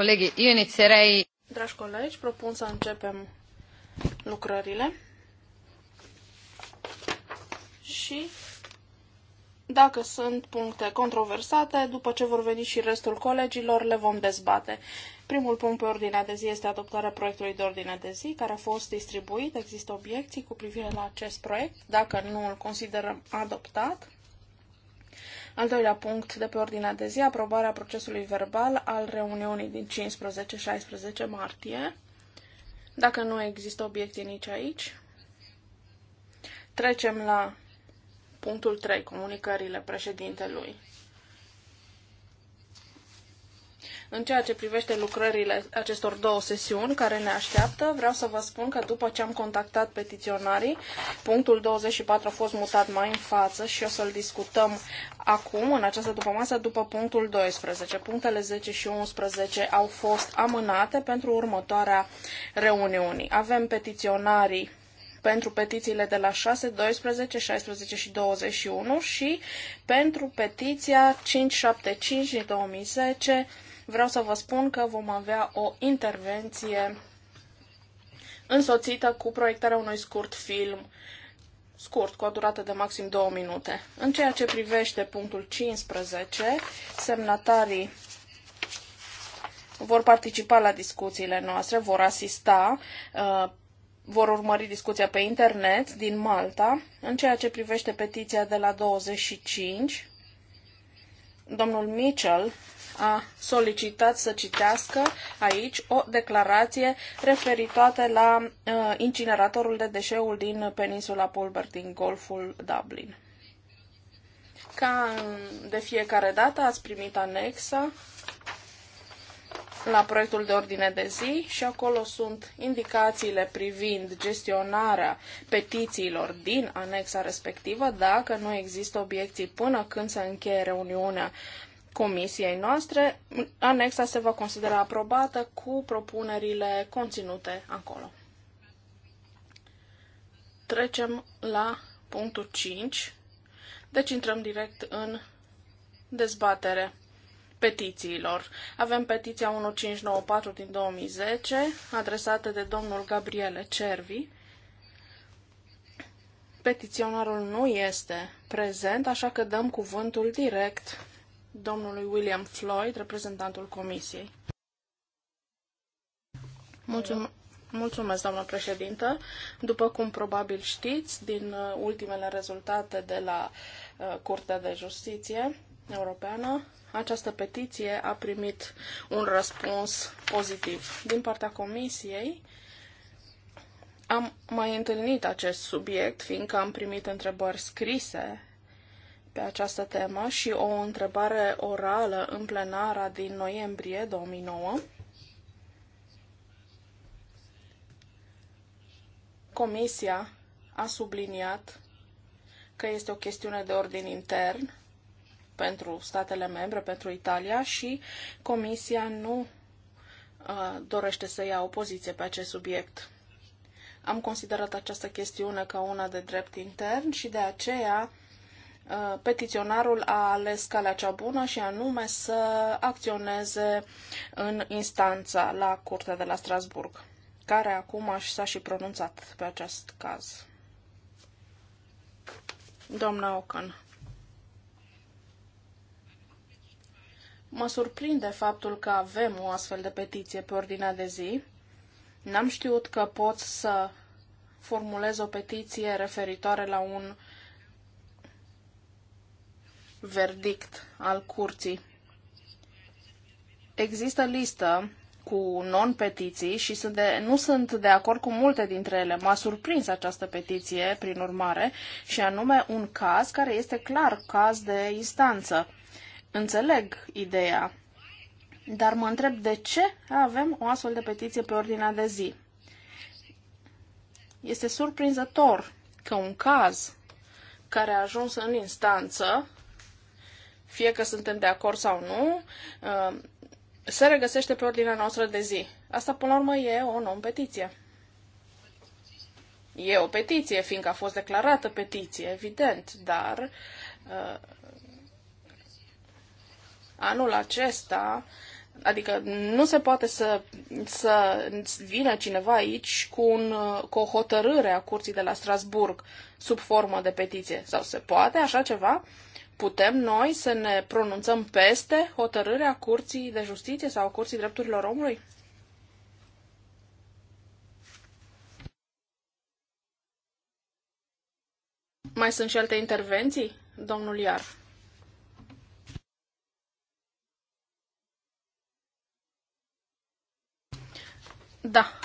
Colegi, eu inițierei... Dragi colegi, propun să începem lucrările. Și dacă sunt puncte controversate, după ce vor veni și restul colegilor, le vom dezbate. Primul punct pe ordinea de zi este adoptarea proiectului de ordine de zi, care a fost distribuit. Există obiecții cu privire la acest proiect, dacă nu îl considerăm adoptat. Al doilea punct de pe ordinea de zi, aprobarea procesului verbal al reuniunii din 15-16 martie. Dacă nu există obiecte nici aici, trecem la punctul 3, comunicările președintelui. În ceea ce privește lucrările acestor două sesiuni care ne așteaptă, vreau să vă spun că după ce am contactat petiționarii, punctul 24 a fost mutat mai în față și o să-l discutăm acum, în această dupămasă, după punctul 12. Punctele 10 și 11 au fost amânate pentru următoarea reuniune. Avem petiționarii pentru petițiile de la 6, 12, 16 și 21 și pentru petiția 575 din 2010 vreau să vă spun că vom avea o intervenție însoțită cu proiectarea unui scurt film, scurt, cu o durată de maxim două minute. În ceea ce privește punctul 15, semnatarii vor participa la discuțiile noastre, vor asista, uh, vor urmări discuția pe internet din Malta. În ceea ce privește petiția de la 25, domnul Mitchell a solicitat să citească aici o declarație referitoare la uh, incineratorul de deșeuri din peninsula Pulbert din Golful Dublin. Ca de fiecare dată ați primit anexa la proiectul de ordine de zi și acolo sunt indicațiile privind gestionarea petițiilor din anexa respectivă dacă nu există obiecții până când se încheie reuniunea comisiei noastre, anexa se va considera aprobată cu propunerile conținute acolo. Trecem la punctul 5, deci intrăm direct în dezbatere petițiilor. Avem petiția 1594 din 2010, adresată de domnul Gabriele Cervi. Petiționarul nu este prezent, așa că dăm cuvântul direct domnului William Floyd, reprezentantul Comisiei. Mulțum- Mulțumesc, doamnă președintă. După cum probabil știți, din uh, ultimele rezultate de la uh, Curtea de Justiție Europeană, această petiție a primit un răspuns pozitiv. Din partea Comisiei, am mai întâlnit acest subiect, fiindcă am primit întrebări scrise pe această temă și o întrebare orală în plenara din noiembrie 2009. Comisia a subliniat că este o chestiune de ordin intern pentru statele membre, pentru Italia și Comisia nu uh, dorește să ia o poziție pe acest subiect. Am considerat această chestiune ca una de drept intern și de aceea Uh, petiționarul a ales calea cea bună și anume să acționeze în instanța la Curtea de la Strasburg, care acum s-a și pronunțat pe acest caz. Doamna Ocan. Mă surprinde faptul că avem o astfel de petiție pe ordinea de zi. N-am știut că pot să formulez o petiție referitoare la un uh, verdict al curții. Există listă cu non-petiții și sunt de, nu sunt de acord cu multe dintre ele. M-a surprins această petiție, prin urmare, și anume un caz care este clar caz de instanță. Înțeleg ideea, dar mă întreb de ce avem o astfel de petiție pe ordinea de zi. Este surprinzător că un caz care a ajuns în instanță fie că suntem de acord sau nu, uh, se regăsește pe ordinea noastră de zi. Asta, până la urmă, e o non-petiție. E o petiție, fiindcă a fost declarată petiție, evident, dar uh, anul acesta Adică nu se poate să, să vină cineva aici cu, un, uh, cu o hotărâre a curții de la Strasburg sub formă de petiție. Sau se poate așa ceva? putem noi să ne pronunțăm peste hotărârea Curții de Justiție sau Curții Drepturilor Omului? Mai sunt și alte intervenții, domnul Iar? Da,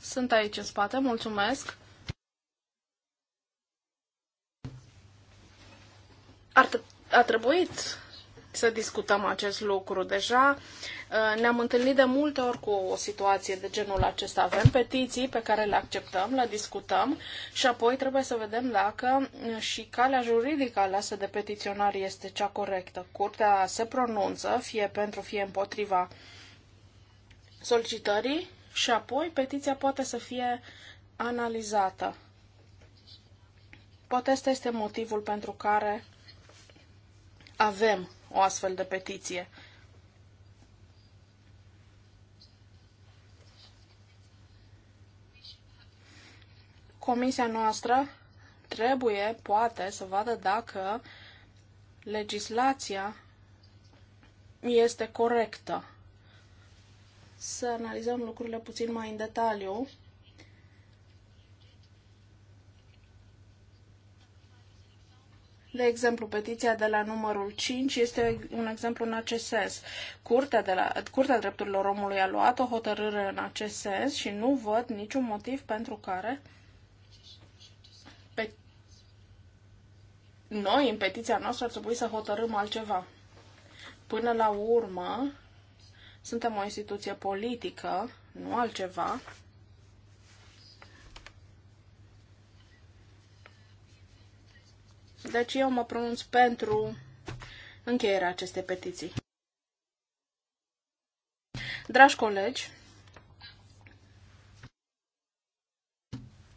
sunt aici în spate, mulțumesc. ar, a trebuit să discutăm acest lucru. Deja uh, ne-am întâlnit de multe ori cu o situație de genul acesta. Avem petiții pe care le acceptăm, le discutăm și apoi trebuie să vedem dacă uh, și calea juridică aleasă de petiționari este cea corectă. Curtea se pronunță fie pentru, fie împotriva solicitării și apoi petiția poate să fie analizată. Poate asta este motivul pentru care avem o astfel de petiție. Comisia noastră trebuie, poate, să vadă dacă legislația este corectă. Să analizăm lucrurile puțin mai în detaliu De exemplu, petiția de la numărul 5 este un exemplu în acest sens. Curtea, de la, Curtea Drepturilor Omului a luat o hotărâre în acest sens și nu văd niciun motiv pentru care pe... noi, în petiția noastră, ar trebui să hotărâm altceva. Până la urmă, suntem o instituție politică, nu altceva, Deci eu mă pronunț pentru încheierea acestei petiții. Dragi colegi,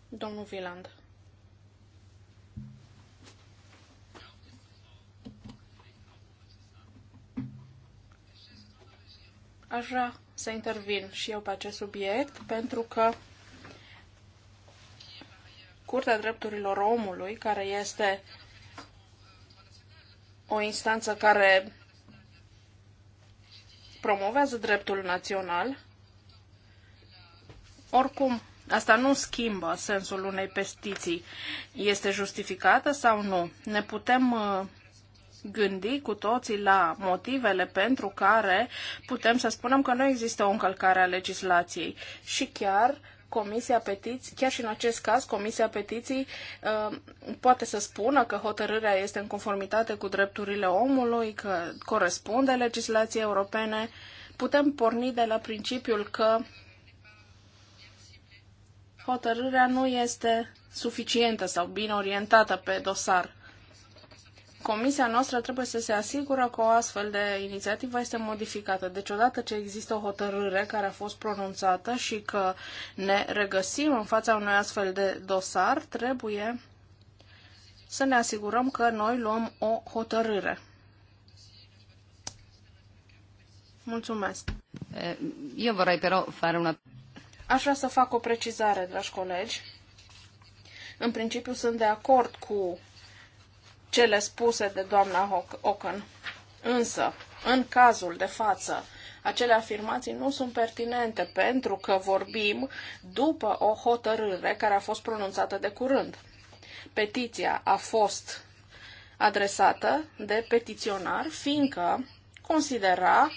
domnul Viland. Aș vrea să intervin și eu pe acest subiect pentru că Curtea Drepturilor Omului, care este o instanță care promovează dreptul național. Oricum, asta nu schimbă sensul unei petiții. Este justificată sau nu? Ne putem uh, gândi cu toții la motivele pentru care putem să spunem că nu există o încălcare a legislației și chiar uh, Comisia Petiții, chiar și în acest caz, Comisia Petiții uh, poate să spună că hotărârea este în conformitate cu drepturile omului, că corespunde legislației europene. Putem porni de la principiul că hotărârea nu este suficientă sau bine orientată pe dosar. Comisia noastră trebuie să se asigură că o astfel de inițiativă este modificată. Deci, odată ce există o hotărâre care a fost pronunțată și că ne regăsim în fața unui astfel de dosar, trebuie să ne asigurăm că noi luăm o hotărâre. Mulțumesc. Eu vorrei però fare una... Aș vrea să fac o precizare, dragi colegi. În principiu sunt de acord cu cele spuse de doamna Ocon. Însă, în cazul de față, acele afirmații nu sunt pertinente pentru că vorbim după o hotărâre care a fost pronunțată de curând. Petiția a fost adresată de petiționar fiindcă considera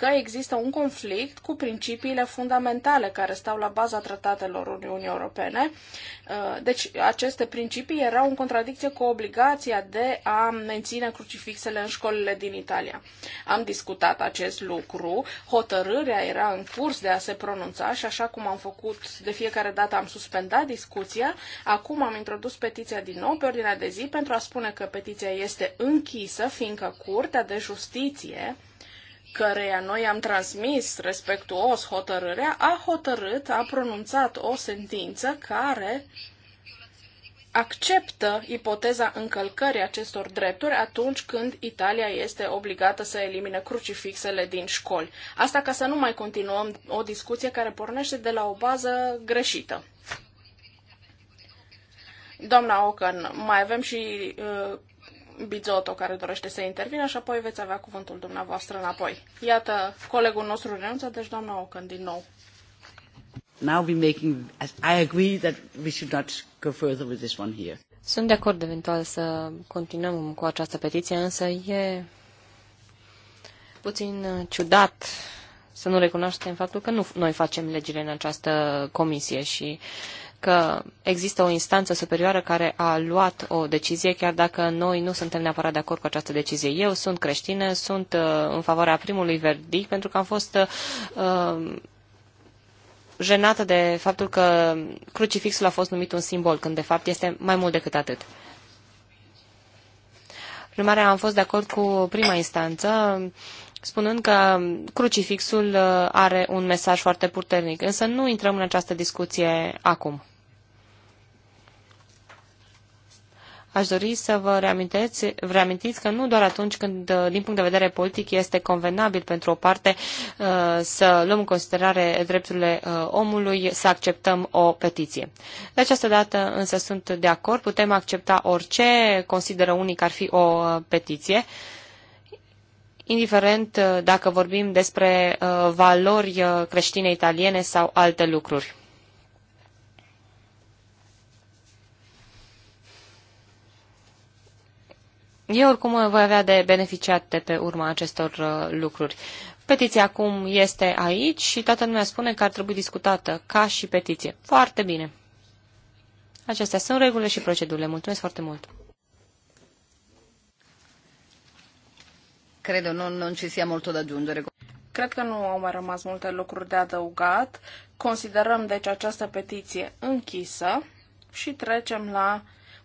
că există un conflict cu principiile fundamentale care stau la baza tratatelor Uniunii Europene. Uh, deci aceste principii erau în contradicție cu obligația de a menține crucifixele în școlile din Italia. Am discutat acest lucru, hotărârea era în curs de a se pronunța și așa cum am făcut de fiecare dată am suspendat discuția, acum am introdus petiția din nou pe ordinea de zi pentru a spune că petiția este închisă, fiindcă Curtea de Justiție căreia noi am transmis respectuos hotărârea, a hotărât, a pronunțat o sentință care acceptă ipoteza încălcării acestor drepturi atunci când Italia este obligată să elimine crucifixele din școli. Asta ca să nu mai continuăm o discuție care pornește de la o bază greșită. Doamna Ocan, mai avem și uh, Bizotto care dorește să intervină și apoi veți avea cuvântul dumneavoastră înapoi. Iată, colegul nostru renunță, deci doamna Ocan din nou. Now we making, I agree that we should not go further with this one here. Sunt de acord eventual să continuăm cu această petiție, însă e puțin ciudat să nu recunoaștem faptul că nu noi facem legile în această comisie și că există o instanță superioară care a luat o decizie, chiar dacă noi nu suntem neapărat de acord cu această decizie. Eu sunt creștină, sunt uh, în favoarea primului verdict, pentru că am fost uh, jenată de faptul că crucifixul a fost numit un simbol, când de fapt este mai mult decât atât. Primarea am fost de acord cu prima instanță, spunând că crucifixul uh, are un mesaj foarte puternic, însă nu intrăm în această discuție acum. aș dori să vă reamintiți, vă reamintiți că nu doar atunci când, uh, din punct de vedere politic, este convenabil pentru o parte uh, să luăm în considerare drepturile uh, omului, să acceptăm o petiție. De această dată însă sunt de acord, putem accepta orice consideră unii că ar fi o petiție indiferent dacă vorbim despre valori creștine italiene sau alte lucruri. Eu oricum voi avea de beneficiat de pe urma acestor uh, lucruri. Petiția acum este aici și toată lumea spune că ar trebui discutată ca și petiție. Foarte bine. Acestea sunt regulile și procedurile. Mulțumesc foarte mult. că nu, nu ci sia molto de aggiungere. Cred că nu au mai rămas multe lucruri de adăugat. Considerăm deci această petiție închisă și trecem la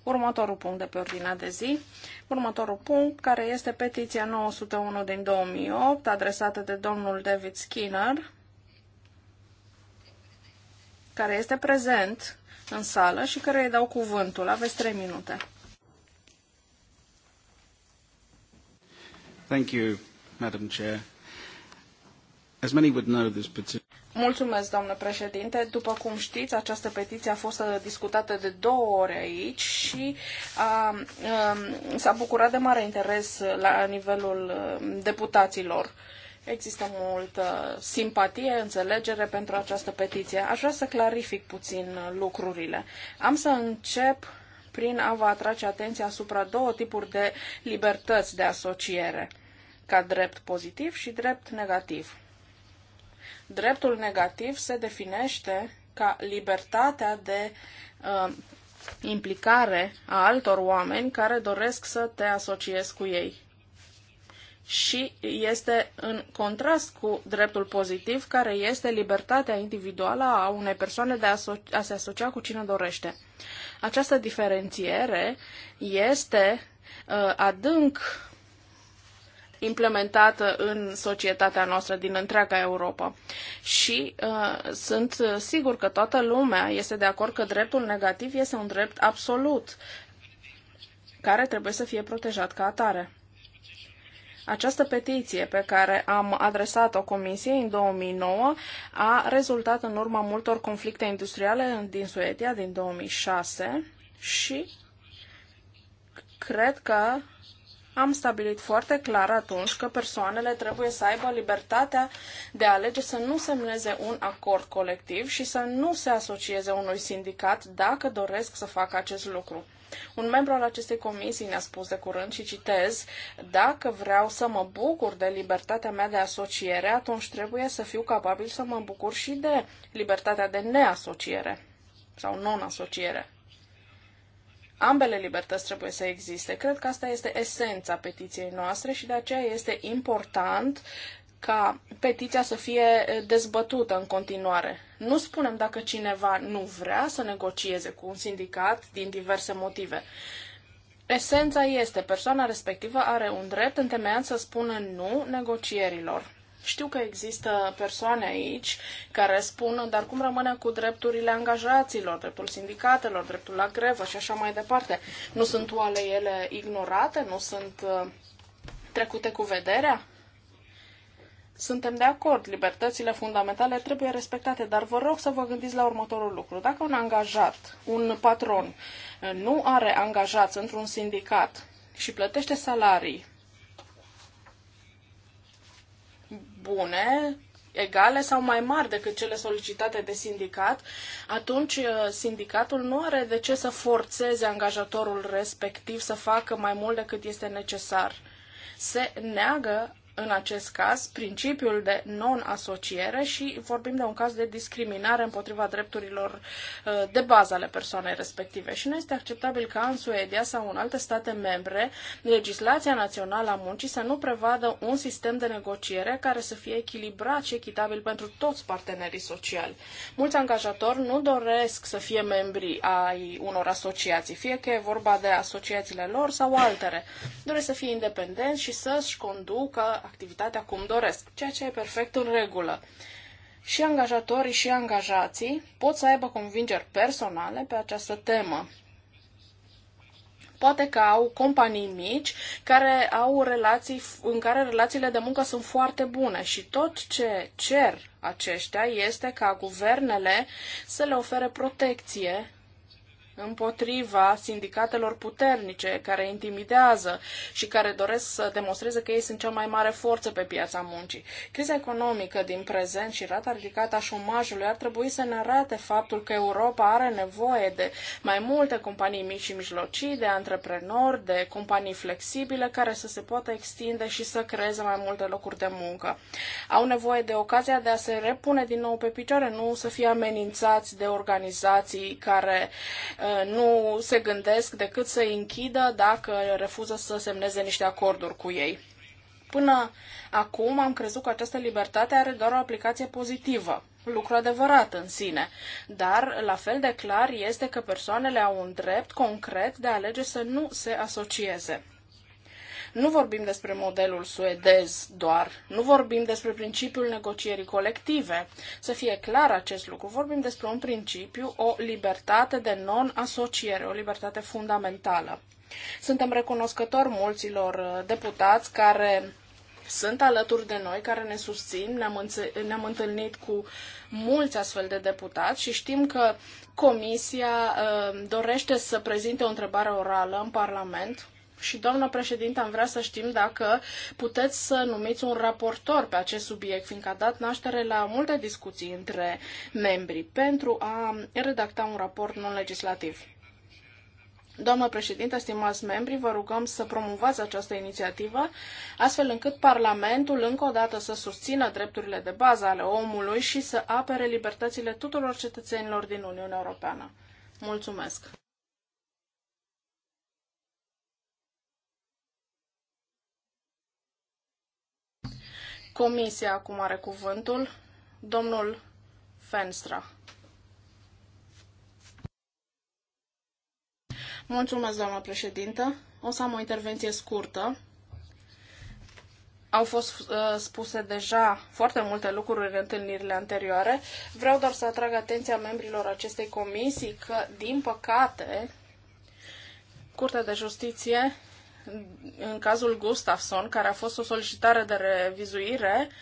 următorul punct de pe ordinea de zi. Următorul punct, care este petiția 901 din 2008, adresată de domnul David Skinner, care este prezent în sală și care îi dau cuvântul. Aveți 3 minute. Thank you, Madam Chair. As many would know, this particular... Mulțumesc, doamnă președinte. După cum știți, această petiție a fost discutată de două ore aici și a, um, s-a bucurat de mare interes la nivelul um, deputaților. Există multă simpatie, înțelegere pentru această petiție. Aș vrea să clarific puțin lucrurile. Am să încep prin a vă atrage atenția asupra două tipuri de libertăți de asociere, ca drept pozitiv și drept negativ Dreptul negativ se definește ca libertatea de uh, implicare a altor oameni care doresc să te asociezi cu ei. Și este în contrast cu dreptul pozitiv, care este libertatea individuală a unei persoane de a, so- a se asocia cu cine dorește. Această diferențiere este uh, adânc implementată în societatea noastră din întreaga Europa. Și uh, sunt sigur că toată lumea este de acord că dreptul negativ este un drept absolut care trebuie să fie protejat ca atare. Această petiție pe care am adresat-o Comisiei în 2009 a rezultat în urma multor conflicte industriale din Suedia din 2006 și cred că am stabilit foarte clar atunci că persoanele trebuie să aibă libertatea de a alege să nu semneze un acord colectiv și să nu se asocieze unui sindicat dacă doresc să facă acest lucru. Un membru al acestei comisii ne-a spus de curând și citez, dacă vreau să mă bucur de libertatea mea de asociere, atunci trebuie să fiu capabil să mă bucur și de libertatea de neasociere sau non-asociere. Ambele libertăți trebuie să existe. Cred că asta este esența petiției noastre și de aceea este important ca petiția să fie eh, dezbătută în continuare. Nu spunem dacă cineva nu vrea să negocieze cu un sindicat din diverse motive. Esența este, persoana respectivă are un drept întemeiat să spună nu negocierilor. Știu că există persoane aici care spun, dar cum rămâne cu drepturile angajaților, dreptul sindicatelor, dreptul la grevă și așa mai departe? Nu sunt oale ele ignorate? Nu sunt uh, trecute cu vederea? Suntem de acord, libertățile fundamentale trebuie respectate, dar vă rog să vă gândiți la următorul lucru. Dacă un angajat, un patron, uh, nu are angajați într-un sindicat și plătește salarii bune, egale sau mai mari decât cele solicitate de sindicat, atunci uh, sindicatul nu are de ce să forțeze angajatorul respectiv să facă mai mult decât este necesar. Se neagă în acest caz principiul de non-asociere și vorbim de un caz de discriminare împotriva drepturilor uh, de bază ale persoanei respective. Și nu este acceptabil ca în Suedia sau în alte state membre legislația națională a muncii să nu prevadă un sistem de negociere care să fie echilibrat și echitabil pentru toți partenerii sociali. Mulți angajatori nu doresc să fie membri ai unor asociații, fie că e vorba de asociațiile lor sau altele. Doresc să fie independenți și să-și conducă activitatea cum doresc, ceea ce e perfect în regulă. Și angajatorii și angajații pot să aibă convingeri personale pe această temă. Poate că au companii mici care au relații în care relațiile de muncă sunt foarte bune și tot ce cer aceștia este ca guvernele să le ofere protecție împotriva sindicatelor puternice care intimidează și care doresc să demonstreze că ei sunt cea mai mare forță pe piața muncii. Criza economică din prezent și rata ridicată a șomajului ar trebui să ne arate faptul că Europa are nevoie de mai multe companii mici și mijlocii, de antreprenori, de companii flexibile care să se poată extinde și să creeze mai multe locuri de muncă. Au nevoie de ocazia de a se repune din nou pe picioare, nu să fie amenințați de organizații care Uh, nu se gândesc decât să i închidă dacă refuză să semneze niște acorduri cu ei. Până acum am crezut că această libertate are doar o aplicație pozitivă, lucru adevărat în sine, dar la fel de clar este că persoanele au un drept concret de a alege să nu se asocieze. Nu vorbim despre modelul suedez doar, nu vorbim despre principiul negocierii colective. Să fie clar acest lucru, vorbim despre un principiu, o libertate de non-asociere, o libertate fundamentală. Suntem recunoscători mulților uh, deputați care sunt alături de noi, care ne susțin. Ne-am, ne întâlnit cu mulți astfel de deputați și știm că Comisia uh, dorește să prezinte o întrebare orală în Parlament și, doamnă președinte, am vrea să știm dacă puteți să numiți un raportor pe acest subiect, fiindcă a dat naștere la multe discuții între membri pentru a redacta un raport non-legislativ. Doamnă președinte, stimați membri, vă rugăm să promovați această inițiativă, astfel încât Parlamentul încă o dată să susțină drepturile de bază ale omului și să apere libertățile tuturor cetățenilor din Uniunea Europeană. Mulțumesc! Comisia acum are cuvântul. Domnul Fenstra. Mulțumesc, doamna președintă. O să am o intervenție scurtă. Au fost uh, spuse deja foarte multe lucruri în întâlnirile anterioare. Vreau doar să atrag atenția membrilor acestei comisii că, din păcate, Curtea de Justiție în cazul Gustafsson, care a fost o solicitare de revizuire, uh,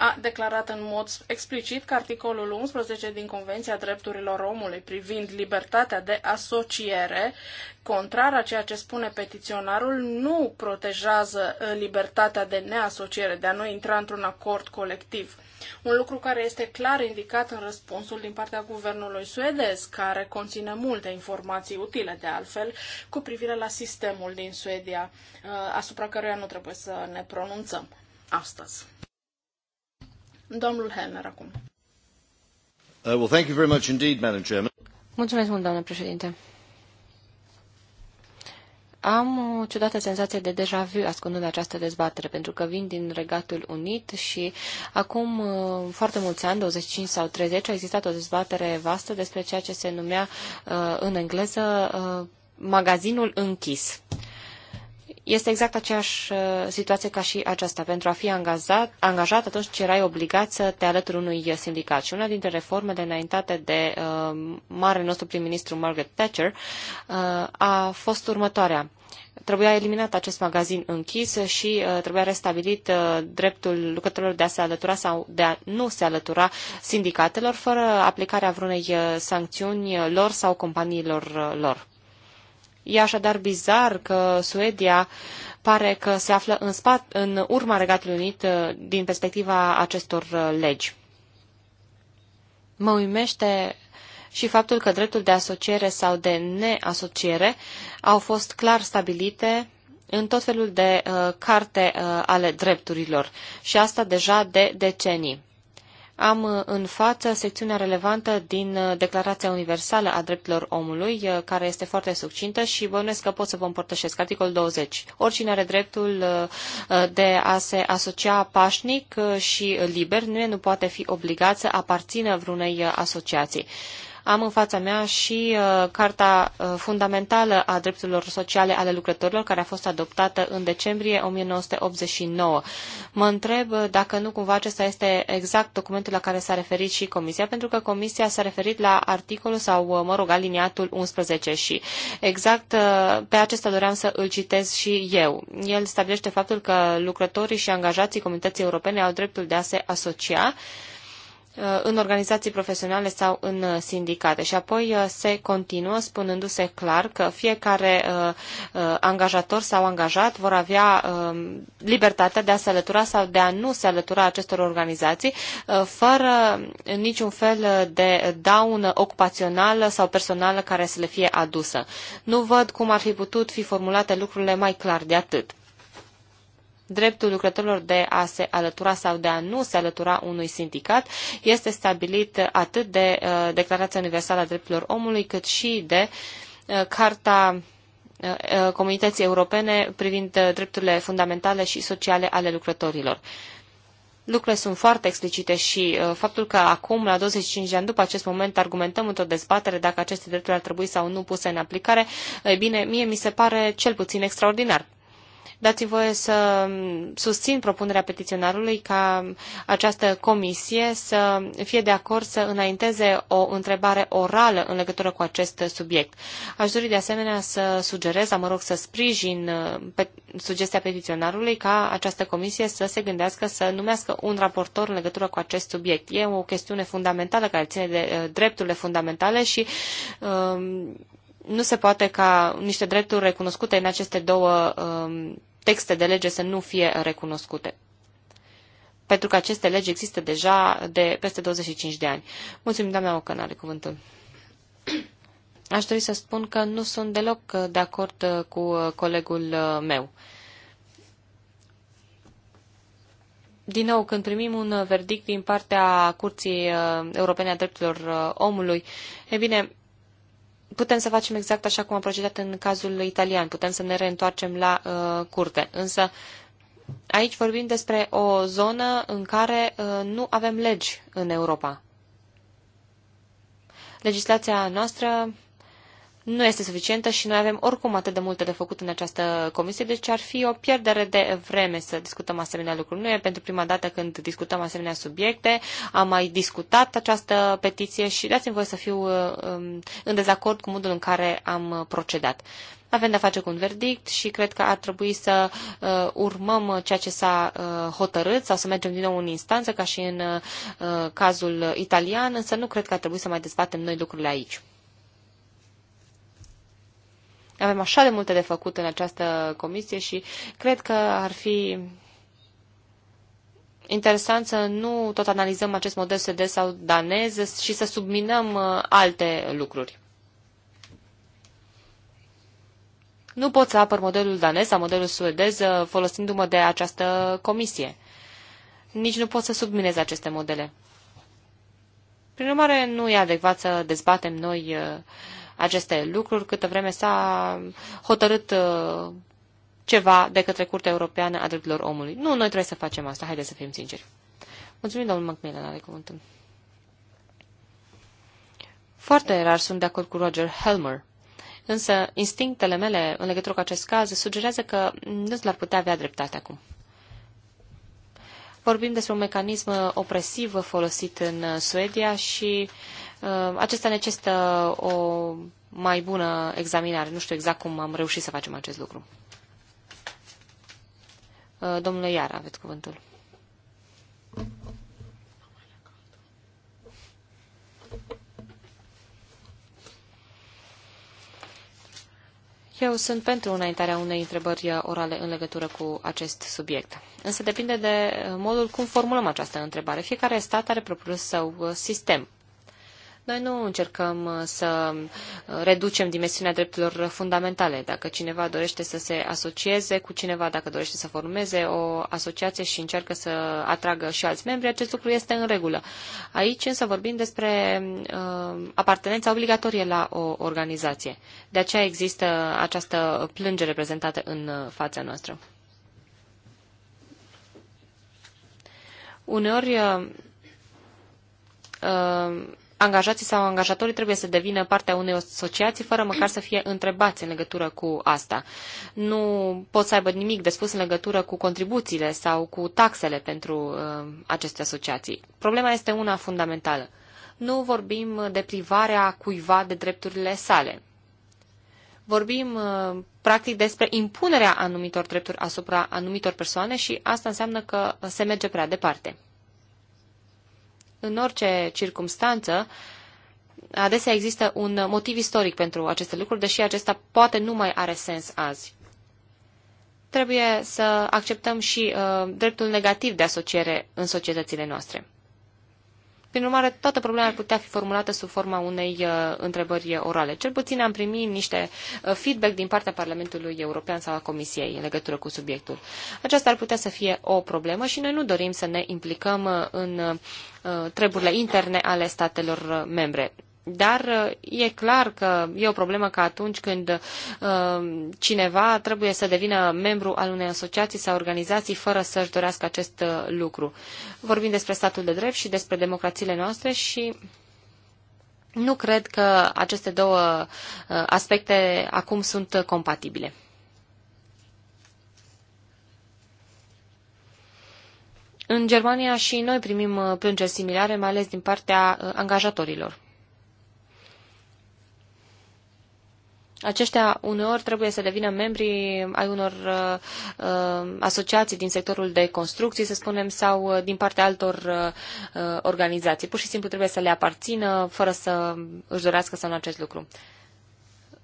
a declarat în mod explicit că articolul 11 din Convenția Drepturilor Omului privind libertatea de asociere, contrar a ceea ce spune petiționarul, nu protejează uh, libertatea de neasociere, de a nu intra într-un acord colectiv. Un lucru care este clar indicat în răspunsul din partea guvernului suedez, care conține multe informații utile de altfel cu privire la sistemul din Suedia, uh, asupra căruia nu trebuie să ne pronunțăm astăzi. Domnul Helmer acum. Uh, well, thank you very much indeed, Madam Chairman. Mulțumesc mult, doamnă președinte. Am o ciudată senzație de deja vu ascundând această dezbatere, pentru că vin din Regatul Unit și acum uh, foarte mulți ani, 25 sau 30, a existat o dezbatere vastă despre ceea ce se numea uh, în engleză uh, magazinul închis. Este exact aceeași uh, situație ca și aceasta. Pentru a fi angajat, angajat atunci erai obligat să te alături unui sindicat. Și una dintre reformele înaintate de uh, marele nostru prim-ministru Margaret Thatcher uh, a fost următoarea trebuia eliminat acest magazin închis și uh, trebuia restabilit uh, dreptul lucrătorilor de a se alătura sau de a nu se alătura sindicatelor fără aplicarea vreunei uh, sancțiuni uh, lor sau companiilor uh, lor. E așadar bizar că Suedia pare că se află în, spate, în urma Regatului Unit uh, din perspectiva acestor uh, legi. Mă uimește și faptul că dreptul de asociere sau de neasociere au fost clar stabilite în tot felul de uh, carte uh, ale drepturilor și asta deja de decenii am uh, în față secțiunea relevantă din uh, Declarația Universală a Drepturilor Omului, uh, care este foarte succintă și bănuiesc că pot să vă împărtășesc. Articol 20. Oricine are dreptul de a se asocia pașnic și liber, nu, nu poate fi obligat să aparțină vreunei asociații. Am în fața mea și uh, Carta uh, Fundamentală a Drepturilor Sociale ale Lucrătorilor, care a fost adoptată în decembrie 1989. Mă întreb uh, dacă nu cumva acesta este exact documentul la care s-a referit și Comisia, pentru că Comisia s-a referit la articolul sau, uh, mă rog, aliniatul 11 și exact pe acesta doream să îl citez și eu. El stabilește faptul că lucrătorii și angajații Comunității Europene au dreptul de a se asocia Uh, în organizații profesionale sau în uh, sindicate. Și apoi uh, se continuă spunându-se clar că fiecare angajator sau angajat vor avea um, libertatea de a se alătura sau de a nu se alătura acestor organizații fără niciun fel de daună ocupațională sau personală care să le fie adusă. Nu văd cum ar fi putut fi formulate lucrurile mai clar de atât dreptul lucrătorilor de a se alătura sau de a nu se alătura unui sindicat este stabilit atât de uh, Declarația Universală a Drepturilor Omului, cât și de uh, Carta uh, Comunității Europene privind drepturile fundamentale și sociale ale lucrătorilor lucrurile sunt foarte explicite și uh, faptul că acum, la 25 de ani după acest moment, argumentăm într-o dezbatere dacă aceste drepturi ar trebui sau nu puse în aplicare, e bine, mie mi se pare cel puțin extraordinar dați voie să susțin propunerea petiționarului ca această comisie să fie de acord să înainteze o întrebare orală în legătură cu acest subiect. Aș dori de asemenea să sugerez, mă rog să sprijin uh, pe sugestia petiționarului ca această comisie să se gândească să numească un raportor în legătură cu acest subiect. E o chestiune fundamentală care ține de uh, drepturile fundamentale și um, nu se poate ca niște drepturi recunoscute în aceste două um, texte de lege să nu fie recunoscute. Pentru că aceste legi există deja de peste 25 de ani. Mulțumim, doamna Ocan, are cuvântul. Aș dori să spun că nu sunt deloc de acord uh, cu uh, colegul uh, meu. Din nou, când primim un verdict din partea Curții Europene a Drepturilor Omului, e bine, putem să facem exact așa cum am procedat în cazul italian, putem să ne reîntoarcem la uh, curte. Însă aici vorbim despre o zonă în care uh, nu avem legi în Europa. Legislația noastră nu este suficientă și noi avem oricum atât de multe de făcut în această comisie, deci ar fi o pierdere de vreme să discutăm asemenea lucruri. Nu e pentru prima dată când discutăm asemenea subiecte, am mai discutat această petiție și dați-mi voie să fiu uh, um, în dezacord cu modul în care am procedat. Avem de-a face cu un verdict și cred că ar trebui să uh, urmăm ceea ce s-a uh, hotărât sau să mergem din nou în instanță, ca și în uh, cazul italian, însă nu cred că ar trebui să mai dezbatem noi lucrurile aici. Avem așa de multe de făcut în această comisie și cred că ar fi interesant să nu tot analizăm acest model suedez sau danez și să subminăm uh, alte lucruri. Nu pot să apăr modelul danez sau modelul suedez uh, folosindu-mă de această comisie. Nici nu pot să subminez aceste modele. Prin urmare, nu e adecvat să dezbatem noi uh, aceste lucruri câtă vreme s-a hotărât uh, ceva de către Curtea Europeană a Drepturilor Omului. Nu, noi trebuie să facem asta, haideți să fim sinceri. Mulțumim, domnul Macmillan, are cuvântul. Foarte rar sunt de acord cu Roger Helmer, însă instinctele mele în legătură cu acest caz sugerează că nu l-ar putea avea dreptate acum. Vorbim despre un mecanism uh, opresiv folosit în uh, Suedia și uh, acesta necesită o mai bună examinare. Nu știu exact cum am reușit să facem acest lucru. Uh, domnule Iar, aveți cuvântul. Eu sunt pentru înaintarea unei întrebări orale în legătură cu acest subiect. Însă depinde de modul cum formulăm această întrebare. Fiecare stat are propriul său uh, sistem noi nu încercăm uh, să uh, reducem dimensiunea drepturilor fundamentale. Dacă cineva dorește să se asocieze cu cineva, dacă dorește să formeze o asociație și încearcă să atragă și alți membri, acest lucru este în regulă. Aici însă vorbim despre uh, apartenența obligatorie la o organizație. De aceea există această plângere prezentată în uh, fața noastră. Uneori uh, uh, angajații sau angajatorii trebuie să devină partea unei asociații fără măcar să fie întrebați în legătură cu asta. Nu pot să aibă nimic de spus în legătură cu contribuțiile sau cu taxele pentru uh, aceste asociații. Problema este una fundamentală. Nu vorbim de privarea cuiva de drepturile sale. Vorbim uh, practic despre impunerea anumitor drepturi asupra anumitor persoane și asta înseamnă că se merge prea departe în orice circumstanță, adesea există un motiv istoric pentru aceste lucruri, deși acesta poate nu mai are sens azi. Trebuie să acceptăm și uh, dreptul negativ de asociere în societățile noastre. Prin urmare, toată problema ar putea fi formulată sub forma unei uh, întrebări orale. Cel puțin am primit niște uh, feedback din partea Parlamentului European sau a Comisiei în legătură cu subiectul. Aceasta ar putea să fie o problemă și noi nu dorim să ne implicăm uh, în treburile interne ale statelor membre. Dar e clar că e o problemă că atunci când uh, cineva trebuie să devină membru al unei asociații sau organizații fără să-și dorească acest uh, lucru. Vorbim despre statul de drept și despre democrațiile noastre și nu cred că aceste două uh, aspecte acum sunt compatibile. În Germania și noi primim uh, plângeri similare, mai ales din partea angajatorilor. aceștia uneori trebuie să devină membri ai unor uh, asociații din sectorul de construcții, să spunem, sau uh, din partea altor uh, uh, organizații. Pur și simplu trebuie să le aparțină, fără să își dorească să nu acest lucru.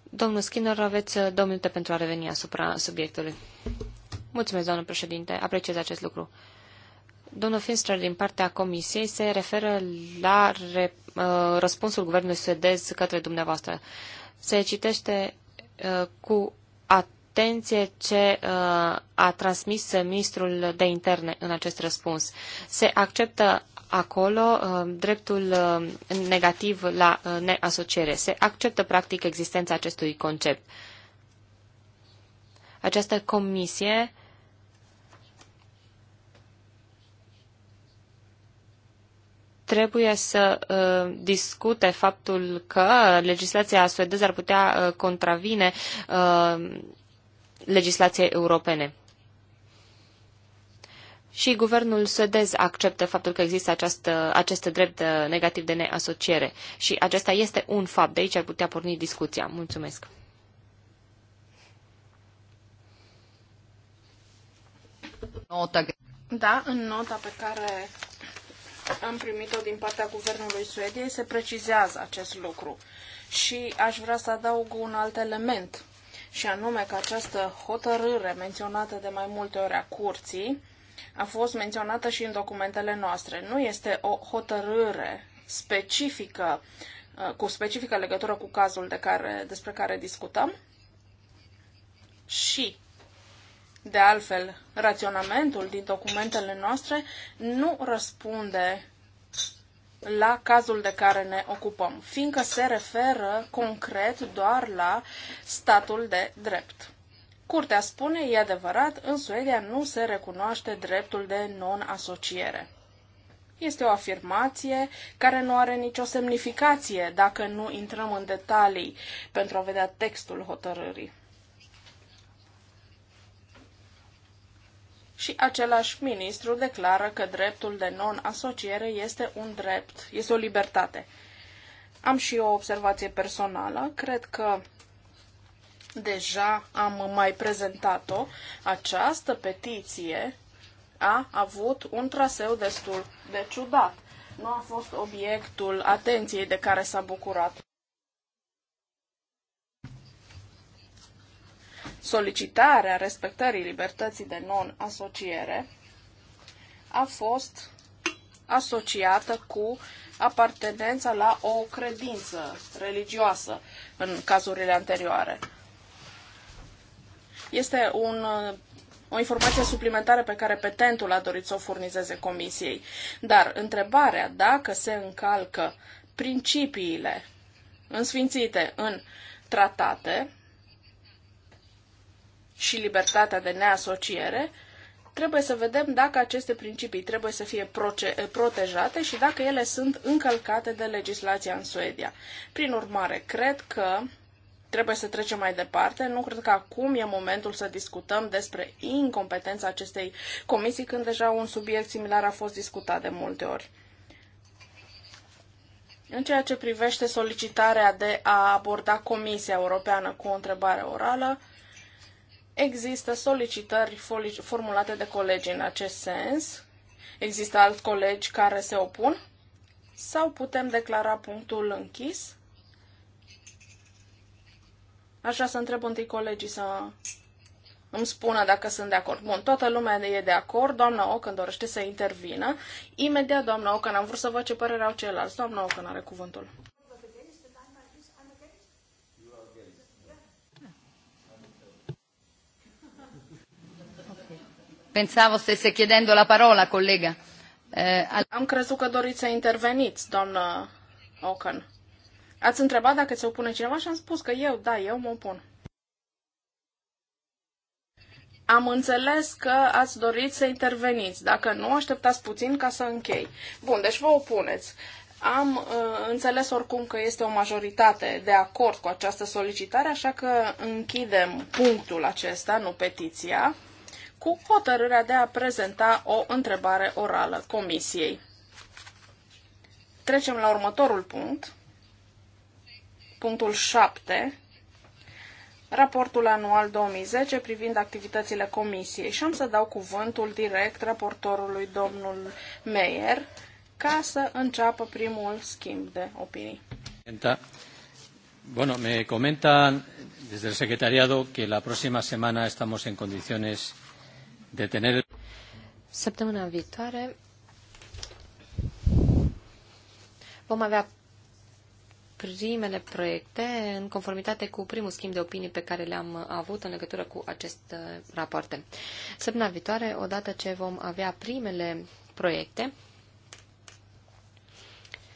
Domnul Skinner, aveți uh, două minute pentru a reveni asupra subiectului. Mulțumesc, doamnă președinte, apreciez acest lucru. Domnul Finster, din partea Comisiei, se referă la re, uh, răspunsul guvernului suedez către dumneavoastră. Uh, se citește uh, cu atenție ce uh, a transmis ministrul de interne în acest răspuns. Se acceptă acolo uh, dreptul uh, negativ la uh, neasociere. Se acceptă practic existența acestui concept. Această comisie uh, trebuie să uh, discute faptul că legislația suedeză ar putea uh, contravine uh, legislației europene. Și guvernul suedez acceptă faptul că există această, acest drept uh, negativ de neasociere. Și acesta este un fapt. De aici ar putea porni discuția. Mulțumesc. Da, în nota pe care am primit-o din partea Guvernului Suediei, se precizează acest lucru. Și aș vrea să adaug un alt element, și anume că această hotărâre menționată de mai multe ori a curții a fost menționată și în documentele noastre. Nu este o hotărâre specifică, uh, cu specifică legătură cu cazul de care, despre care discutăm, și de altfel, raționamentul din documentele noastre nu răspunde la cazul de care ne ocupăm, fiindcă se referă concret doar la statul de drept. Curtea spune, e adevărat, în Suedia nu se recunoaște dreptul de non-asociere. Este o afirmație care nu are nicio semnificație dacă nu intrăm în detalii pentru a vedea textul hotărârii. și același ministru declară că dreptul de non-asociere este un drept, este o libertate. Am și o observație personală. Cred că deja am mai prezentat-o. Această petiție a avut un traseu destul de ciudat. Nu a fost obiectul atenției de care s-a bucurat. solicitarea respectării libertății de non-asociere a fost asociată cu apartenența la o credință religioasă în cazurile anterioare. Este un, o informație suplimentară pe care petentul a dorit să o furnizeze comisiei. Dar întrebarea dacă se încalcă principiile însfințite în tratate și libertatea de neasociere, trebuie să vedem dacă aceste principii trebuie să fie protejate și dacă ele sunt încălcate de legislația în Suedia. Prin urmare, cred că trebuie să trecem mai departe. Nu cred că acum e momentul să discutăm despre incompetența acestei comisii, când deja un subiect similar a fost discutat de multe ori. În ceea ce privește solicitarea de a aborda Comisia Europeană cu o întrebare orală, Există solicitări formulate de colegi în acest sens? Există alți colegi care se opun? Sau putem declara punctul închis? Aș vrea să întreb întâi colegii să îmi spună dacă sunt de acord. Bun, toată lumea e de acord, doamna Ocan dorește să intervină. Imediat, doamna Ocan, am vrut să văd ce părere au ceilalți. Doamna Ocan are cuvântul. Pensavo stesse chiedendo la parola, eh, Am crezut că doriți să interveniți, doamnă Ocan. Ați întrebat dacă se opune cineva și am spus că eu, da, eu mă opun. Am înțeles că ați dorit să interveniți. Dacă nu, așteptați puțin ca să închei. Bun, deci vă opuneți. Am uh, înțeles oricum că este o majoritate de acord cu această solicitare, așa că închidem punctul acesta, nu petiția cu hotărârea de a prezenta o întrebare orală Comisiei. Trecem la următorul punct, punctul 7, raportul anual 2010 privind activitățile Comisiei și am să dau cuvântul direct raportorului domnul Meyer ca să înceapă primul schimb de opinii. Bueno, me comentan desde el secretariado que la próxima semana estamos en condiciones Săptămâna viitoare vom avea primele proiecte în conformitate cu primul schimb de opinii pe care le-am avut în legătură cu aceste uh, rapoarte. Săptămâna viitoare, odată ce vom avea primele proiecte,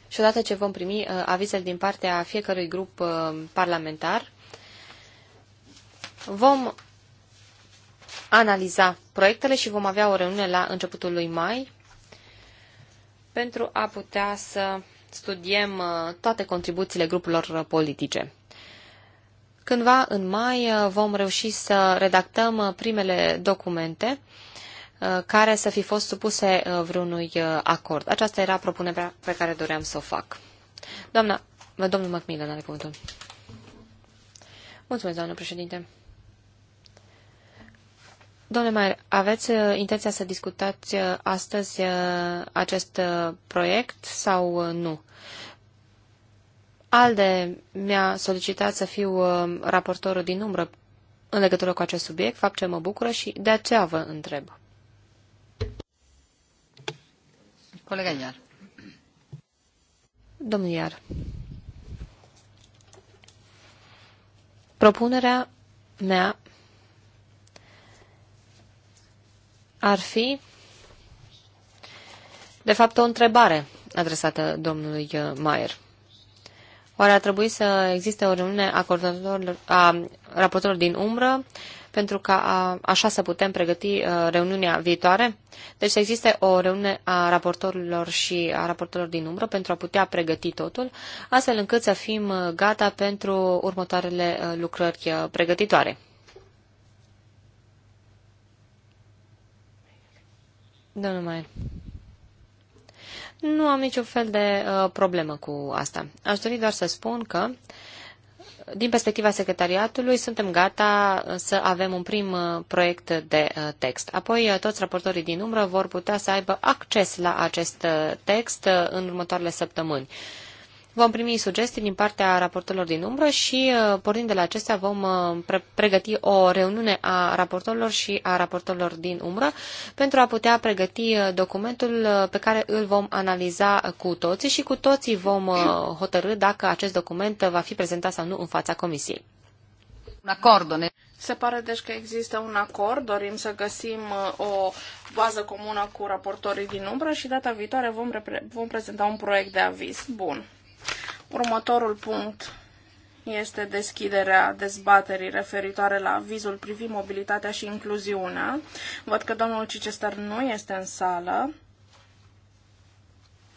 și odată ce vom primi uh, avizele din partea fiecărui grup uh, parlamentar, vom analiza proiectele și vom avea o reuniune la începutul lui mai pentru a putea să studiem uh, toate contribuțiile grupurilor politice. Cândva în mai uh, vom reuși să redactăm uh, primele documente care să fi fost supuse vreunui acord. Aceasta era propunerea pe care doream să o fac. Doamna, domnul Macmillan are cuvântul. Mulțumesc, doamnă președinte. Domnule Maier, aveți uh, intenția să discutați uh, astăzi uh, acest proiect sau nu? ALDE mi-a solicitat să fiu raportorul din umbră în legătură cu acest subiect, fapt ce mă bucură și de aceea vă întreb. Colega Iar. Domnul Iar. Propunerea mea ar fi, de fapt, o întrebare adresată domnului uh, Maier. Oare ar trebui să existe o reuniune a, a raportorilor din umbră pentru ca a, așa să putem pregăti a, uh, reuniunea viitoare? Deci să existe o reuniune a raportorilor și a raportorilor din umbră pentru a putea pregăti totul, astfel încât să fim uh, gata pentru următoarele lucrări pregătitoare. Domnul da, mai. Nu am niciun fel de uh, problemă cu asta. Aș dori doar să spun că, din perspectiva secretariatului, suntem gata să avem un prim uh, proiect de uh, text. Apoi, uh, toți raportorii din umbră vor putea să aibă acces la acest uh, text uh, în următoarele săptămâni. Uh, Vom primi sugestii din partea raportorilor din umbră și, uh, pornind de la acestea, vom uh, pregăti o reuniune a raportorilor și a raportorilor din umbră pentru a putea pregăti uh, documentul pe care îl vom analiza cu toții și cu toții vom hotărâ dacă acest document va fi prezentat sau nu în fața comisiei. Un acord, se pare deci că există un acord, dorim să găsim o bază comună cu raportorii din umbră și data viitoare vom, vom prezenta un proiect de aviz. Bun. Următorul punct este deschiderea dezbaterii referitoare la avizul privind mobilitatea și incluziunea. Văd că domnul Cicester nu este în sală.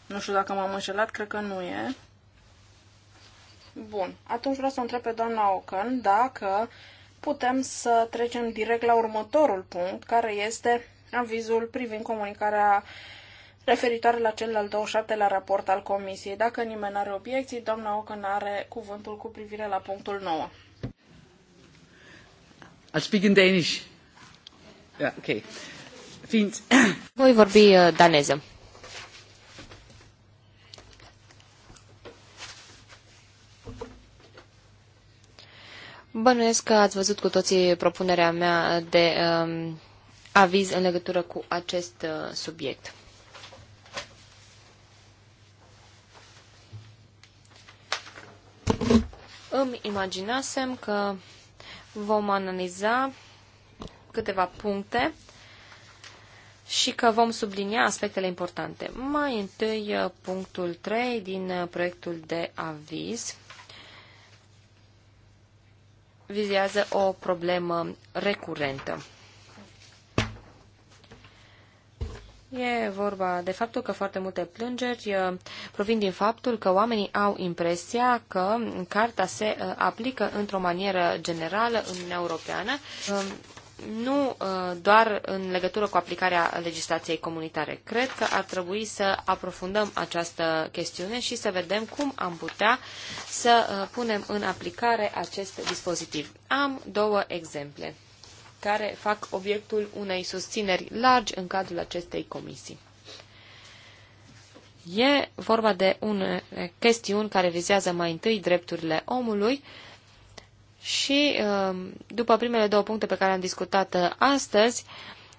Nu știu dacă m-am înșelat, cred că nu e. Bun, atunci vreau să întreb pe doamna Ocan dacă putem să trecem direct la următorul punct, care este avizul privind comunicarea uh, referitoare la cel al 27-lea raport al Comisiei. Dacă nimeni nu are obiecții, doamna Ocân are cuvântul cu privire la punctul 9. I speak in Danish. Yeah, okay. Fiind... Voi vorbi uh, daneză. Bănuiesc că ați văzut cu toții propunerea mea de um, aviz în legătură cu acest uh, subiect. imaginasem că vom analiza câteva puncte și că vom sublinia aspectele importante. Mai întâi punctul 3 din proiectul de aviz vizează o problemă recurentă. E vorba de faptul că foarte multe plângeri uh, provin din faptul că oamenii au impresia că carta se uh, aplică într-o manieră generală în Uniunea Europeană, um, nu uh, doar în legătură cu aplicarea legislației comunitare. Cred că ar trebui să aprofundăm această chestiune și să vedem cum am putea să punem în aplicare acest dispozitiv. Am două exemple care fac obiectul unei susțineri largi în cadrul acestei comisii. E vorba de un chestiuni care vizează mai întâi drepturile omului și, um, după primele două puncte pe care am discutat uh, astăzi,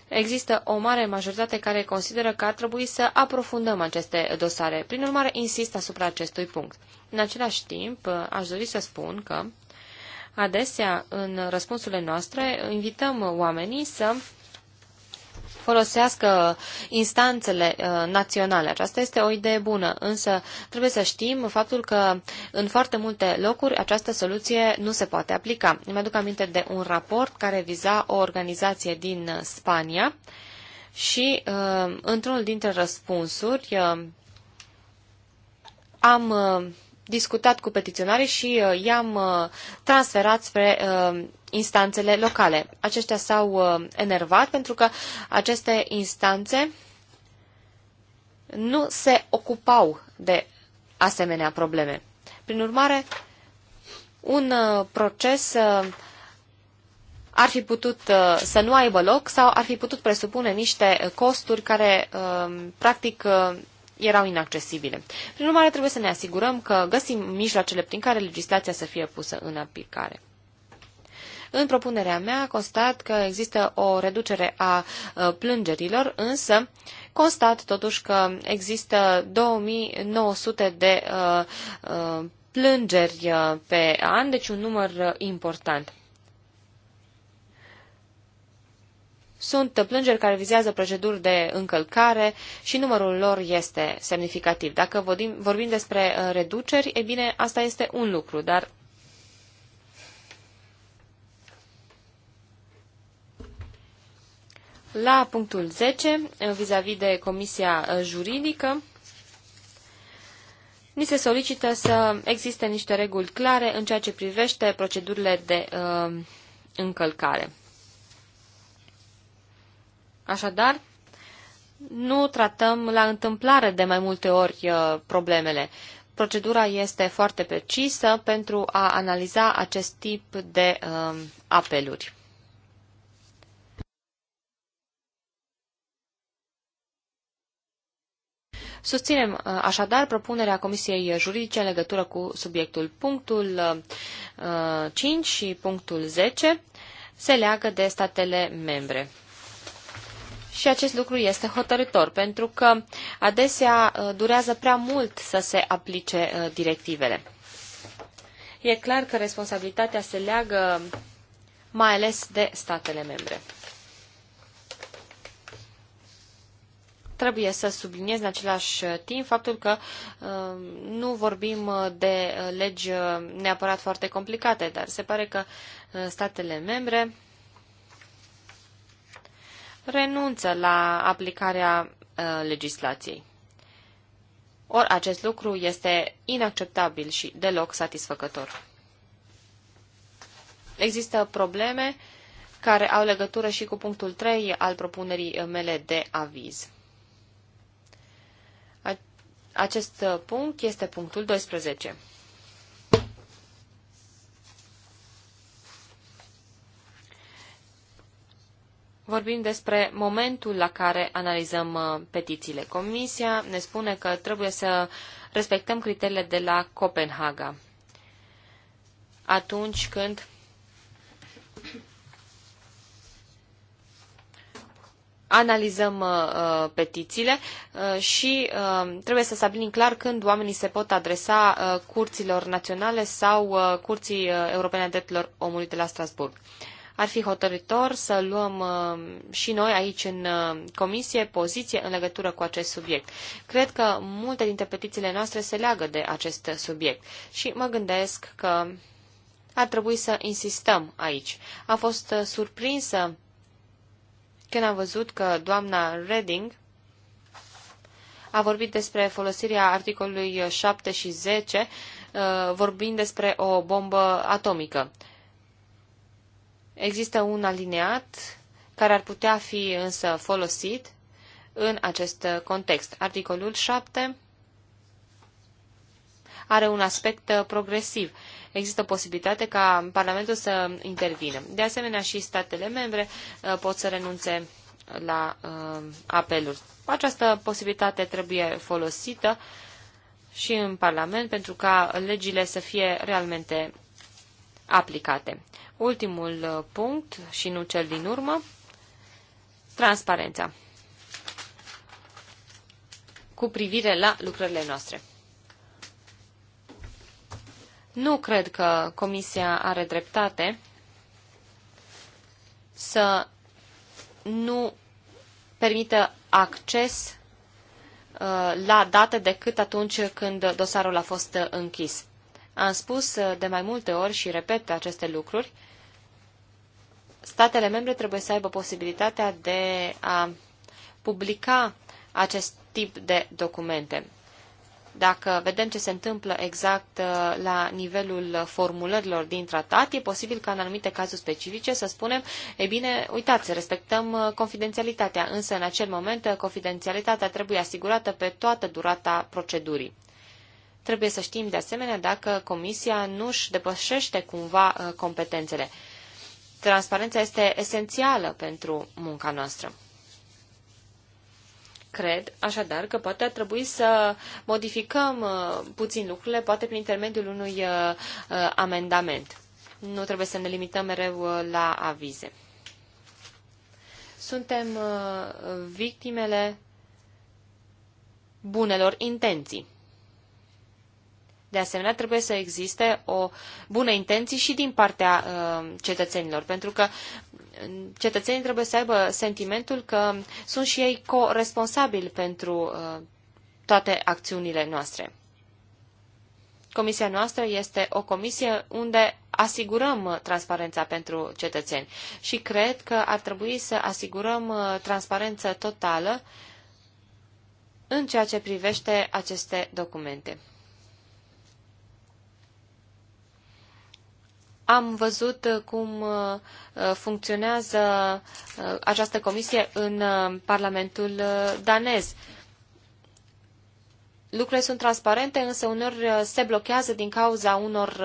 Există o mare majoritate care consideră că ar trebui să aprofundăm aceste dosare. Prin urmare, insist asupra acestui punct. În același timp, uh, aș dori să spun că Adesea, în răspunsurile noastre, invităm oamenii să folosească instanțele uh, naționale. Aceasta este o idee bună, însă trebuie să știm faptul că în foarte multe locuri această soluție nu se poate aplica. Îmi aduc aminte de un raport care viza o organizație din Spania și uh, într-unul dintre răspunsuri uh, am discutat cu petiționarii și uh, i-am uh, transferat spre uh, instanțele locale. Aceștia s-au uh, enervat pentru că aceste instanțe nu se ocupau de asemenea probleme. Prin urmare, un uh, proces uh, ar fi putut uh, să nu aibă loc sau ar fi putut presupune niște uh, costuri care, uh, practic, uh, erau inaccesibile. Prin urmare, trebuie să ne asigurăm că găsim mijloacele prin care legislația să fie pusă în aplicare. În propunerea mea constat că există o reducere a ă, plângerilor, însă constat totuși că există 2900 de ă, ă, plângeri pe an, deci un număr important. Sunt plângeri care vizează proceduri de încălcare și numărul lor este semnificativ. Dacă vorbim, vorbim despre uh, reduceri, e bine, asta este un lucru, dar La punctul 10, uh, vis-a-vis -vis de Comisia uh, Juridică, ni se solicită să existe niște reguli clare în ceea ce privește procedurile de uh, încălcare. Așadar, nu tratăm la întâmplare de mai multe ori uh, problemele. Procedura este foarte precisă pentru a analiza acest tip de uh, apeluri. Susținem uh, așadar propunerea Comisiei Juridice în legătură cu subiectul punctul 5 uh, și punctul 10 se leagă de statele membre. Și acest lucru este hotărător, pentru că adesea uh, durează prea mult să se aplice uh, directivele. E clar că responsabilitatea se leagă mai ales de statele membre. Trebuie să subliniez în același uh, timp faptul că nu vorbim de legi neapărat foarte complicate, dar se pare că statele membre renunță la aplicarea uh, legislației. Ori acest lucru este inacceptabil și deloc satisfăcător. Există probleme care au legătură și cu punctul 3 al propunerii uh, mele de aviz. Acest uh, punct este punctul 12. vorbim despre momentul la care analizăm uh, petițiile. Comisia ne spune că trebuie să respectăm criteriile de la Copenhaga. Atunci când analizăm uh, uh, petițiile uh, și uh, trebuie să stabilim clar când oamenii se pot adresa uh, curților naționale sau uh, curții uh, europene a drepturilor omului de la Strasburg. Uh, ar fi hotărător să luăm uh, și noi aici în uh, comisie poziție în legătură cu acest subiect. Cred că multe dintre petițiile noastre se leagă de acest subiect și mă gândesc că ar trebui să insistăm aici. A fost uh, surprinsă când am văzut că doamna Redding a vorbit despre folosirea articolului 7 și 10, vorbind despre o bombă atomică. Există un alineat care ar putea fi însă folosit în acest context. Articolul 7 are un aspect uh, progresiv. Există posibilitate ca Parlamentul să intervină. De asemenea, și statele membre uh, pot să renunțe la uh, apeluri. Această posibilitate trebuie folosită și în Parlament pentru ca legile să fie realmente aplicate. Ultimul uh, punct și nu cel din urmă, transparența cu privire la lucrările noastre. Nu cred că Comisia are dreptate să nu permită acces uh, la date decât atunci când dosarul a fost uh, închis. Am spus de mai multe ori și repet aceste lucruri, statele membre trebuie să aibă posibilitatea de a publica acest tip de documente. Dacă vedem ce se întâmplă exact uh, la nivelul formulărilor din tratat, e posibil ca în anumite cazuri specifice să spunem, e bine, uitați, respectăm uh, confidențialitatea, însă în acel moment uh, confidențialitatea trebuie asigurată pe toată durata procedurii. Trebuie să știm de asemenea dacă Comisia nu își depășește cumva competențele transparența este esențială pentru munca noastră. Cred, așadar, că poate ar trebui să modificăm uh, puțin lucrurile, poate prin intermediul unui uh, uh, amendament. Nu trebuie să ne limităm mereu la avize. Suntem victimele bunelor intenții. De asemenea, trebuie să existe o bună intenție și din partea uh, cetățenilor, pentru că uh, cetățenii trebuie să aibă sentimentul că sunt și ei corresponsabili pentru uh, toate acțiunile noastre. Comisia noastră este o comisie unde asigurăm transparența pentru cetățeni și cred că ar trebui să asigurăm transparență totală în ceea ce privește aceste documente. Am văzut uh, cum uh, uh, funcționează această comisie în Parlamentul danez. Lucrurile sunt transparente, însă uneori se blochează din cauza unor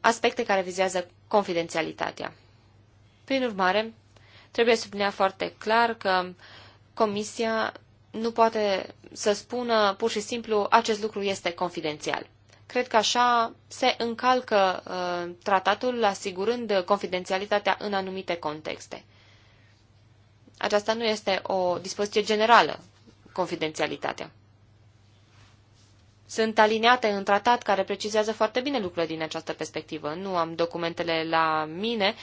aspecte care vizează confidențialitatea. Prin urmare, trebuie subliniat foarte clar că Comisia nu poate să spună pur și simplu acest lucru este confidențial. Cred că așa se încalcă uh, tratatul asigurând confidențialitatea în anumite contexte. Aceasta nu este o dispoziție generală, confidențialitatea. Sunt aliniate în tratat care precizează foarte bine lucrurile din această perspectivă. Nu am documentele la mine,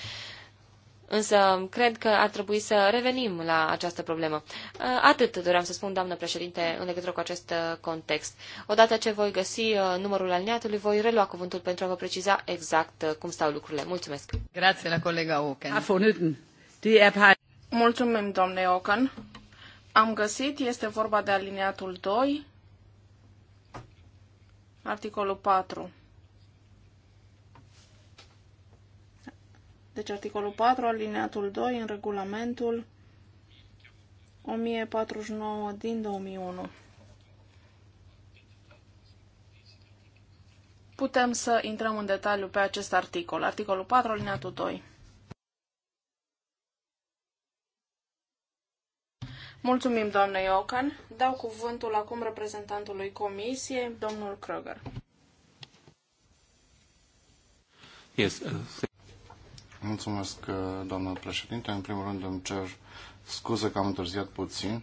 Însă cred că ar trebui să revenim la această problemă. Uh, atât doream să spun, doamnă președinte, în legătură cu acest uh, context. Odată ce voi găsi uh, numărul alineatului, voi relua cuvântul pentru a vă preciza exact cum stau lucrurile. Mulțumesc! Grație la colega Ocan. Mulțumim, domnule Ocan. Am găsit, este vorba de alineatul 2, articolul 4. Deci articolul 4, alineatul 2 în regulamentul 1049 din 2001. Putem să intrăm în detaliu pe acest articol. Articolul 4, alineatul 2. Mulțumim, doamne Iocan. Dau cuvântul acum reprezentantului comisiei, domnul Kroger. Yes, uh, Mulțumesc, uh, doamnă președinte. În primul rând îmi cer scuze că am întârziat puțin,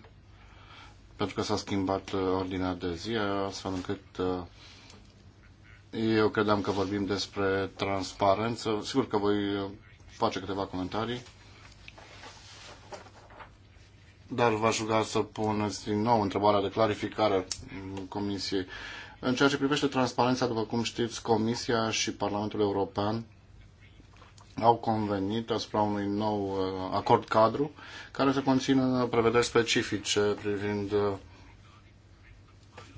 pentru că s-a schimbat uh, ordinea de zi, astfel încât uh, eu credeam că vorbim despre transparență. Sigur că voi face câteva comentarii, dar v-aș ruga să puneți din nou întrebarea de clarificare Comisiei. În ceea ce privește transparența, după cum știți, Comisia și Parlamentul European au convenit asupra unui nou uh, acord cadru care să conțină prevederi specifice privind uh,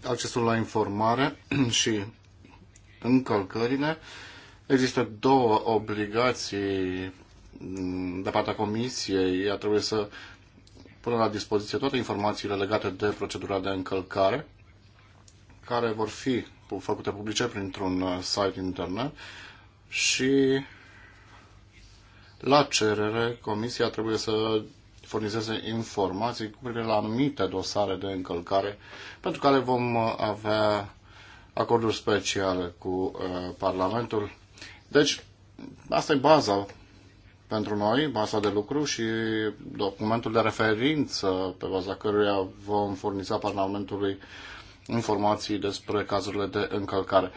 accesul la informare și încălcările. Există două obligații mm, de partea comisiei. Ea trebuie să pună la dispoziție toate informațiile legate de procedura de încălcare care vor fi făcute publice printr-un uh, site internet și la cerere, Comisia trebuie să furnizeze informații cu privire la anumite dosare de încălcare pentru care vom avea acorduri speciale cu uh, Parlamentul. Deci, asta e baza pentru noi, baza de lucru și documentul de referință pe baza căruia vom furniza Parlamentului informații despre cazurile de încălcare.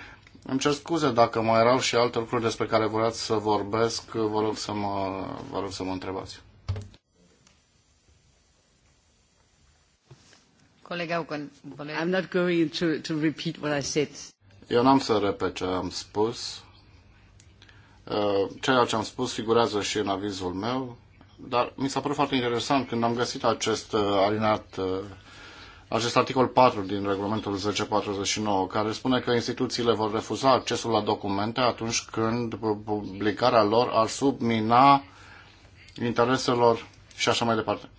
Îmi cer scuze dacă mai erau și alte lucruri despre care voiați să vorbesc, vă rog să mă, vă rog să mă întrebați. Colega I'm not going to, to repeat what I said. Eu n-am să repet ce am spus. Uh, ceea ce am spus figurează și în avizul meu, dar mi s-a părut foarte interesant când am găsit acest uh, alinat uh, acest articol 4 din regulamentul 1049, care spune că instituțiile vor refuza accesul la documente atunci când publicarea lor ar submina intereselor și așa mai departe.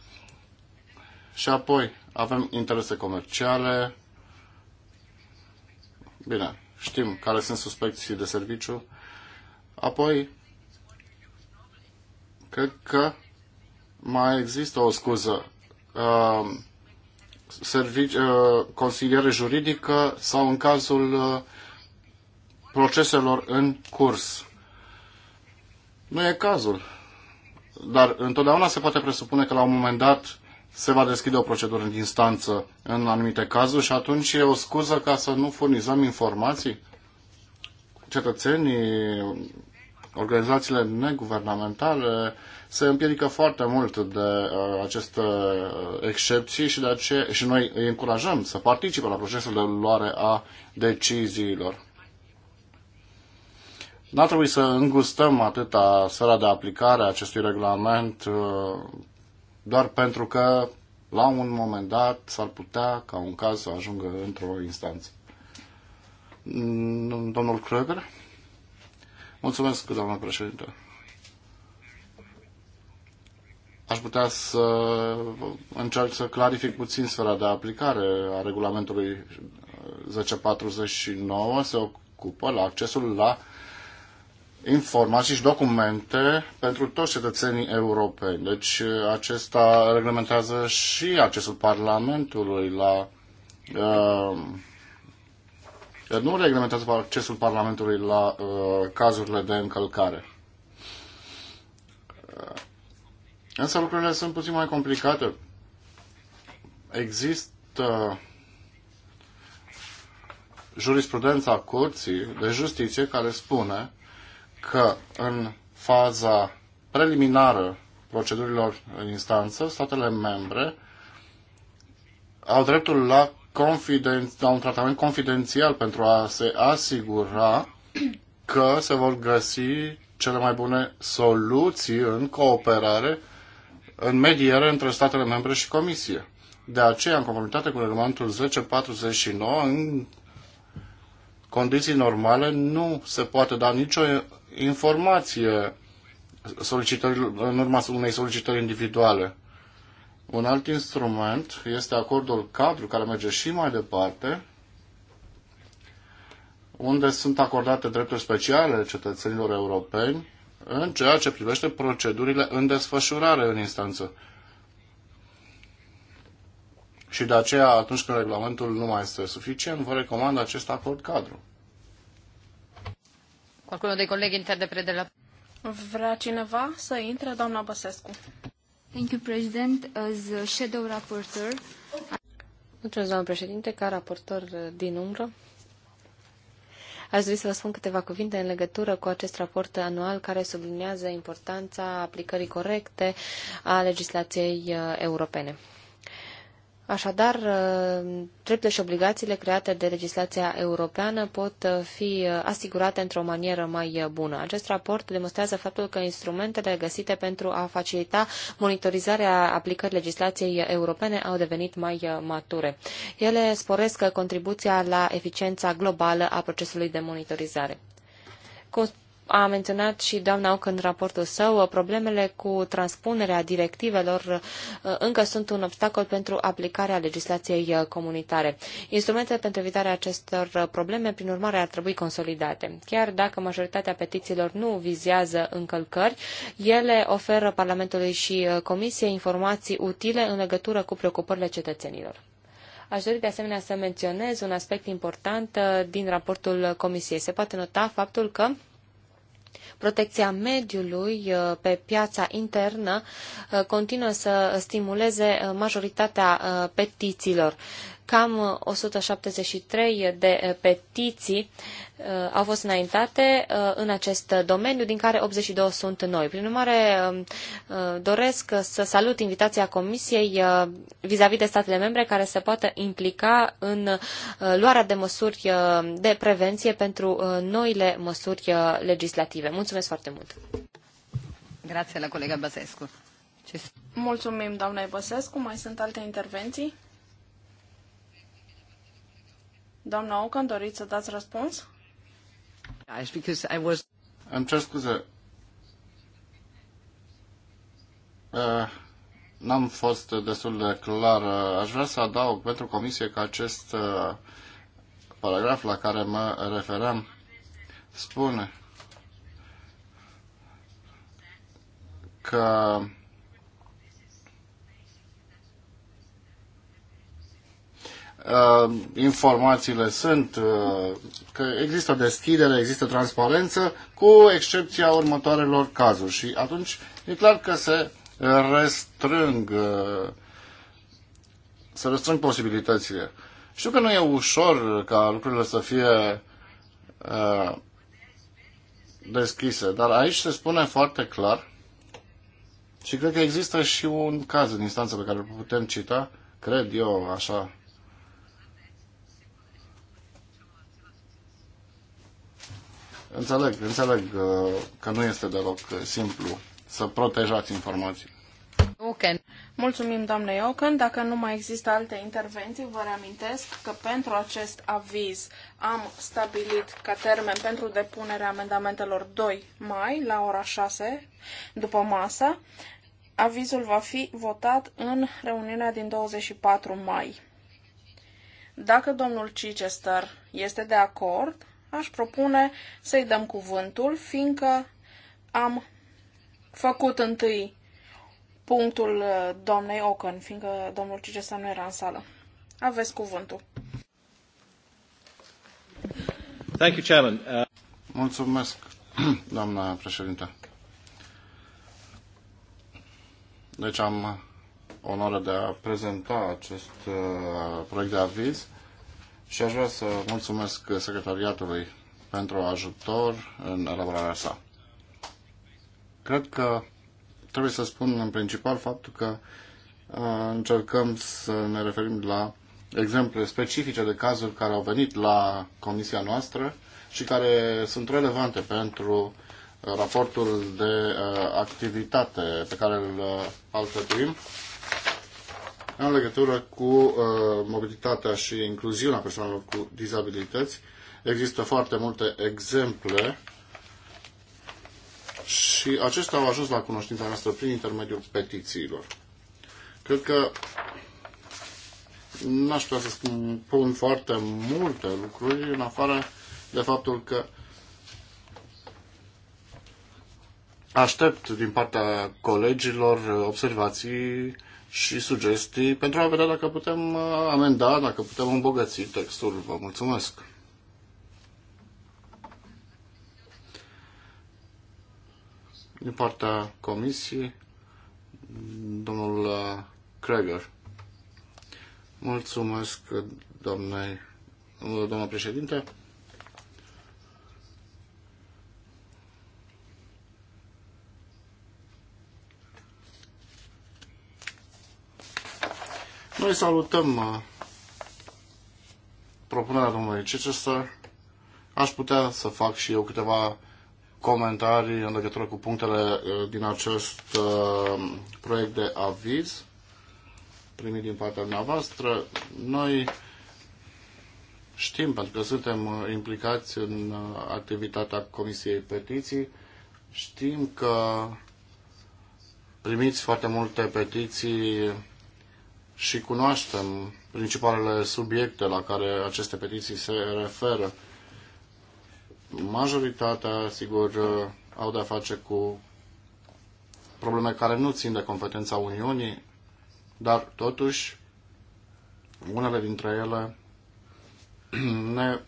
Și apoi avem interese comerciale. Bine, știm care sunt suspecții de serviciu. Apoi, cred că mai există o scuză. Uh, servici, uh, consiliere juridică sau în cazul uh, proceselor în curs. Nu e cazul. Dar întotdeauna se poate presupune că la un moment dat se va deschide o procedură în instanță în anumite cazuri și atunci e o scuză ca să nu furnizăm informații. Cetățenii organizațiile neguvernamentale se împiedică foarte mult de uh, aceste uh, excepții și, de aceea, și noi îi încurajăm să participe la procesul de luare a deciziilor. Nu ar trebui să îngustăm atâta sfera de aplicare a acestui regulament uh, doar pentru că la un moment dat s-ar putea ca un caz să ajungă într-o instanță. Domnul Kröger? Mulțumesc, doamnă președinte. Aș putea să încerc să clarific puțin sfera de aplicare a regulamentului 1049. Se ocupă la accesul la informații și documente pentru toți cetățenii europeni. Deci acesta reglementează și accesul Parlamentului la uh, nu reglementează accesul Parlamentului la uh, cazurile de încălcare. Uh, însă lucrurile sunt puțin mai complicate. Există jurisprudența Curții de Justiție care spune că în faza preliminară procedurilor în instanță, statele membre au dreptul la la un tratament confidențial pentru a se asigura că se vor găsi cele mai bune soluții în cooperare, în mediere între statele membre și Comisie. De aceea, în conformitate cu regulamentul 1049, în condiții normale nu se poate da nicio informație solicitări, în urma unei solicitări individuale. Un alt instrument este acordul cadru care merge și mai departe, unde sunt acordate drepturi speciale cetățenilor europeni în ceea ce privește procedurile în desfășurare în instanță. Și de aceea, atunci când regulamentul nu mai este suficient, vă recomand acest acord cadru. Qualcuno dei colegi intende la... Vrea cineva să intre, doamna Băsescu? Thank you, President. As shadow rapporteur... Mulțumesc, doamnă președinte, ca raportor eh, din umbră. Aș dori să vă spun câteva cuvinte în legătură cu acest raport anual care subliniază importanța aplicării corecte a legislației eh, europene. Așadar, uh, drepturile și obligațiile create de legislația europeană pot uh, fi uh, asigurate într-o manieră mai bună. Acest raport demonstrează faptul că instrumentele găsite pentru a facilita monitorizarea aplicării legislației europene au devenit mai mature. Ele sporesc contribuția la eficiența globală a procesului de monitorizare a menționat și doamna Oc în raportul său, problemele cu transpunerea directivelor uh, încă sunt un obstacol pentru aplicarea legislației uh, comunitare. Instrumentele pentru evitarea acestor uh, probleme, prin urmare, ar trebui consolidate. Chiar dacă majoritatea petițiilor nu vizează încălcări, ele oferă Parlamentului și Comisiei informații utile în legătură cu preocupările cetățenilor. Aș dori de asemenea să menționez un aspect important din raportul Comisiei. Se poate nota faptul că Protecția mediului uh, pe piața internă uh, continuă să stimuleze uh, majoritatea petițiilor. Cam 173 uh, de uh, petiții uh, au fost înaintate în acest domeniu, din care 82 sunt noi. Prin urmare, um, doresc să salut invitația Comisiei vis-a-vis -vis de statele membre care se poată implica în luarea de măsuri de prevenție pentru noile măsuri legislative. Mulțumesc foarte mult! Grazie la colega Băsescu. Mulțumim, doamna Băsescu. Mai sunt alte intervenții? Doamna Ocan, doriți să dați răspuns? Because I was... Îmi cer scuze. Uh, n-am fost destul de clar. Aș vrea să adaug pentru comisie că acest uh, paragraf la care mă referam spune că Uh, informațiile sunt, uh, că există deschidere, există transparență, cu excepția următoarelor cazuri. Și atunci e clar că se restrâng, uh, se restrâng posibilitățile. Știu că nu e ușor ca lucrurile să fie deschise, dar aici se spune foarte clar și cred că există și un caz în instanță pe care îl putem cita, cred eu, așa, Înțeleg, înțeleg uh, că nu este deloc uh, simplu să protejați informații. Ok. Mulțumim, doamne Iocan. Dacă nu mai există alte intervenții, vă reamintesc că pentru acest aviz am stabilit ca termen pentru depunerea amendamentelor 2 mai la ora 6 după masă. Avizul va fi votat în reuniunea din 24 mai. Dacă domnul Chichester este de acord, aș propune să-i dăm cuvântul, fiindcă am făcut întâi punctul uh, doamnei Ocan, fiindcă domnul Cicesa nu era în sală. Aveți cuvântul. Thank you, Chairman. Uh... Mulțumesc, doamna președinte. Deci am onoarea de a prezenta acest uh, proiect de aviz. Uh, și aș vrea să mulțumesc secretariatului pentru ajutor în elaborarea sa. Cred că trebuie să spun în principal faptul că uh, încercăm să ne referim la exemple specifice de cazuri care au venit la comisia noastră și care sunt relevante pentru uh, raportul de uh, activitate pe care îl alcătuim în legătură cu uh, mobilitatea și incluziunea persoanelor cu dizabilități. Există foarte multe exemple și acestea au ajuns la cunoștința noastră prin intermediul petițiilor. Cred că n-aș putea să spun pun foarte multe lucruri în afară de faptul că aștept din partea colegilor observații și sugestii pentru a vedea dacă putem uh, amenda, dacă putem îmbogăți textul. Vă mulțumesc! Din partea comisiei, domnul uh, Kreger. Mulțumesc, doamnei, doamna președinte. Noi salutăm uh, propunerea domnului Chichester. Aș putea să fac și eu câteva comentarii în legătură cu punctele uh, din acest uh, proiect de aviz primit din partea dumneavoastră. Noi știm, pentru că suntem implicați în activitatea Comisiei Petiții, știm că primiți foarte multe petiții și cunoaștem principalele subiecte la care aceste petiții se referă. Majoritatea, sigur, au de-a face cu probleme care nu țin de competența Uniunii, dar totuși unele dintre ele ne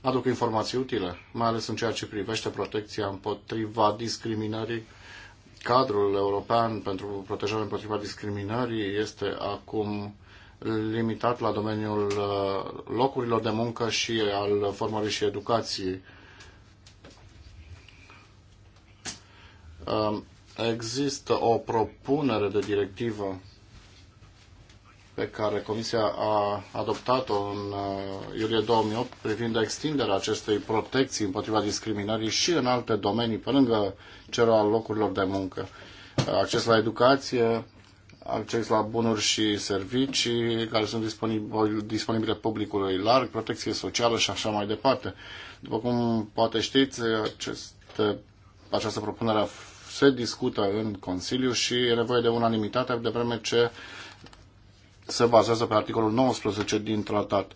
aduc informații utile, mai ales în ceea ce privește protecția împotriva discriminării cadrul european pentru protejare împotriva discriminării este acum limitat la domeniul uh, locurilor de muncă și al formării și educației. Um, există o propunere de directivă pe care Comisia a adoptat-o în uh, iulie 2008 privind extinderea acestei protecții împotriva discriminării și în alte domenii, pe lângă cel al locurilor de muncă. Uh, acces la educație, acces la bunuri și servicii care sunt disponibile publicului larg, protecție socială și așa mai departe. După cum poate știți, aceste, această propunere se discută în Consiliu și e nevoie de unanimitate de vreme ce se bazează pe articolul 19 din tratat.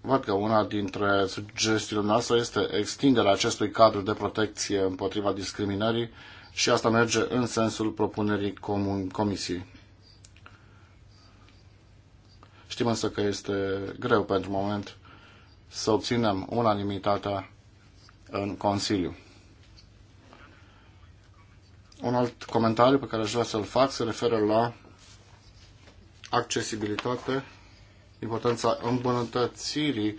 Văd că una dintre sugestiile noastre este extinderea acestui cadru de protecție împotriva discriminării și asta merge în sensul propunerii comun, comisiei. Știm însă că este greu pentru moment să obținem unanimitatea în Consiliu. Un alt comentariu pe care aș vrea să-l fac se referă la accesibilitate, importanța îmbunătățirii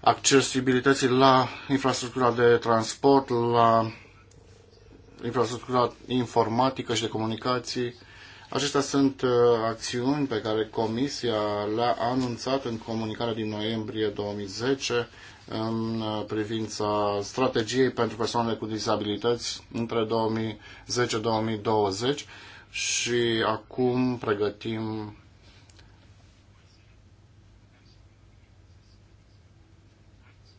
accesibilității la infrastructura de transport, la infrastructura informatică și de comunicații. Acestea sunt uh, acțiuni pe care Comisia le-a anunțat în comunicarea din noiembrie 2010 în uh, privința strategiei pentru persoanele cu dizabilități între 2010-2020 și acum pregătim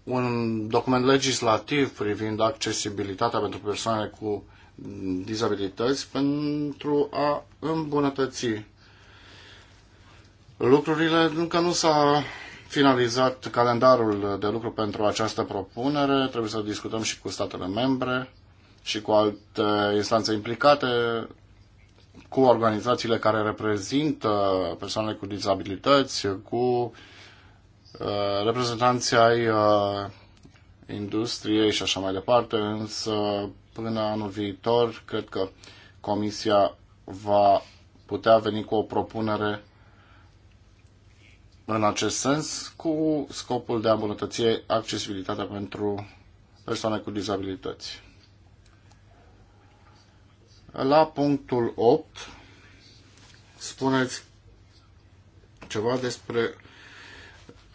un document legislativ privind accesibilitatea pentru persoane cu dizabilități pentru a îmbunătăți lucrurile. Încă nu s-a finalizat calendarul de lucru pentru această propunere. Trebuie să discutăm și cu statele membre și cu alte instanțe implicate, cu organizațiile care reprezintă persoanele cu dizabilități, cu uh, reprezentanții ai uh, industriei și așa mai departe, însă până anul viitor cred că Comisia va putea veni cu o propunere în acest sens cu scopul de a îmbunătăți accesibilitatea pentru persoane cu dizabilități. La punctul 8 spuneți ceva despre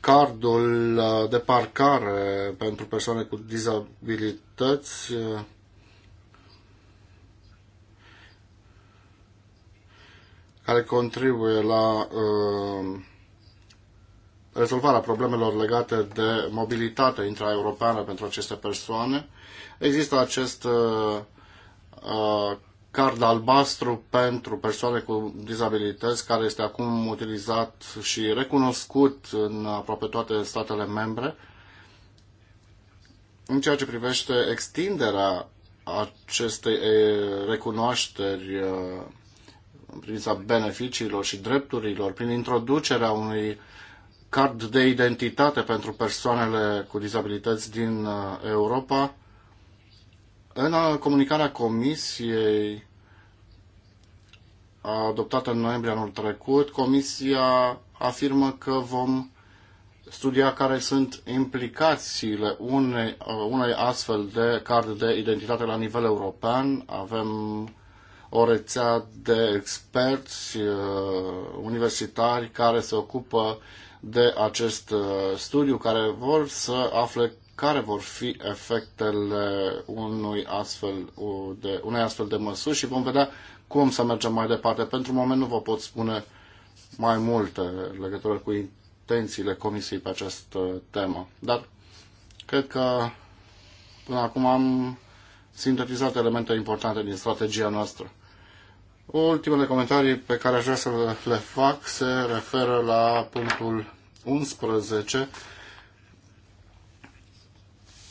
cardul uh, de parcare pentru persoane cu dizabilități care contribuie la uh, rezolvarea problemelor legate de mobilitate intraeuropeană pentru aceste persoane. Există acest uh, uh, card albastru pentru persoane cu dizabilități care este acum utilizat și recunoscut în aproape toate statele membre. În ceea ce privește extinderea acestei recunoașteri uh, în privința beneficiilor și drepturilor prin introducerea unui card de identitate pentru persoanele cu dizabilități din uh, Europa. În uh, comunicarea Comisiei adoptată în noiembrie anul trecut, Comisia afirmă că vom studia care sunt implicațiile unei, uh, unei astfel de card de identitate la nivel european. Avem o rețea de experți universitari care se ocupă de acest uh, studiu care vor să afle care vor fi efectele unui astfel de, unei astfel de măsuri și vom vedea cum să mergem mai departe. Pentru moment nu vă pot spune mai multe legătură cu intențiile Comisiei pe această temă, dar cred că până acum am sintetizat elemente importante din strategia noastră. Ultimele comentarii pe care aș vrea să le fac se referă la punctul 11,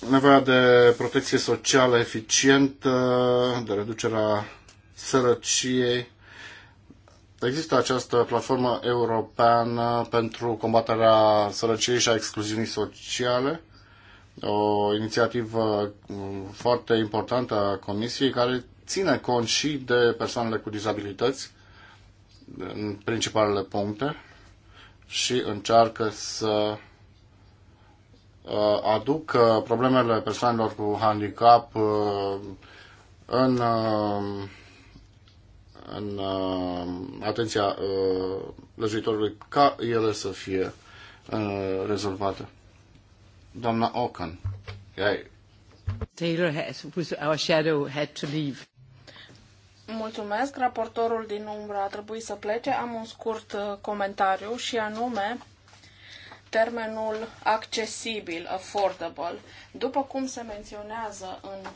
nevoia de protecție socială eficientă, de reducerea sărăciei. Există această platformă europeană pentru combaterea sărăciei și a excluziunii sociale, o inițiativă foarte importantă a Comisiei care ține cont și de persoanele cu dizabilități în principalele puncte și încearcă să uh, aducă problemele persoanelor cu handicap uh, în, uh, în atenția legiuitorului ca ele să fie rezolvate. Doamna Ocan. Taylor had, was our shadow, had to leave. Mulțumesc. Raportorul din umbră a trebuit să plece. Am un scurt uh, comentariu și anume termenul accesibil, affordable. După cum se menționează în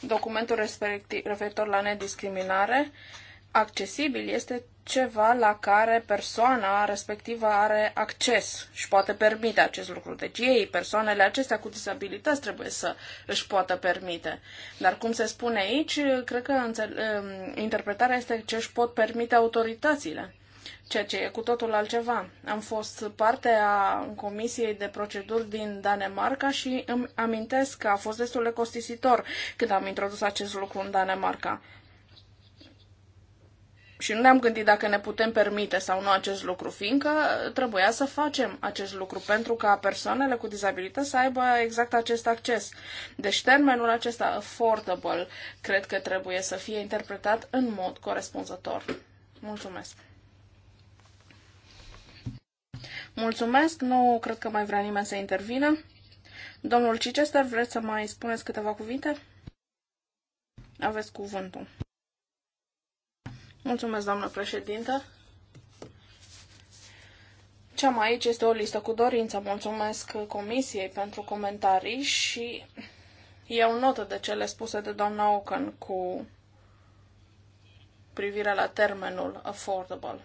documentul referitor la nediscriminare, accesibil este ceva la care persoana respectivă are acces și poate permite acest lucru. Deci ei, persoanele acestea cu disabilități, trebuie să își poată permite. Dar cum se spune aici, cred că um, interpretarea este ce își pot permite autoritățile ceea ce e cu totul altceva. Am fost parte a Comisiei de Proceduri din Danemarca și îmi amintesc că a fost destul de costisitor când am introdus acest lucru în Danemarca. Și nu ne-am gândit dacă ne putem permite sau nu acest lucru, fiindcă trebuia să facem acest lucru pentru ca persoanele cu dizabilități să aibă exact acest acces. Deci termenul acesta affordable cred că trebuie să fie interpretat în mod corespunzător. Mulțumesc! Mulțumesc, nu cred că mai vrea nimeni să intervină. Domnul Cicester, vreți să mai spuneți câteva cuvinte? Aveți cuvântul. Mulțumesc, doamnă președintă. Ce am aici este o listă cu dorință. Mulțumesc comisiei pentru comentarii și iau notă de cele spuse de doamna Ocan cu privire la termenul affordable.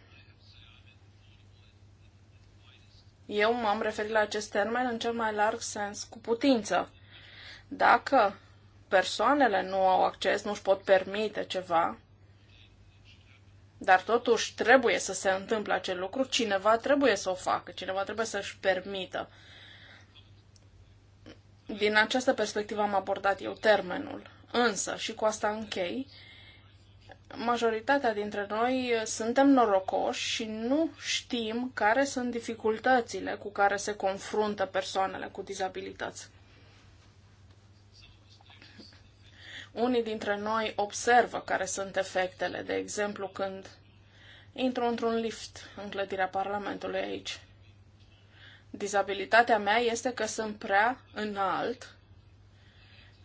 Eu m-am referit la acest termen în cel mai larg sens, cu putință. Dacă persoanele nu au acces, nu își pot permite ceva, dar totuși trebuie să se întâmple acel lucru, cineva trebuie să o facă, cineva trebuie să-și permită. Din această perspectivă am abordat eu termenul. Însă, și cu asta închei, majoritatea dintre noi suntem norocoși și nu știm care sunt dificultățile cu care se confruntă persoanele cu dizabilități. Unii dintre noi observă care sunt efectele, de exemplu când intru într-un lift în clădirea Parlamentului aici. Dizabilitatea mea este că sunt prea înalt,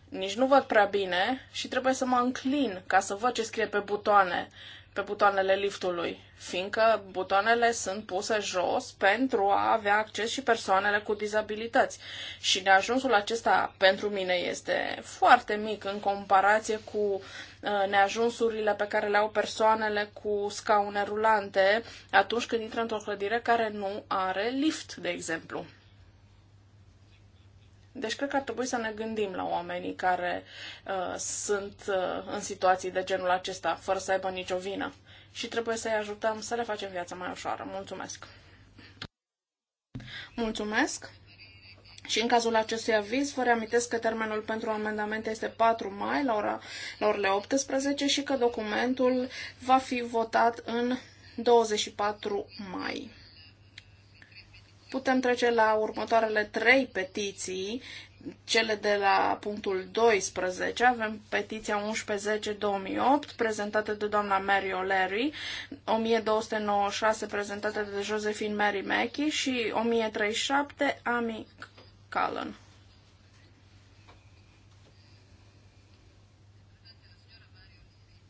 nici nu văd prea bine și trebuie să mă înclin ca să văd ce scrie pe butoane pe butoanele liftului, fiindcă butoanele sunt puse jos pentru a avea acces și persoanele cu dizabilități. Și neajunsul acesta pentru mine este foarte mic în comparație cu uh, neajunsurile pe care le au persoanele cu scaune rulante atunci când intră într-o clădire care nu are lift, de exemplu. Deci cred că ar trebui să ne gândim la oamenii care uh, sunt uh, în situații de genul acesta, fără să aibă nicio vină. Și trebuie să-i ajutăm să le facem viața mai ușoară. Mulțumesc! Mulțumesc! Și în cazul acestui aviz, vă reamintesc că termenul pentru amendamente este 4 mai la, ora, la orele 18 și că documentul va fi votat în 24 mai. Putem trece la următoarele trei petiții, cele de la punctul 12. Avem petiția 1110-2008, prezentată de doamna Mary O'Leary, 1296, prezentată de Josephine Mary Mackey și 1037, Amy Cullen.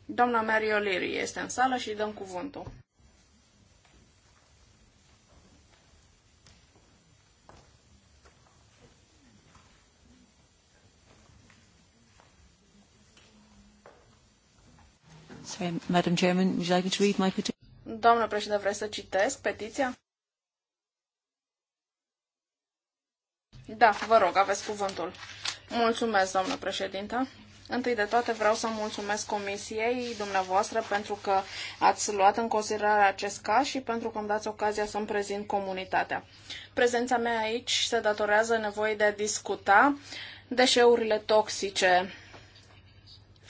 Doamna Mary O'Leary este în sală și dăm cuvântul. Madam Chairman, would you like me to read my petition? Doamnă președinte, vreți să citesc petiția? Da, vă rog, aveți cuvântul. Mulțumesc, doamnă președintă. Întâi de toate vreau să mulțumesc comisiei dumneavoastră pentru că ați luat în considerare acest caz și pentru că îmi dați ocazia să-mi prezint comunitatea. Prezența mea aici se datorează nevoii de a discuta deșeurile toxice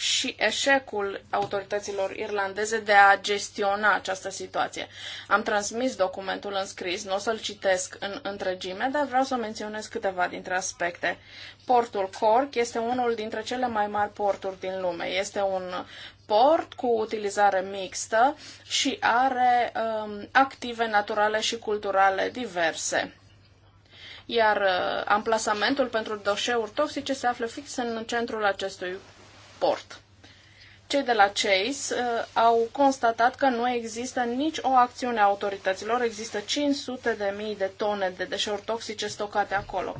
și eșecul autorităților irlandeze de a gestiona această situație. Am transmis documentul în scris, nu o să-l citesc în întregime, dar vreau să menționez câteva dintre aspecte. Portul Cork este unul dintre cele mai mari porturi din lume. Este un port cu utilizare mixtă și are um, active naturale și culturale diverse iar uh, amplasamentul pentru doșeuri toxice se află fix în centrul acestui raport. Cei de la Chase uh, au constatat că nu există nici o acțiune a autorităților, există 500 de mii de tone de deșeuri toxice stocate acolo.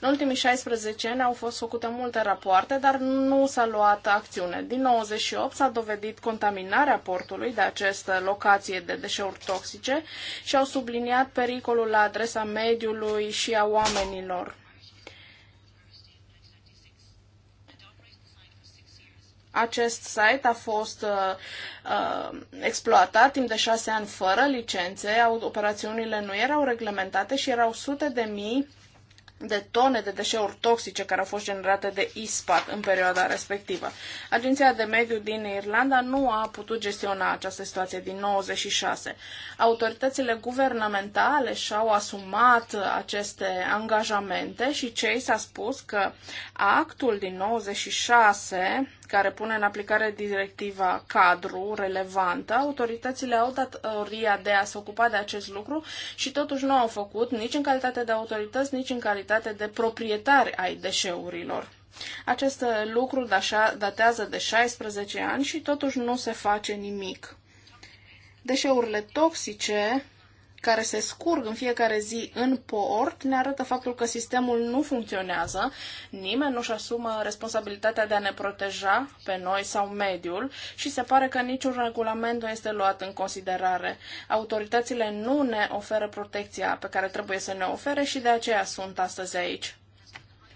În ultimii 16 ani au fost făcute multe rapoarte, dar nu s-a luat acțiune. Din 98 s-a dovedit contaminarea portului de această locație de deșeuri toxice și au subliniat pericolul la adresa mediului și a oamenilor Acest site a fost uh, uh, exploatat timp de șase ani fără licențe, operațiunile nu erau reglementate și erau sute de mii de tone de deșeuri toxice care au fost generate de ISPAT în perioada respectivă. Agenția de Mediu din Irlanda nu a putut gestiona această situație din 96. Autoritățile guvernamentale și-au asumat aceste angajamente și cei s-a spus că actul din 96 care pune în aplicare directiva cadru relevantă, autoritățile au datoria uh, de a se ocupa de acest lucru și totuși nu au făcut nici în calitate de autorități, nici în calitate de proprietari ai deșeurilor. Acest uh, lucru datează de 16 ani și totuși nu se face nimic. Deșeurile toxice care se scurg în fiecare zi în port ne arată faptul că sistemul nu funcționează, nimeni nu-și asumă responsabilitatea de a ne proteja pe noi sau mediul și se pare că niciun regulament nu este luat în considerare. Autoritățile nu ne oferă protecția pe care trebuie să ne ofere și de aceea sunt astăzi aici.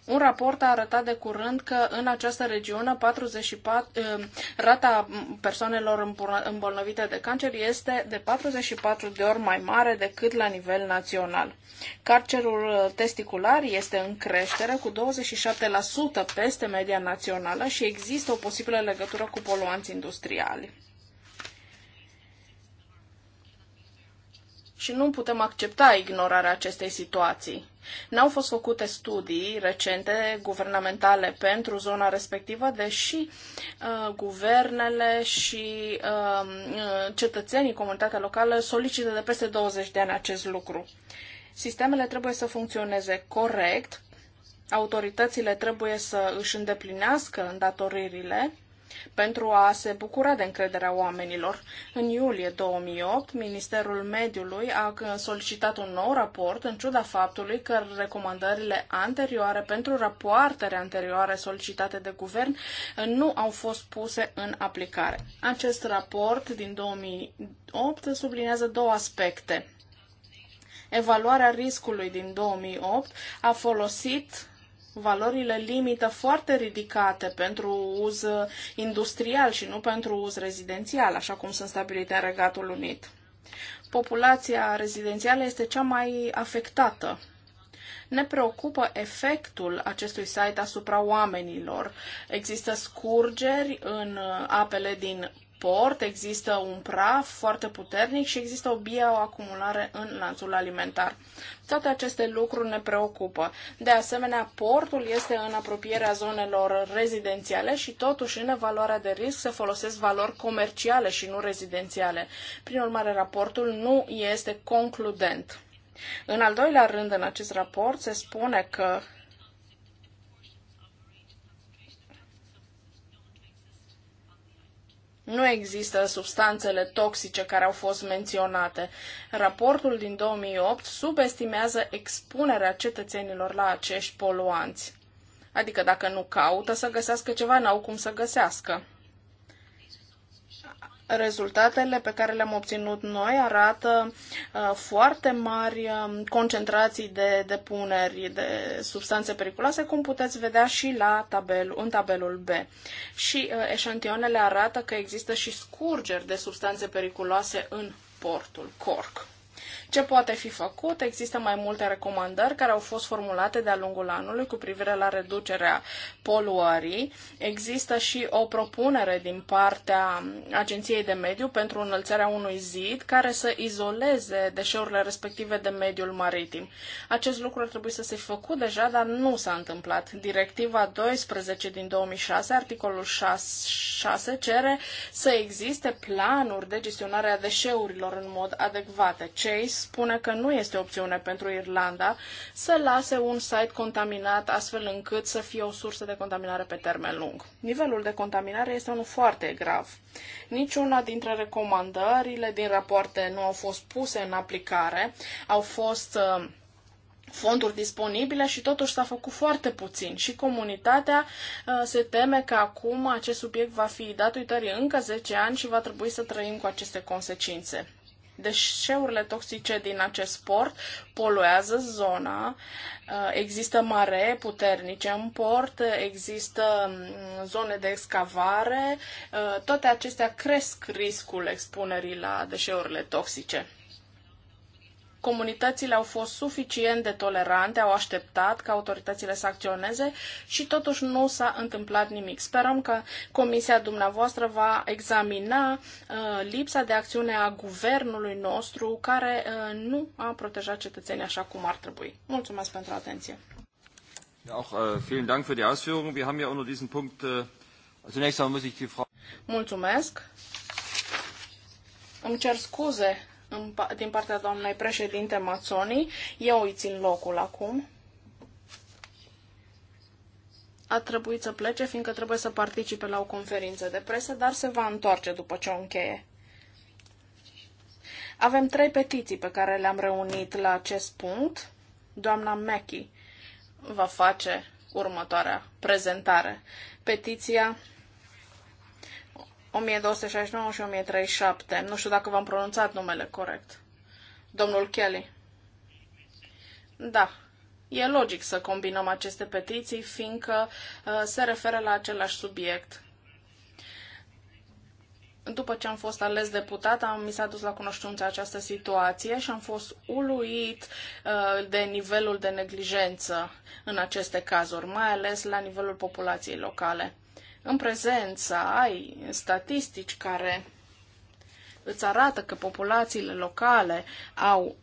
Un raport a arătat de curând că în această regiune 44, ă, rata persoanelor îmbolnăvite de cancer este de 44 de ori mai mare decât la nivel național. Carcerul ă, testicular este în creștere cu 27% peste media națională și există o posibilă legătură cu poluanți industriali. Și nu putem accepta ignorarea acestei situații. N-au fost făcute studii recente guvernamentale pentru zona respectivă, deși uh, guvernele și um, uh, cetățenii, comunitatea locală solicită de peste 20 de ani acest lucru. Sistemele trebuie să funcționeze corect, autoritățile trebuie să își îndeplinească îndatoririle pentru a se bucura de încrederea oamenilor. În iulie 2008, Ministerul Mediului a solicitat un nou raport, în ciuda faptului că recomandările anterioare pentru rapoartele anterioare solicitate de guvern nu au fost puse în aplicare. Acest raport din 2008 sublinează două aspecte. Evaluarea riscului din 2008 a folosit valorile limită foarte ridicate pentru uz industrial și nu pentru uz rezidențial, așa cum sunt stabilite în Regatul Unit. Populația rezidențială este cea mai afectată ne preocupă efectul acestui site asupra oamenilor. Există scurgeri în apele din port există un praf foarte puternic și există o bioacumulare în lanțul alimentar. Toate aceste lucruri ne preocupă. De asemenea, portul este în apropierea zonelor rezidențiale și totuși în evaluarea de risc se folosesc valori comerciale și nu rezidențiale. Prin urmare, raportul nu este concludent. În al doilea rând, în acest raport se spune că Nu există substanțele toxice care au fost menționate. Raportul din 2008 subestimează expunerea cetățenilor la acești poluanți. Adică dacă nu caută să găsească ceva, n-au cum să găsească rezultatele pe care le-am obținut noi arată uh, foarte mari uh, concentrații de depuneri de substanțe periculoase, cum puteți vedea și la tabel, în tabelul B. Și uh, eșantionele arată că există și scurgeri de substanțe periculoase în portul Cork. Ce poate fi făcut? Există mai multe recomandări care au fost formulate de-a lungul anului cu privire la reducerea poluării. Există și o propunere din partea Agenției de Mediu pentru înălțarea unui zid care să izoleze deșeurile respective de mediul maritim. Acest lucru ar trebui să se facă făcut deja, dar nu s-a întâmplat. Directiva 12 din 2006, articolul 6, 6 cere să existe planuri de gestionare a deșeurilor în mod adecvate. Chase spune că nu este opțiune pentru Irlanda să lase un site contaminat astfel încât să fie o sursă de contaminare pe termen lung. Nivelul de contaminare este unul foarte grav. Niciuna dintre recomandările din rapoarte nu au fost puse în aplicare, au fost uh, fonduri disponibile și totuși s-a făcut foarte puțin și comunitatea uh, se teme că acum acest subiect va fi dat uitării încă 10 ani și va trebui să trăim cu aceste consecințe. Deșeurile toxice din acest port poluează zona, uh, există mare puternice în port, există mm, zone de excavare, uh, toate acestea cresc riscul expunerii la deșeurile toxice comunitățile au fost suficient de tolerante, au așteptat ca autoritățile să acționeze și totuși nu s-a întâmplat nimic. Sperăm că comisia dumneavoastră va examina uh, lipsa de acțiune a guvernului nostru care uh, nu a protejat cetățenii așa cum ar trebui. Mulțumesc pentru atenție. auch äh, vielen Dank für die Ausführungen. Wir haben ja unter diesem Punkt äh, zunächst einmal muss ich die Frau Mulțumesc. Îmi cer scuze din partea doamnei președinte Mazzoni. Eu îi țin locul acum. A trebuit să plece, fiindcă trebuie să participe la o conferință de presă, dar se va întoarce după ce o încheie. Avem trei petiții pe care le-am reunit la acest punct. Doamna Mackey va face următoarea prezentare. Petiția 1269 și 1037. Nu știu dacă v-am pronunțat numele corect. Domnul Kelly. Da. E logic să combinăm aceste petiții, fiindcă uh, se referă la același subiect. După ce am fost ales deputat, am, mi s-a dus la cunoștință această situație și am fost uluit uh, de nivelul de neglijență în aceste cazuri, mai ales la nivelul populației locale. În prezență ai statistici care îți arată că populațiile locale au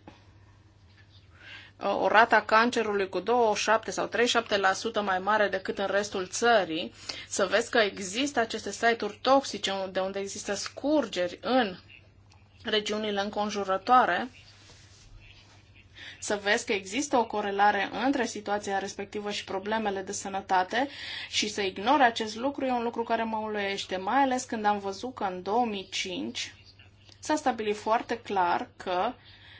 uh, o rata cancerului cu 27 sau 37% mai mare decât în restul țării, să vezi că există aceste site-uri toxice de unde există scurgeri în regiunile înconjurătoare, să vezi că există o corelare între situația respectivă și problemele de sănătate și să ignori acest lucru e un lucru care mă uluiește, mai ales când am văzut că în 2005 s-a stabilit foarte clar că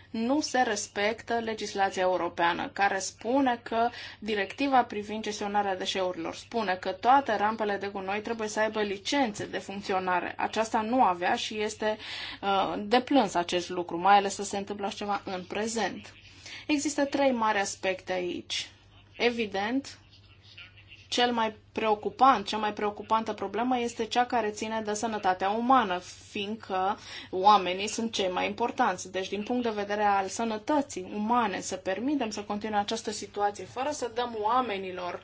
nu se respectă legislația europeană, care spune că directiva privind gestionarea deșeurilor spune că toate rampele de gunoi trebuie să aibă licențe de funcționare. Aceasta nu avea și este uh, deplâns acest lucru, mai ales să se întâmplă așa ceva în prezent. Există trei mari aspecte aici. Evident, cel mai preocupant, cea mai preocupantă problemă este cea care ține de sănătatea umană, fiindcă oamenii sunt cei mai importanți. Deci, din punct de vedere al sănătății umane, să permitem să continue această situație fără să dăm oamenilor uh,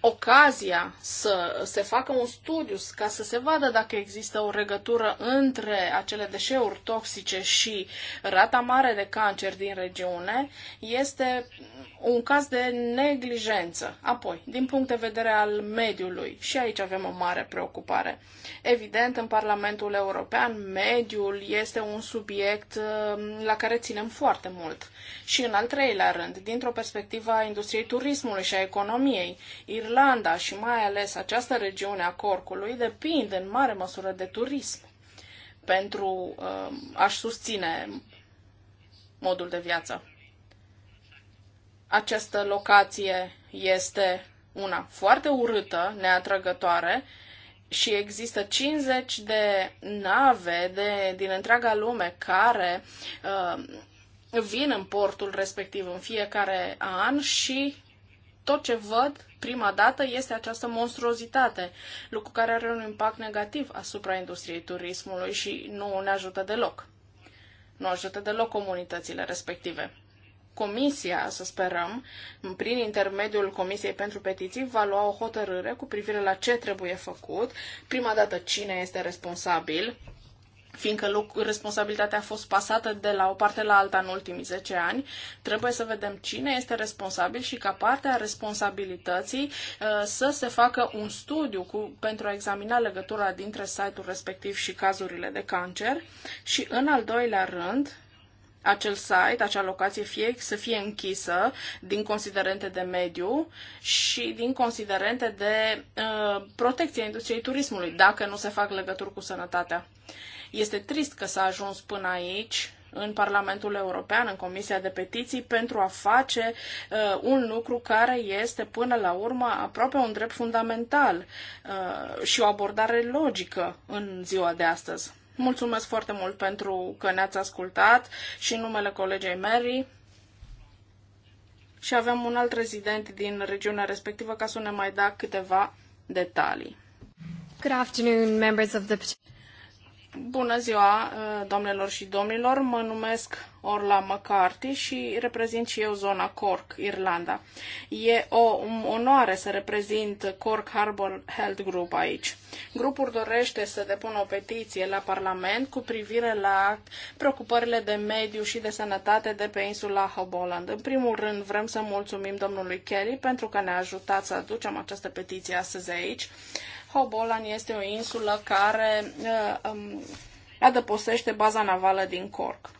ocazia să se facă un studiu ca să se vadă dacă există o legătură între acele deșeuri toxice și rata mare de cancer din regiune, este un caz de neglijență. Apoi, din punct de vedere al mediului, și aici avem o mare preocupare. Evident, în Parlamentul European, mediul este un subiect uh, la care ținem foarte mult. Și în al treilea rând, dintr-o perspectivă a industriei turismului și a economiei, Irlanda și mai ales această regiune a Corcului depinde în mare măsură de turism pentru uh, a-și susține modul de viață. Această locație este una foarte urâtă, neatrăgătoare și există 50 de nave de, din întreaga lume care uh, vin în portul respectiv în fiecare an și tot ce văd prima dată este această monstruozitate, lucru care are un impact negativ asupra industriei turismului și nu ne ajută deloc. Nu ajută deloc comunitățile respective. Comisia, să sperăm, prin intermediul Comisiei pentru Petiții, va lua o hotărâre cu privire la ce trebuie făcut, prima dată cine este responsabil, fiindcă responsabilitatea a fost pasată de la o parte la alta în ultimii 10 ani, trebuie să vedem cine este responsabil și ca parte a responsabilității uh, să se facă un studiu cu, pentru a examina legătura dintre site-ul respectiv și cazurile de cancer și, în al doilea rând, acel site, acea locație fie să fie închisă din considerente de mediu și din considerente de uh, protecție industriei turismului, dacă nu se fac legături cu sănătatea. Este trist că s-a ajuns până aici în Parlamentul European, în Comisia de Petiții, pentru a face uh, un lucru care este până la urmă aproape un drept fundamental uh, și o abordare logică în ziua de astăzi. Mulțumesc foarte mult pentru că ne-ați ascultat și în numele colegei Mary. Și avem un alt rezident din regiunea respectivă ca să ne mai da câteva detalii. Good afternoon, members of the Bună ziua, uh, doamnelor și domnilor! Mă numesc Orla McCarthy și reprezint și eu zona Cork, Irlanda. E o onoare să reprezint Cork Harbour Health Group aici. Grupul dorește să depună o petiție la Parlament cu privire la preocupările de mediu și de sănătate de pe insula Hoboland. În primul rând, vrem să mulțumim domnului Kelly pentru că ne-a ajutat să aducem această petiție astăzi aici. Hobolan este o insulă care uh, um, adăpostește baza navală din Cork.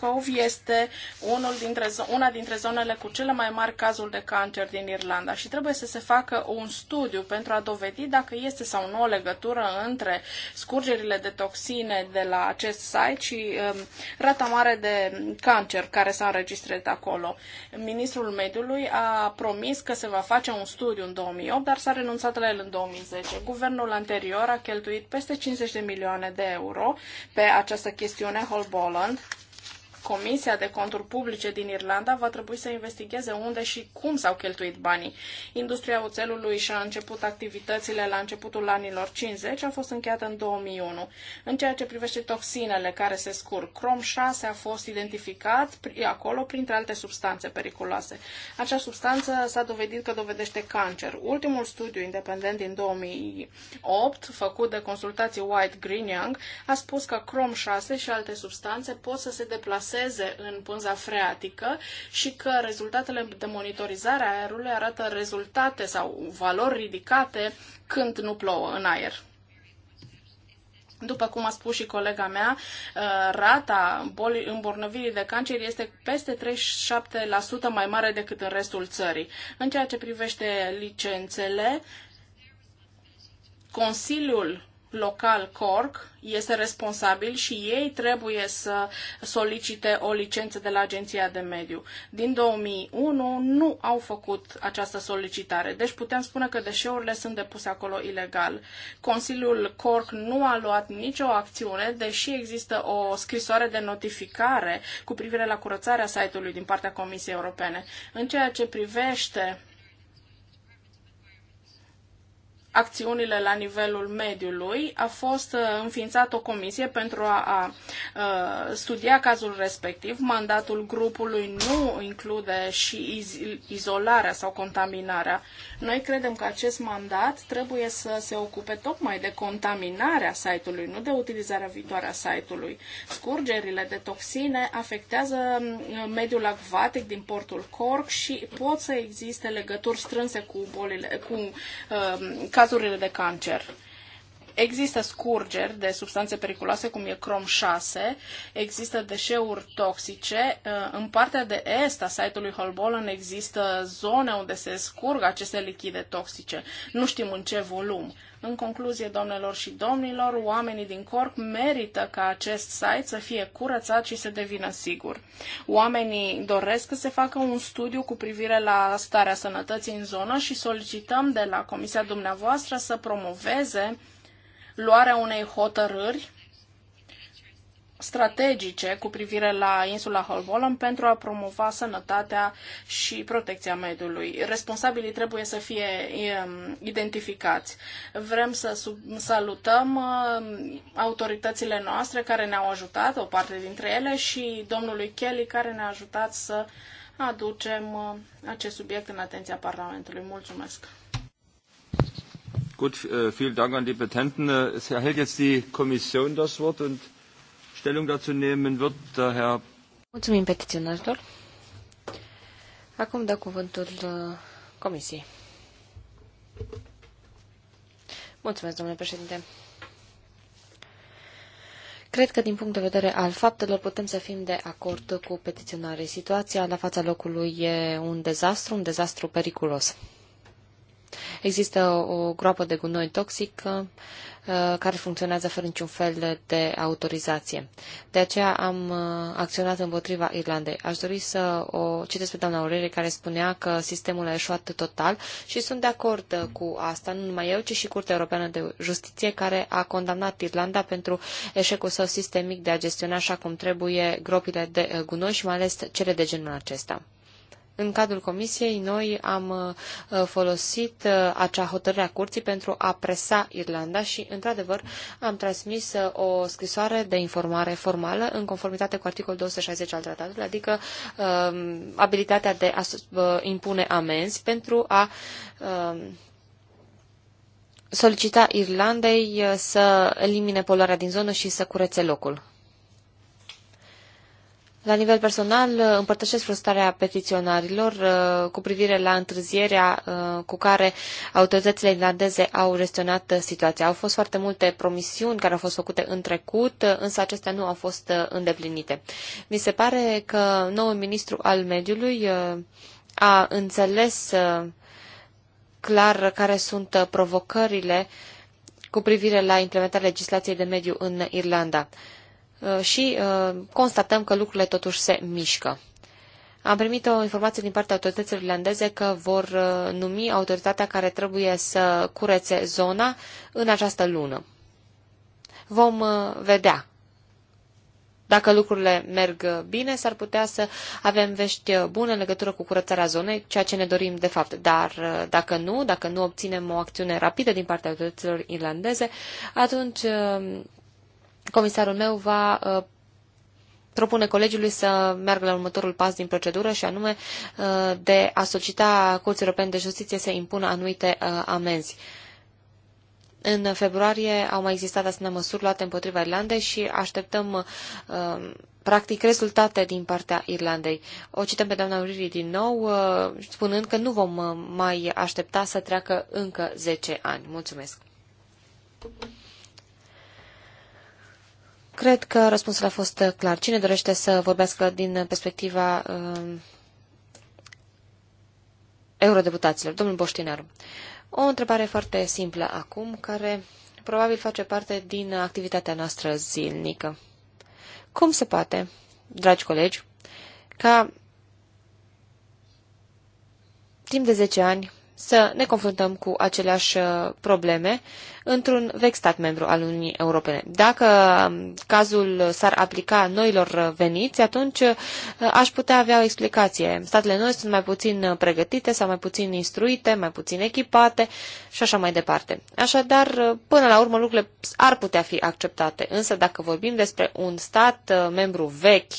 Cove este unul dintre, una dintre zonele cu cele mai mari cazuri de cancer din Irlanda și trebuie să se facă un studiu pentru a dovedi dacă este sau nu o legătură între scurgerile de toxine de la acest site și um, rata mare de cancer care s-a înregistrat acolo. Ministrul Mediului a promis că se va face un studiu în 2008, dar s-a renunțat la el în 2010. Guvernul anterior a cheltuit peste 50 de milioane de euro pe această chestiune Holboland Comisia de Conturi Publice din Irlanda va trebui să investigheze unde și cum s-au cheltuit banii. Industria oțelului și-a început activitățile la începutul anilor 50, a fost încheiată în 2001. În ceea ce privește toxinele care se scurg, crom 6 a fost identificat acolo printre alte substanțe periculoase. Acea substanță s-a dovedit că dovedește cancer. Ultimul studiu independent din 2008, făcut de consultații White Green Young, a spus că crom 6 și alte substanțe pot să se deplaseze avanseze în pânza freatică și că rezultatele de monitorizare a aerului arată rezultate sau valori ridicate când nu plouă în aer. După cum a spus și colega mea, uh, rata bolii îmbolnăvirii de cancer este peste 37% mai mare decât în restul țării. În ceea ce privește licențele, Consiliul local Cork este responsabil și ei trebuie să solicite o licență de la Agenția de Mediu. Din 2001 nu au făcut această solicitare, deci putem spune că deșeurile sunt depuse acolo ilegal. Consiliul Cork nu a luat nicio acțiune, deși există o scrisoare de notificare cu privire la curățarea site-ului din partea Comisiei Europene. În ceea ce privește acțiunile la nivelul mediului, a fost uh, înființată o comisie pentru a, a, uh, studia cazul respectiv. Mandatul grupului nu include și iz, izolarea sau contaminarea. Noi credem că acest mandat trebuie să se ocupe tocmai de contaminarea site-ului, nu de utilizarea viitoare a site-ului. Scurgerile de toxine afectează uh, mediul acvatic din portul Cork și pot să existe legături strânse cu bolile, cu uh, cazurile de cancer. Există scurgeri de substanțe periculoase, cum e crom 6, există deșeuri toxice. Uh, în partea de est a site-ului Holbolan există zone unde se scurg aceste lichide toxice. Nu știm în ce volum. În concluzie, domnilor și domnilor, oamenii din Cork merită ca acest site să fie curățat și să devină sigur. Oamenii doresc să se facă un studiu cu privire la starea sănătății în zonă și solicităm de la Comisia dumneavoastră să promoveze luarea unei hotărâri strategice cu privire la insula Holbolon pentru a promova sănătatea și protecția mediului. Responsabilii trebuie să fie um, identificați. Vrem să salutăm um, autoritățile noastre care ne-au ajutat, o parte dintre ele, și domnului Kelly care ne-a ajutat să aducem uh, acest subiect în atenția Parlamentului. Mulțumesc! Gut, äh, vielen Dank an die Petenten. Äh, es erhält jetzt die Kommission das Wort und Stellung dazu nehmen wird der Herr. Mulțumim petiționarilor. Acum dau cuvântul uh, comisiei. Mulțumesc, domnule președinte. Cred că din punct de vedere al faptelor putem să fim de acord cu petiționarii. Situația la fața locului e un dezastru, un dezastru periculos. Există o groapă de gunoi toxic uh, care funcționează fără niciun fel de autorizație. De aceea am uh, acționat împotriva Irlandei. Aș dori să o citesc pe doamna Aurelie care spunea că sistemul a eșuat total și sunt de acord uh, cu asta, nu numai eu, ci și Curtea Europeană de Justiție care a condamnat Irlanda pentru eșecul său sistemic de a gestiona așa cum trebuie gropile de gunoi și mai ales cele de genul acesta. În cadrul comisiei, noi am uh, folosit uh, acea hotărâre a curții pentru a presa Irlanda și, într-adevăr, am transmis uh, o scrisoare de informare formală în conformitate cu articolul 260 al tratatului, adică um, abilitatea de a impune amenzi pentru a um, solicita Irlandei să elimine poluarea din zonă și să curețe locul. La nivel personal, uh, împărtășesc frustrarea petiționarilor uh, cu privire la întârzierea uh, cu care autoritățile irlandeze au gestionat situația. Au fost foarte multe promisiuni care au fost făcute în trecut, însă acestea nu au fost îndeplinite. Mi se pare că noul ministru al mediului a înțeles clar care sunt provocările cu privire la implementarea legislației de mediu în Irlanda. Uh, și uh, constatăm că lucrurile totuși se mișcă. Am primit o informație din partea autorităților irlandeze că vor uh, numi autoritatea care trebuie să curețe zona în această lună. Vom vedea. Dacă lucrurile merg bine, s-ar putea să avem vești bune în legătură cu curățarea zonei, ceea ce ne dorim de fapt. Dar dacă nu, dacă nu obținem o acțiune rapidă din partea autorităților irlandeze, atunci comisarul meu va uh, propune colegiului să meargă la următorul pas din procedură și anume uh, de a solicita Curții Europene de Justiție să impună anumite uh, amenzi. În februarie au mai existat asemenea măsuri luate împotriva Irlandei și așteptăm practic rezultate din partea Irlandei. O cităm pe doamna Uriri din nou, spunând că nu vom mai aștepta să treacă încă 10 ani. Mulțumesc! Cred că răspunsul a fost uh, clar. Cine dorește să vorbească din uh, perspectiva uh, eurodeputaților? Domnul Boștinaru. O întrebare foarte simplă acum, care probabil face parte din uh, activitatea noastră zilnică. Cum se poate, dragi colegi, ca timp de 10 ani să ne confruntăm cu aceleași uh, probleme într-un vechi stat membru al Uniunii Europene. Dacă um, cazul s-ar aplica noilor uh, veniți, atunci uh, aș putea avea o explicație. Statele noi sunt mai puțin pregătite sau mai puțin instruite, mai puțin echipate și așa mai departe. Așadar, până la urmă, lucrurile ar putea fi acceptate. Însă, dacă vorbim despre un stat membru vechi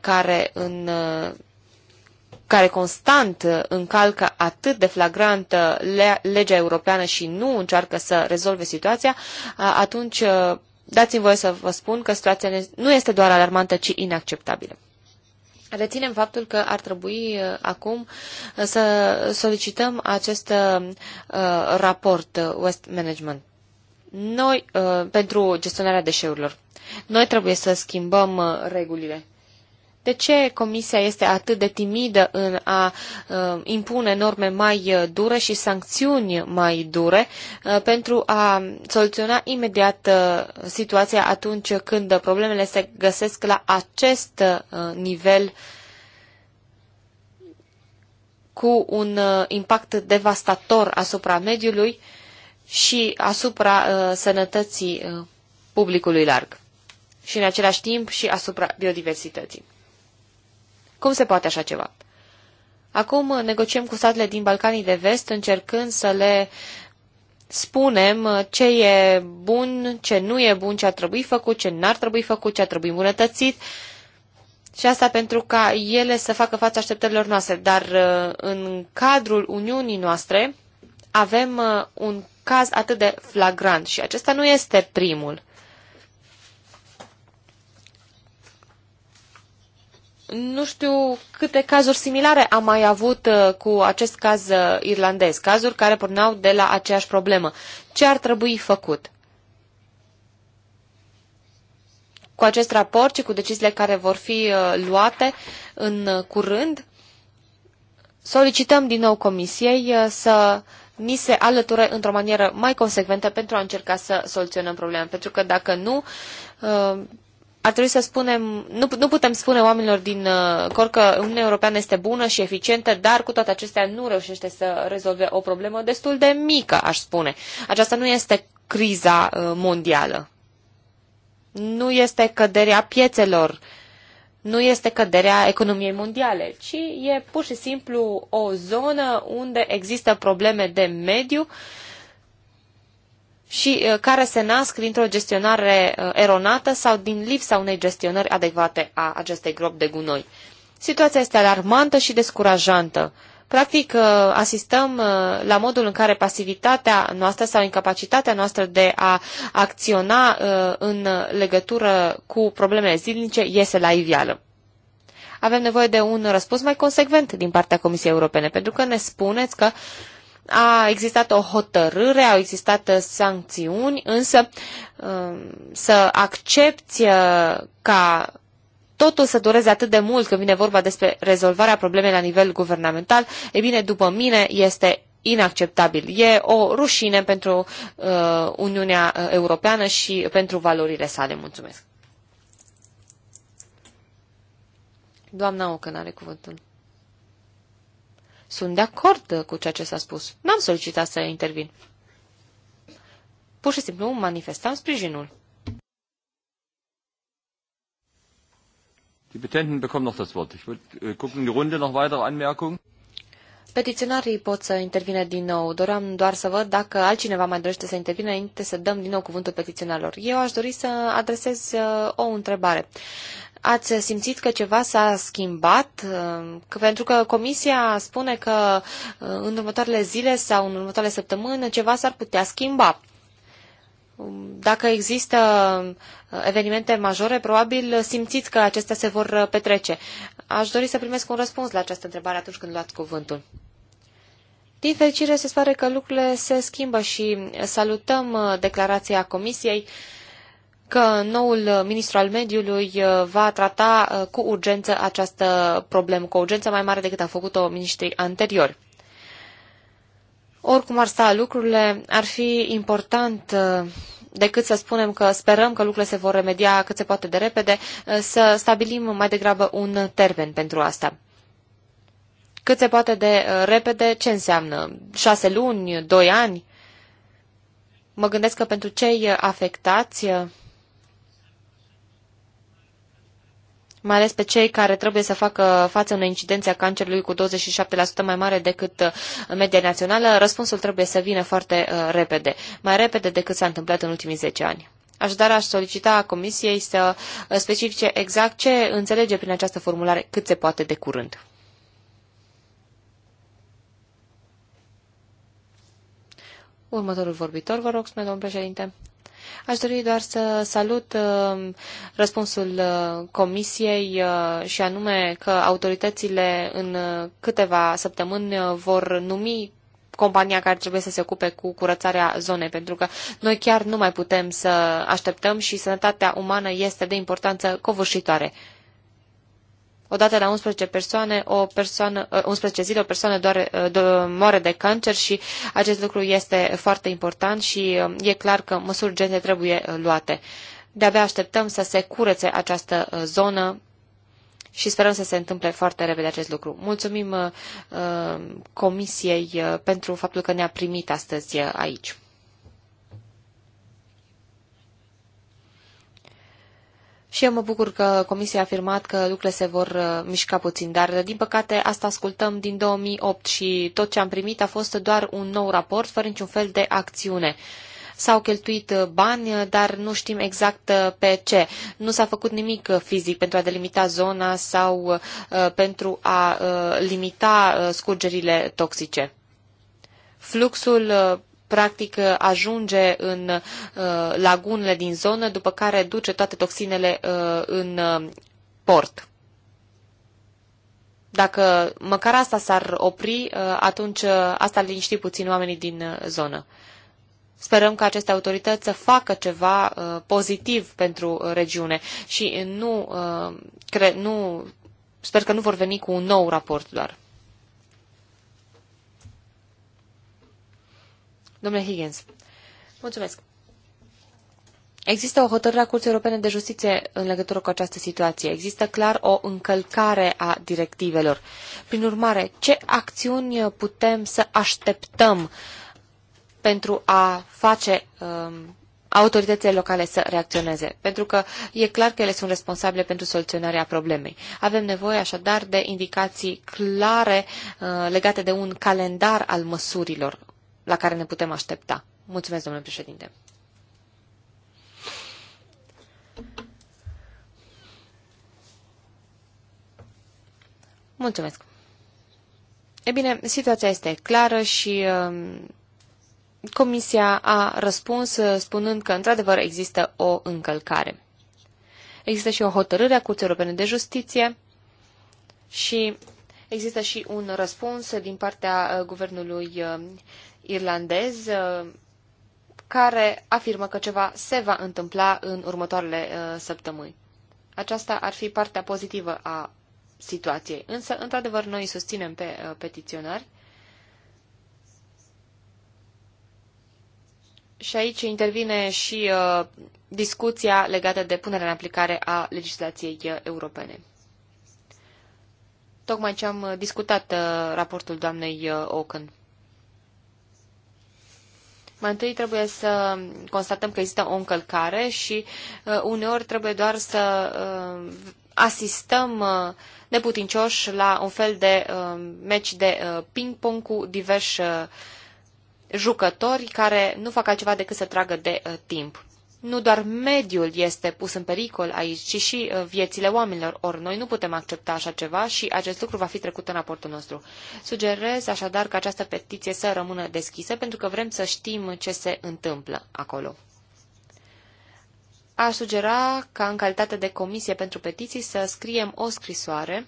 care în care constant încalcă atât de flagrant legea europeană și nu încearcă să rezolve situația, atunci dați-mi voie să vă spun că situația nu este doar alarmantă, ci inacceptabilă. Reținem faptul că ar trebui acum să solicităm acest raport West Management. Noi, pentru gestionarea deșeurilor, noi trebuie să schimbăm regulile. De ce Comisia este atât de timidă în a uh, impune norme mai uh, dure și sancțiuni mai dure uh, pentru a soluționa imediat uh, situația atunci când problemele se găsesc la acest uh, nivel cu un uh, impact devastator asupra mediului și asupra uh, sănătății uh, publicului larg și în același timp și asupra biodiversității? Cum se poate așa ceva? Acum negociem cu statele din Balcanii de Vest, încercând să le spunem ce e bun, ce nu e bun, ce ar trebui făcut, ce n-ar trebui făcut, ce ar trebui îmbunătățit. Și asta pentru ca ele să facă față așteptărilor noastre. Dar uh, în cadrul Uniunii noastre avem uh, un caz atât de flagrant și acesta nu este primul. Nu știu câte cazuri similare am mai avut uh, cu acest caz uh, irlandez, cazuri care porneau de la aceeași problemă. Ce ar trebui făcut? Cu acest raport și cu deciziile care vor fi uh, luate în curând, solicităm din nou Comisiei să ni se alăture într-o manieră mai consecventă pentru a încerca să soluționăm problema. Pentru că dacă nu, ar trebui să spunem, nu, nu putem spune oamenilor din uh, cor că Uniunea Europeană este bună și eficientă, dar cu toate acestea nu reușește să rezolve o problemă destul de mică, aș spune. Aceasta nu este criza uh, mondială. Nu este căderea piețelor, nu este căderea economiei mondiale, ci e pur și simplu o zonă unde există probleme de mediu uh, și uh, care se nasc dintr-o gestionare uh, eronată sau din lipsa unei gestionări adecvate a acestei gropi de gunoi. Situația este alarmantă și descurajantă. Practic, uh, asistăm la modul în care pasivitatea noastră sau incapacitatea noastră de a acționa în legătură cu problemele zilnice iese la iveală. Avem nevoie de un răspuns mai consecvent din partea Comisiei Europene, pentru că ne spuneți că a existat o hotărâre, au existat uh, sancțiuni, însă um, să accepti uh, ca totul să dureze atât de mult când vine vorba despre rezolvarea problemei la nivel guvernamental, e bine, după mine, este inacceptabil. E o rușine pentru uh, Uniunea Europeană și pentru valorile sale. Mulțumesc. Doamna Ocă are cuvântul. Sunt de acord cu ceea ce s-a spus. N-am solicitat să intervin. Pur și simplu manifestam sprijinul. Die Petenten bekommen noch das Wort. Ich würde äh, gucken, die Runde noch weitere Anmerkungen. Petiționarii pot să intervine din nou. Doream doar să văd dacă altcineva mai dorește să intervine înainte să dăm din nou cuvântul petiționarilor. Eu aș dori să adresez uh, o întrebare. Ați simțit că ceva s-a schimbat? Că, pentru că Comisia spune că uh, în următoarele zile sau în următoarele săptămâni ceva s-ar putea schimba. Um, dacă există uh, evenimente majore, probabil simțiți că acestea se vor uh, petrece. Aș dori să primesc un răspuns la această întrebare atunci când luați cuvântul. Din fericire, se pare că lucrurile se schimbă și salutăm declarația Comisiei că noul uh, ministru al mediului uh, va trata uh, cu urgență această problemă, cu o urgență mai mare decât a făcut-o ministrii anteriori. Oricum ar sta lucrurile, ar fi important decât să spunem că sperăm că lucrurile se vor remedia cât se poate de repede, să stabilim mai degrabă un termen pentru asta. Cât se poate de repede, ce înseamnă? Șase luni, doi ani? Mă gândesc că pentru cei afectați mai ales pe cei care trebuie să facă față unei incidențe a cancerului cu 27% mai mare decât uh, media națională, răspunsul trebuie să vină foarte uh, repede, mai repede decât s-a întâmplat în ultimii 10 ani. Așadar, aș solicita Comisiei să uh, specifice exact ce înțelege prin această formulare cât se poate de curând. Următorul vorbitor, vă rog, spune domnul președinte. Aș dori doar să salut uh, răspunsul uh, Comisiei uh, și anume că autoritățile în câteva săptămâni vor numi compania care trebuie să se ocupe cu curățarea zonei, pentru că noi chiar nu mai putem să așteptăm și sănătatea umană este de importanță covârșitoare odată la 11 persoane, o persoană, 11 uh, zile, o persoană doare, uh, do, moare de cancer și acest lucru este foarte important și uh, e clar că măsuri urgente trebuie luate. De-abia așteptăm să se curețe această zonă și sperăm să se întâmple foarte repede acest lucru. Mulțumim uh, Comisiei uh, pentru faptul că ne-a primit astăzi aici. Și eu mă bucur că Comisia a afirmat că lucrurile se vor uh, mișca puțin, dar din păcate asta ascultăm din 2008 și tot ce am primit a fost doar un nou raport fără niciun fel de acțiune. S-au cheltuit uh, bani, uh, dar nu știm exact pe ce. Nu s-a făcut nimic fizic pentru a delimita zona sau pentru a limita scurgerile toxice. Fluxul practic uh, ajunge în uh, lagunele din zonă, după care duce toate toxinele uh, în port. Dacă măcar asta s-ar opri, atunci asta liniști puțin oamenii din zonă. Sperăm că aceste autorități să facă ceva pozitiv pentru regiune și nu, cre, nu, sper că nu vor veni cu un nou raport doar. Domnule Higgins, mulțumesc. Există o hotărâre a Curții Europene de Justiție în legătură cu această situație. Există clar o încălcare a directivelor. Prin urmare, ce acțiuni putem să așteptăm pentru a face um, autoritățile locale să reacționeze, pentru că e clar că ele sunt responsabile pentru soluționarea problemei. Avem nevoie așadar de indicații clare uh, legate de un calendar al măsurilor la care ne putem aștepta. Mulțumesc, domnule președinte. Mulțumesc. E bine, situația este clară și um, Comisia a răspuns uh, spunând că, într-adevăr, există o încălcare. Există și o hotărâre a Curții Europene de Justiție și există și un răspuns din partea uh, Guvernului uh, irlandez uh, care afirmă că ceva se va întâmpla în următoarele uh, săptămâni. Aceasta ar fi partea pozitivă a situației. Însă, într-adevăr, noi susținem pe uh, petiționari Și aici intervine și discuția legată de punerea în aplicare a legislației europene. Tocmai ce am discutat raportul doamnei uh, Oaken. Mai întâi trebuie să constatăm că există o încălcare și uh, uneori trebuie doar să uh, asistăm uh, neputincioși la un fel de meci de ping-pong cu diversi jucători care nu fac altceva decât să tragă de timp nu doar mediul este pus în pericol aici, ci și uh, viețile oamenilor. Ori noi nu putem accepta așa ceva și acest lucru va fi trecut în raportul nostru. Sugerez așadar că această petiție să rămână deschisă pentru că vrem să știm ce se întâmplă acolo. Aș sugera ca în calitate de comisie pentru petiții să scriem o scrisoare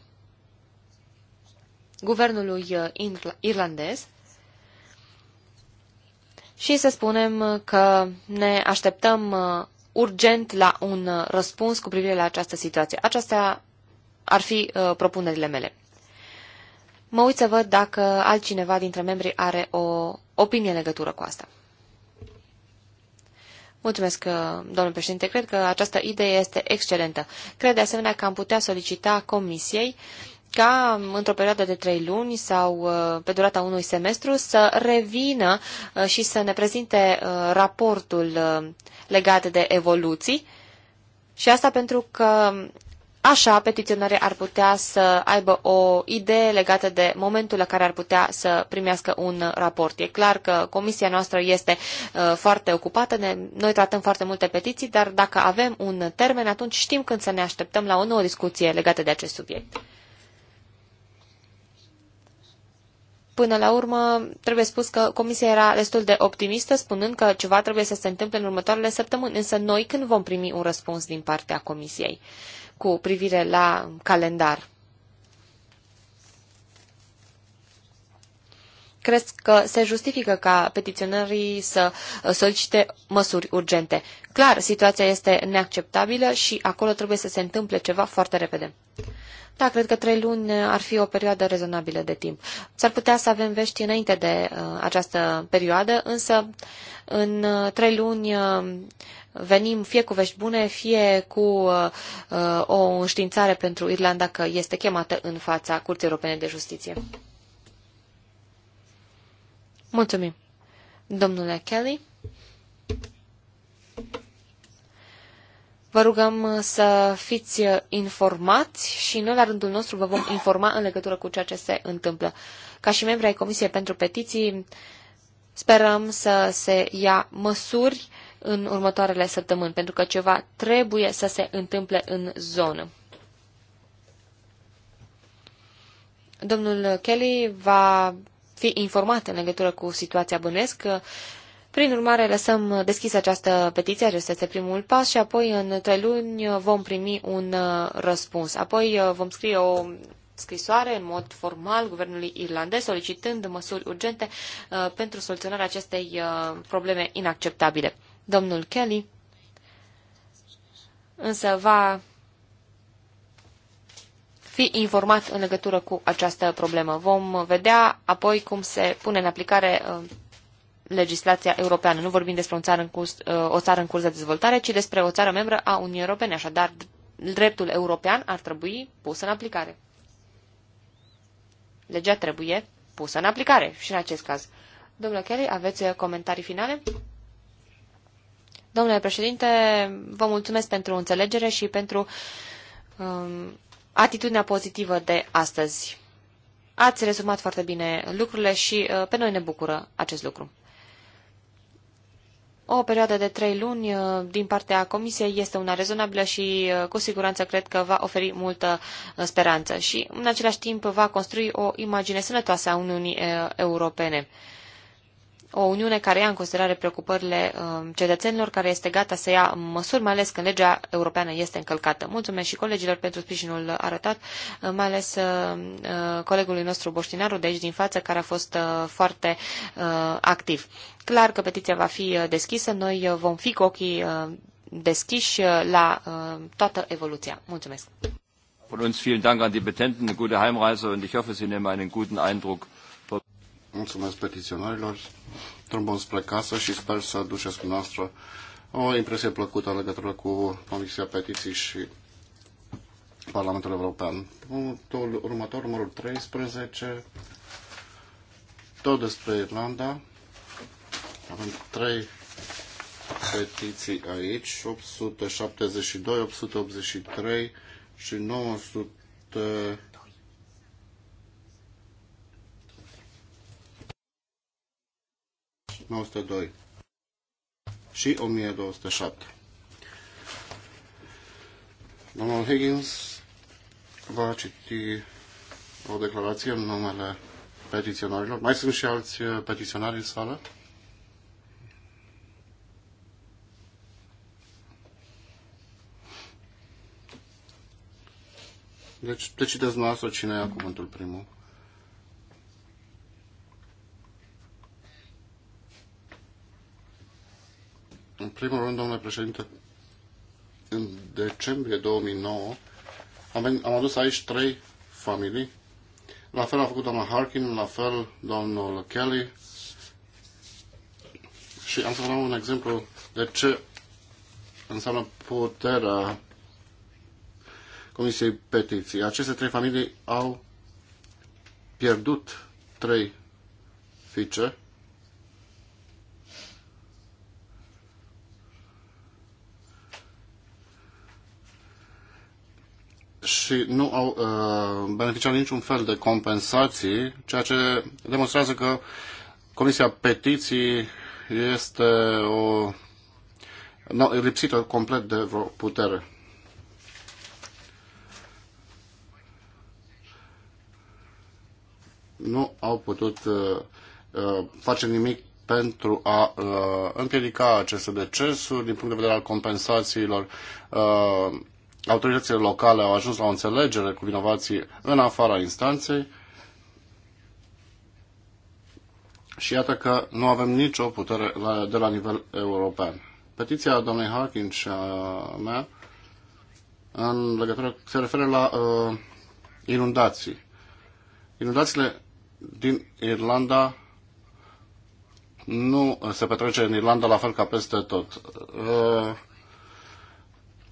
guvernului uh, irlandez și să spunem uh, că ne așteptăm uh, urgent la un uh, răspuns cu privire la această situație. Acestea ar fi propunerile mele. Mă uit să văd dacă altcineva dintre membri are o opinie legătură cu asta. Mulțumesc, domnul președinte. Cred că această idee este excelentă. Cred de asemenea că am putea solicita comisiei uh, ca într-o perioadă de trei luni sau uh, pe durata unui semestru să revină uh, și să ne prezinte uh, raportul legat de evoluții și asta pentru că Așa, petiționarea ar putea să aibă o idee legată de momentul la care ar putea să primească un raport. E clar că comisia noastră este foarte ocupată, ne, noi tratăm foarte multe petiții, dar dacă avem un termen, atunci știm când să ne așteptăm la o nouă discuție legată de acest subiect. Până la urmă, trebuie spus că comisia era destul de optimistă, spunând că ceva trebuie să se întâmple în următoarele săptămâni, însă noi când vom primi un răspuns din partea comisiei cu privire la calendar? crezi că se justifică ca petiționarii să uh, solicite măsuri urgente. Clar, situația este neacceptabilă și acolo trebuie să se întâmple ceva foarte repede. Da, cred că trei luni ar fi o perioadă rezonabilă de timp. S-ar putea să avem vești înainte de uh, această perioadă, însă în uh, trei luni uh, venim fie cu vești bune, fie cu uh, uh o înștiințare pentru Irlanda că este chemată în fața Curții Europene de Justiție. Mulțumim. Domnule Kelly, vă rugăm uh, să fiți uh, informați și noi la rândul nostru vă vom informa în legătură cu ceea ce se întâmplă. Ca și membri ai Comisiei pentru Petiții, sperăm să se ia măsuri în următoarele săptămâni, pentru că ceva trebuie să se întâmple în zonă. Domnul Kelly va fi informate în legătură cu situația bănesc. Prin urmare, lăsăm deschisă această petiție, acesta este primul pas și apoi în trei luni vom primi un uh, răspuns. Apoi uh, vom scrie o scrisoare în mod formal guvernului irlandez solicitând măsuri urgente uh, pentru soluționarea acestei uh, probleme inacceptabile. Domnul Kelly însă va fi informat în legătură cu această problemă. Vom vedea apoi cum se pune în aplicare uh, legislația europeană. Nu vorbim despre un țară în curs, uh, o țară în curs de dezvoltare, ci despre o țară membră a Uniunii Europene. Așadar, dreptul european ar trebui pus în aplicare. Legea trebuie pusă în aplicare și în acest caz. Domnule Kelly, aveți uh, comentarii finale? Domnule președinte, vă mulțumesc pentru înțelegere și pentru um, atitudinea pozitivă de astăzi. Ați rezumat foarte bine lucrurile și uh, pe noi ne bucură acest lucru. O perioadă de trei luni uh, din partea Comisiei este una rezonabilă și uh, cu siguranță cred că va oferi multă speranță și în același timp va construi o imagine sănătoasă a Uniunii Europene o Uniune care ia în considerare preocupările um, cetățenilor, care este gata să ia măsuri, mai ales când legea europeană este încălcată. Mulțumesc și colegilor pentru sprijinul arătat, uh, mai ales uh, uh, colegului nostru Boștinaru de aici din față, care a fost foarte activ. Clar că petiția va fi deschisă, noi vom fi cu ochii deschiși la toată evoluția. Mulțumesc! Von uns vielen Dank an die eine gute Heimreise und ich hoffe, Sie nehmen einen guten Eindruck Mulțumesc petiționarilor. Drum spre casă și sper să aduceți cu noastră o impresie plăcută în legătură cu Comisia Petiții și Parlamentul European. Punctul următor, numărul 13, tot despre Irlanda. Avem trei petiții aici, 872, 883 și 900 1902 și 1207. Domnul Higgins va citi o declarație în numele petiționarilor. Mai sunt și alți uh, petiționari în sală? Deci, decideți noastră cine ia cuvântul primul. În primul rând, domnule președinte, în decembrie 2009 am, ven- am adus aici trei familii. La fel a făcut doamna Harkin, la fel domnul Kelly. Și am să vă dau un exemplu de ce înseamnă puterea Comisiei Petiții. Aceste trei familii au pierdut trei fiice și nu au uh, beneficiat niciun fel de compensații, ceea ce demonstrează că Comisia Petiții este o, no, lipsită complet de vreo putere. Nu au putut uh, uh, face nimic pentru a uh, împiedica aceste decesuri din punct de vedere al compensațiilor. Uh, autoritățile locale au ajuns la o înțelegere cu vinovații în afara instanței și iată că nu avem nicio putere la, de la nivel european. Petiția doamnei Harkin și a mea în legătură, se referă la uh, inundații. Inundațiile din Irlanda nu se petrece în Irlanda la fel ca peste tot. Uh,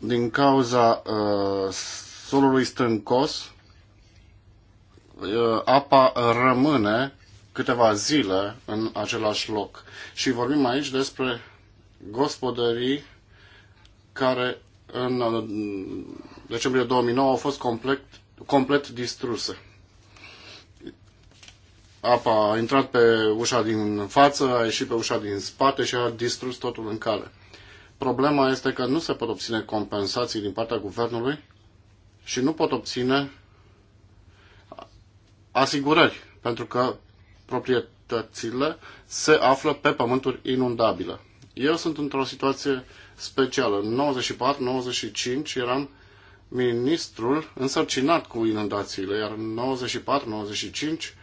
din cauza uh, solului stâncos, uh, apa rămâne câteva zile în același loc. Și vorbim aici despre gospodării care în uh, decembrie 2009 au fost complet, complet distruse. Apa a intrat pe ușa din față, a ieșit pe ușa din spate și a distrus totul în cale. Problema este că nu se pot obține compensații din partea guvernului și nu pot obține asigurări, pentru că proprietățile se află pe pământuri inundabile. Eu sunt într-o situație specială. În 94-95 eram ministrul însărcinat cu inundațiile, iar în 94-95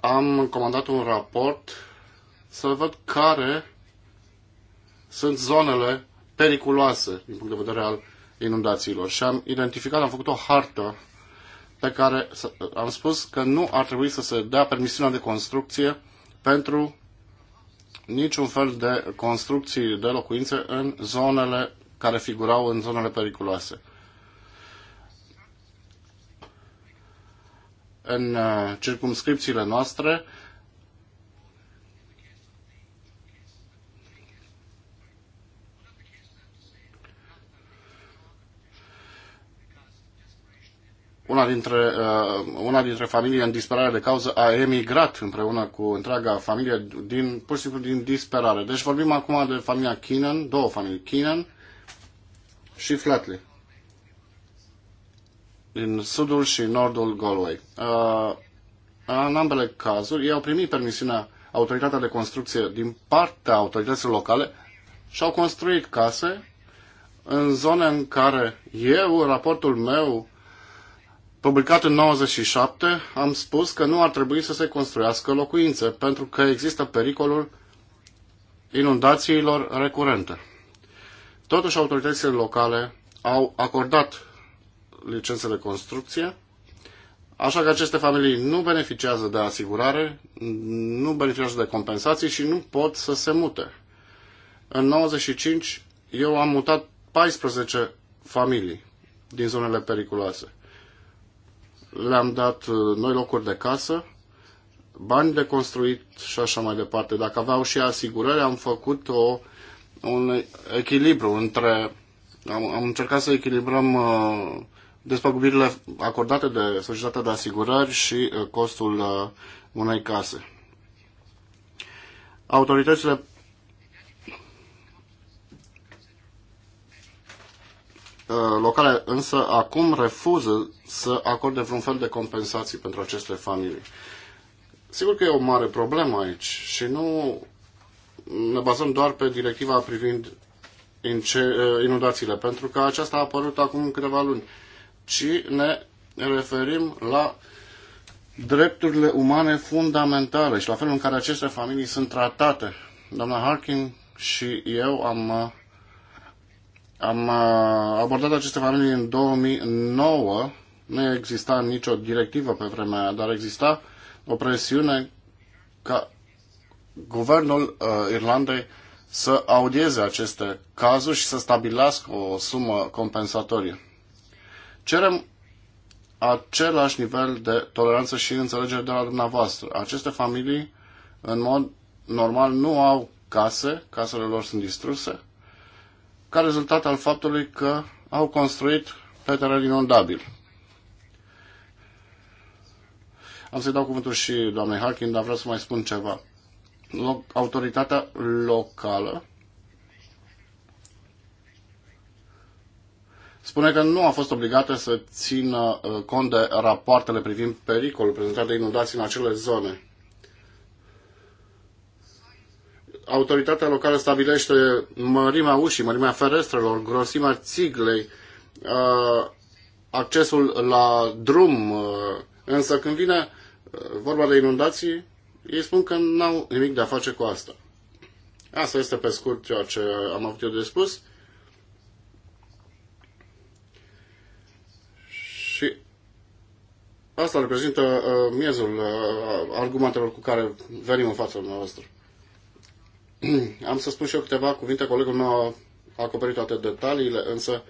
am comandat un raport să văd care sunt zonele periculoase din punct de vedere al inundațiilor. Și am identificat, am făcut o hartă pe care am spus că nu ar trebui să se dea permisiunea de construcție pentru niciun fel de construcții de locuințe în zonele care figurau în zonele periculoase. În uh, circumscripțiile noastre una dintre, uh, una dintre familii în disperare de cauză a emigrat împreună cu întreaga familie, din, pur și simplu din disperare. Deci vorbim acum de familia Keenan, două familii, Keenan și Flatley, din sudul și nordul Galway. Uh, în ambele cazuri, ei au primit permisiunea, autoritatea de construcție din partea autorităților locale și au construit case în zone în care eu, în raportul meu, publicat în 97, am spus că nu ar trebui să se construiască locuințe, pentru că există pericolul inundațiilor recurente. Totuși, autoritățile locale au acordat licențe de construcție, așa că aceste familii nu beneficiază de asigurare, nu beneficiază de compensații și nu pot să se mute. În 95 eu am mutat 14 familii din zonele periculoase le-am dat uh, noi locuri de casă, bani de construit și așa mai departe. Dacă aveau și asigurări, am făcut o, un echilibru între. Am, am încercat să echilibrăm uh, despăgubirile acordate de societatea de asigurări și uh, costul uh, unei case. Autoritățile Uh, locale însă acum refuză să acorde vreun fel de compensații pentru aceste familii. Sigur că e o mare problemă aici și nu ne bazăm doar pe directiva privind uh, inundațiile, pentru că aceasta a apărut acum câteva luni, ci ne referim la drepturile umane fundamentale și la felul în care aceste familii sunt tratate. Doamna Harkin și eu am uh, am uh, abordat aceste familii în 2009. Nu exista nicio directivă pe vremea aia, dar exista o presiune ca guvernul uh, Irlandei să audieze aceste cazuri și să stabilească o sumă compensatorie. Cerem același nivel de toleranță și înțelegere de la dumneavoastră. Aceste familii, în mod normal, nu au case, casele lor sunt distruse, ca rezultat al faptului că au construit pe teren inundabil. Am să-i dau cuvântul și doamnei Harkin, dar vreau să mai spun ceva. Autoritatea locală spune că nu a fost obligată să țină uh, cont de rapoartele privind pericolul prezentat de inundații în acele zone. autoritatea locală stabilește mărimea ușii, mărimea ferestrelor, grosimea țiglei, uh, accesul la drum, uh, însă când vine uh, vorba de inundații, ei spun că n-au nimic de a face cu asta. Asta este pe scurt ceea ce am avut eu de spus. Și asta reprezintă uh, miezul uh, argumentelor cu care venim în fața noastră. Am să spun și eu câteva cuvinte, colegul meu a acoperit toate detaliile, însă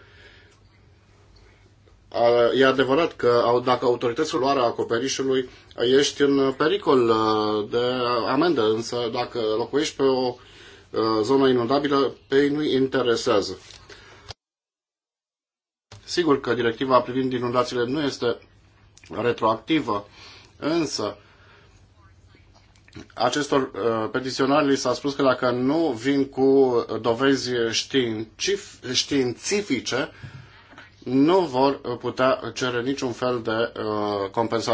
e adevărat că dacă autoritățile luarea acoperișului, ești în pericol uh, de amendă, însă dacă locuiești pe o uh, zonă inundabilă, pe ei nu-i interesează. Sigur că directiva privind inundațiile nu este retroactivă, însă acestor uh, petiționari li s-a spus că dacă nu vin cu dovezi științif- științifice, nu vor putea cere niciun fel de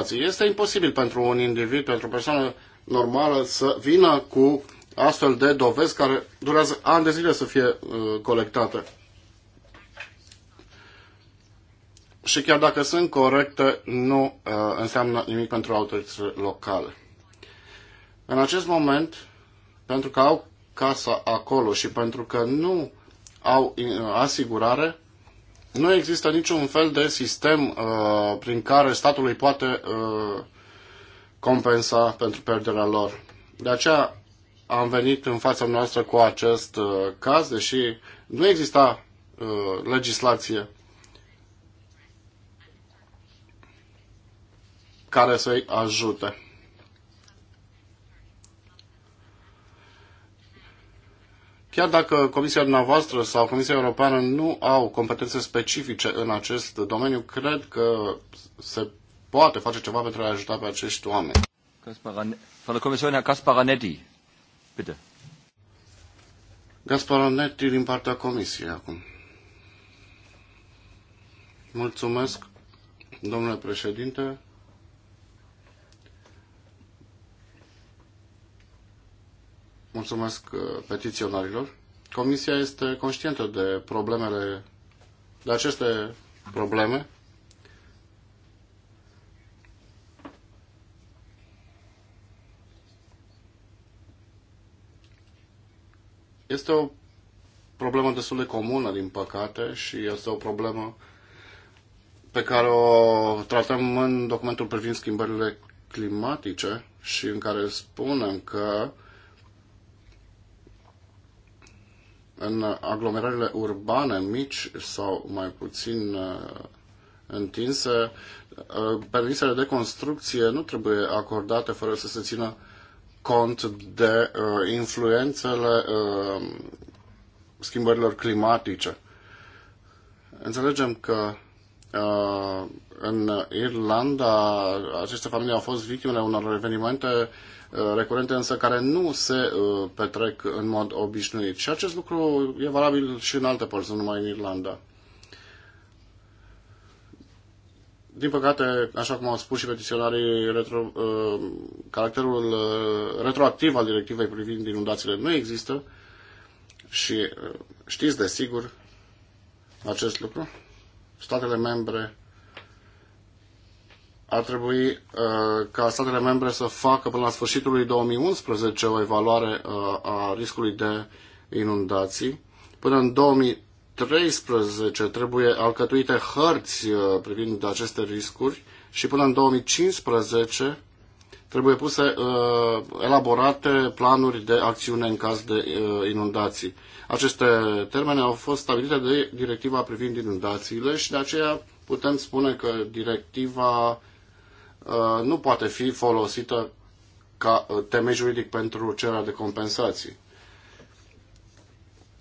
uh, Este imposibil pentru un individ, pentru o persoană normală să vină cu astfel de dovezi care durează ani de zile să fie uh, colectate. Și chiar dacă sunt corecte, nu uh, înseamnă nimic pentru autoritățile locale. În acest moment, pentru că au casa acolo și pentru că nu au uh, asigurare, nu există niciun fel de sistem uh, prin care statul îi poate uh, compensa pentru pierderea lor. De aceea am venit în fața noastră cu acest uh, caz, deși nu exista uh, legislație care să-i ajute. Chiar dacă Comisia dumneavoastră sau Comisia Europeană nu au competențe specifice în acest domeniu, cred că se poate face ceva pentru a ajuta pe acești oameni. Fără Comisiunea Casparanetti, bitte. Gasparanetti din partea Comisiei acum. Mulțumesc, domnule președinte. Mulțumesc uh, petiționarilor. Comisia este conștientă de problemele, de aceste probleme. Este o problemă destul de comună, din păcate, și este o problemă pe care o tratăm în documentul privind schimbările climatice și în care spunem că în aglomerările urbane mici sau mai puțin uh, întinse, uh, permisele de construcție nu trebuie acordate fără să se țină cont de uh, influențele schimbărilor climatice. Înțelegem că în Irlanda aceste familii au fost victimele unor evenimente Uh, recurente, însă care nu se uh, petrec în mod obișnuit. Și acest lucru e valabil și în alte părți, nu numai în Irlanda. Din păcate, așa cum au spus și petiționarii, retro, uh, caracterul retroactiv al directivei privind inundațiile nu există și știți de sigur acest lucru. Statele membre ar trebui uh, ca statele membre să facă până la sfârșitul lui 2011 o evaluare uh, a riscului de inundații. Până în 2013 trebuie alcătuite hărți uh, privind aceste riscuri și până în 2015 trebuie puse uh, elaborate planuri de acțiune în caz de uh, inundații. Aceste termene au fost stabilite de directiva privind inundațiile și de aceea putem spune că directiva Uh, nu poate fi folosită ca uh, temei juridic pentru cererea de compensații.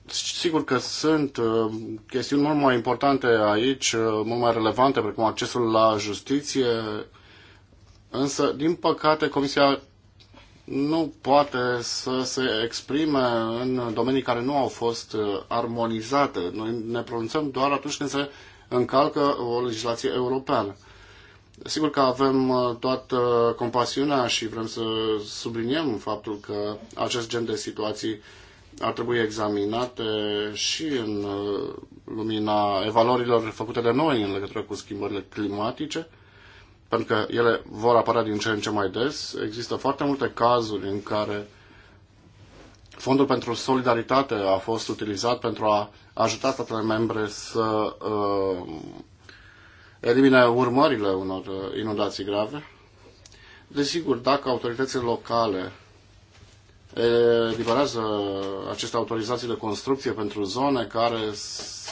Sigur că sunt uh, chestiuni mult mai importante aici, mult mai relevante, precum accesul la justiție, însă, din păcate, Comisia nu poate să se exprime în domenii care nu au fost armonizate. Noi ne pronunțăm doar atunci când se încalcă o legislație europeană. Sigur că avem uh, toată compasiunea și vrem să subliniem faptul că acest gen de situații ar trebui examinate și în uh, lumina evaluărilor făcute de noi în legătură cu schimbările climatice, pentru că ele vor apărea din ce în ce mai des. Există foarte multe cazuri în care Fondul pentru Solidaritate a fost utilizat pentru a ajuta statele membre să uh, elimina urmările unor uh, inundații grave. Desigur, dacă autoritățile locale eliberează aceste autorizații de construcție pentru zone care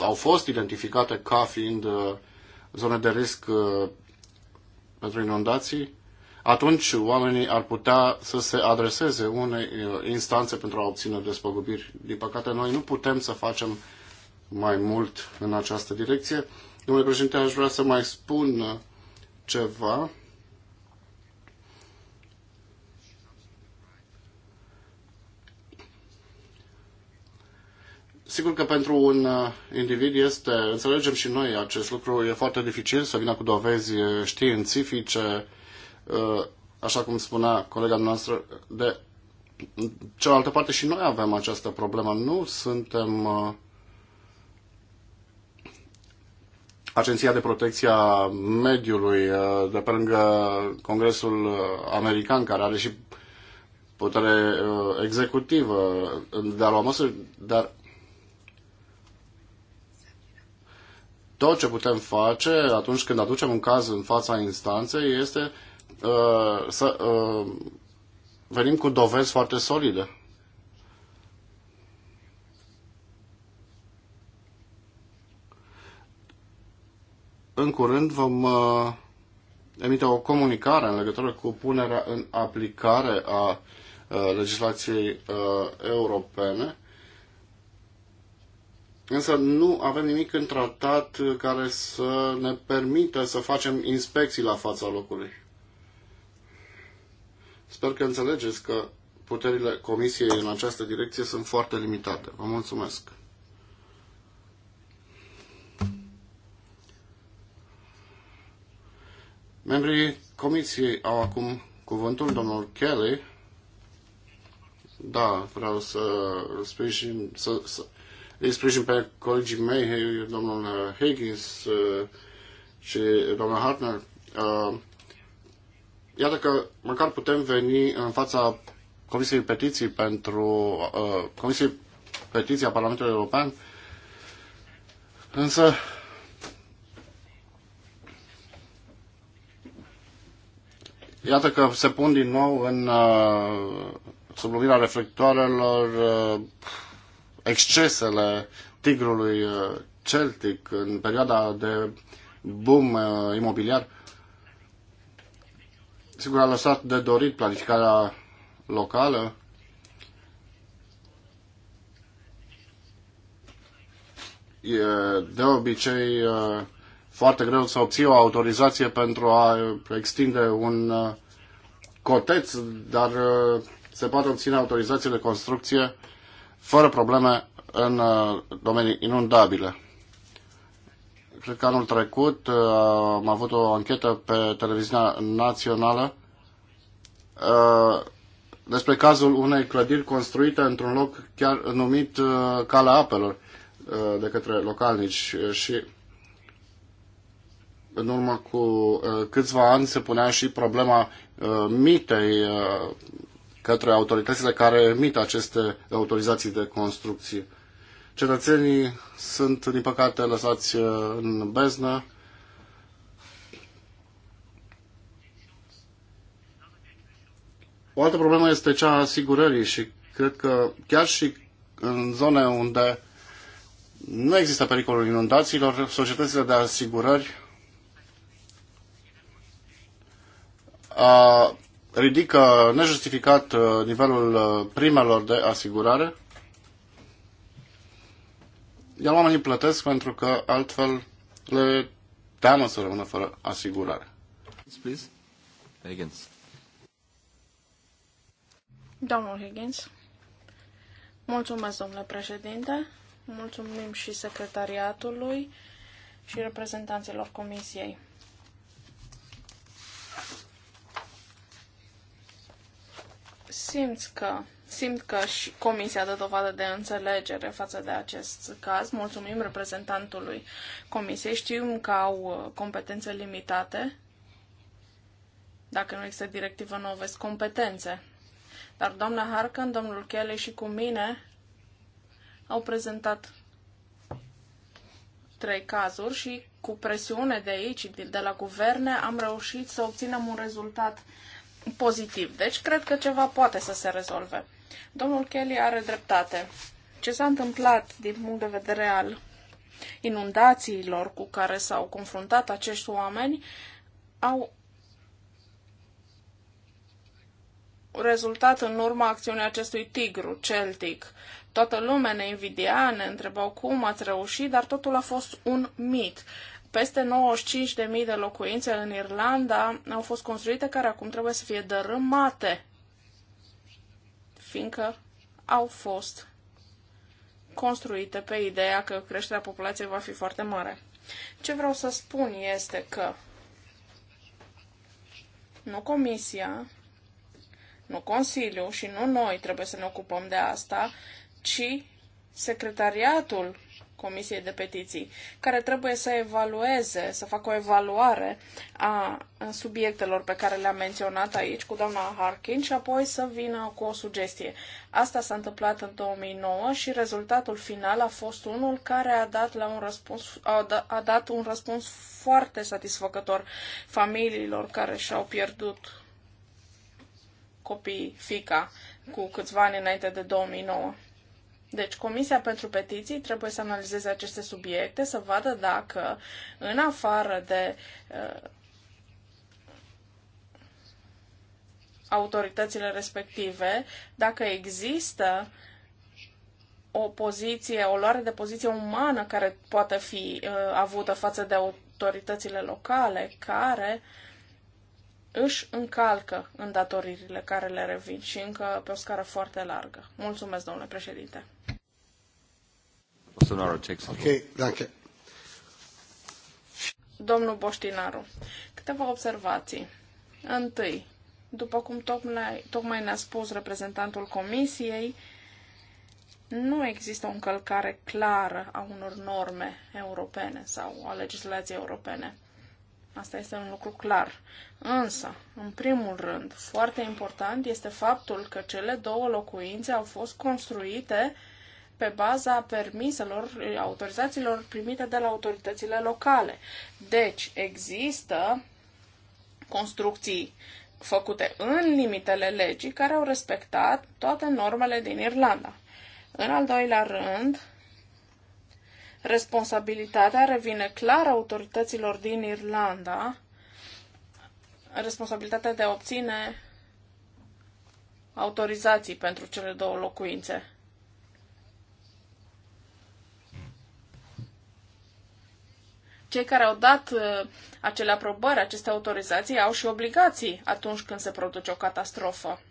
au fost identificate ca fiind uh, zone de risc uh, pentru inundații, atunci oamenii ar putea să se adreseze unei instanțe pentru a obține despăgubiri. Din păcate, noi nu putem să facem mai mult în această direcție. Domnule președinte, aș vrea să mai spun uh, ceva. Sigur că pentru un uh, individ este, înțelegem și noi acest lucru, e foarte dificil să vină cu dovezi uh, științifice, așa cum spunea colega noastră, de cealaltă parte și noi avem această problemă. Nu suntem Agenția de Protecție a Mediului uh, de pe lângă Congresul uh, American, care are și putere uh, executivă de a lua măsuri, dar tot ce putem face atunci când aducem un caz în fața instanței este uh, să uh, venim cu dovezi foarte solide. în curând vom uh, emite o comunicare în legătură cu punerea în aplicare a uh, legislației uh, europene. Însă nu avem nimic în tratat care să ne permită să facem inspecții la fața locului. Sper că înțelegeți că puterile Comisiei în această direcție sunt foarte limitate. Vă mulțumesc! Membrii comisiei au acum cuvântul, domnul Kelly. Da, vreau să sprijin, să, să îi sprijin pe colegii mei, domnul Higgins și domnul Hartner. Uh, iată că măcar putem veni în fața Comisiei Petiții pentru uh, Comisiei Petiții a Parlamentului European, însă Iată că se pun din nou în uh, sub lumina reflectoarelor uh, excesele tigrului uh, celtic în perioada de boom imobiliar. Sigur a lăsat de dorit planificarea locală, de obicei foarte greu să obții o autorizație pentru a extinde un uh, coteț, dar uh, se poate obține autorizație de construcție fără probleme în uh, domenii inundabile. Cred că anul trecut am avut o anchetă pe televiziunea națională despre cazul unei clădiri construite într-un loc chiar numit Calea Apelor de către localnici și în urmă cu uh, câțiva ani se punea și problema uh, mitei uh, către autoritățile care emit aceste autorizații de construcție. Cetățenii sunt, din păcate, lăsați uh, în beznă. O altă problemă este cea a asigurării și cred că chiar și în zone unde nu există pericolul inundațiilor, societățile de asigurări a, ridică nejustificat nivelul primelor de asigurare, iar oamenii plătesc pentru că altfel le teamă să rămână fără asigurare. Please. Higgins. Domnul Higgins. Mulțumesc, domnule președinte. Mulțumim și secretariatului și reprezentanților comisiei. simți că, simt că și Comisia dă dovadă de înțelegere față de acest caz. Mulțumim reprezentantului Comisiei. Știm că au uh, competențe limitate. Dacă nu există directivă, nu aveți competențe. Dar doamna Harkin, domnul Kelly și cu mine au prezentat trei cazuri și cu presiune de aici, de la guverne, am reușit să obținem un rezultat uh, pozitiv. Deci cred că ceva poate să se rezolve. Domnul Kelly are dreptate. Ce s-a întâmplat din punct de vedere al inundațiilor cu care s-au confruntat acești oameni au rezultat în urma acțiunii acestui tigru celtic. Toată lumea ne invidia, ne întrebau cum ați reușit, dar totul a fost un mit. Uh, peste 95.000 de locuințe în Irlanda au fost construite, care acum trebuie să fie dărâmate, fiindcă au fost construite pe ideea că creșterea populației va fi foarte mare. Ce vreau să spun este că nu Comisia, nu Consiliu și nu noi trebuie să ne ocupăm de asta, ci Secretariatul Comisiei de Petiții, care trebuie să evalueze, să facă o evaluare a subiectelor pe care le-am menționat aici cu doamna Harkin și apoi să vină cu o sugestie. Asta s-a întâmplat în 2009 și rezultatul final a fost unul care a dat, la un, răspuns, da, a dat un răspuns foarte satisfăcător familiilor care și-au pierdut copiii, fica, cu câțiva ani înainte de 2009. Deci, Comisia pentru Petiții trebuie să analizeze aceste subiecte, să vadă dacă, în afară de uh, autoritățile respective, dacă există o poziție, o luare de poziție umană care poate fi uh, avută față de autoritățile locale care își încalcă îndatoririle care le revin și încă pe o scară foarte largă. Mulțumesc, domnule președinte. Domnule takes Domnul Boștinaru, câteva observații. Întâi, după cum tocmai, tocmai ne-a spus reprezentantul Comisiei, nu există o încălcare clară a unor norme europene sau a legislației europene. Asta este un lucru clar. Însă, în primul rând, foarte important este faptul că cele două locuințe au fost construite uh, pe baza permiselor, autorizațiilor primite de la autoritățile locale. Deci, există construcții făcute în limitele legii care au respectat toate normele din Irlanda. În al doilea rând, responsabilitatea revine clar autorităților din Irlanda, responsabilitatea de a obține autorizații pentru cele două locuințe. cei care au dat uh, acele aprobări, aceste autorizații, au și obligații atunci când se produce o catastrofă.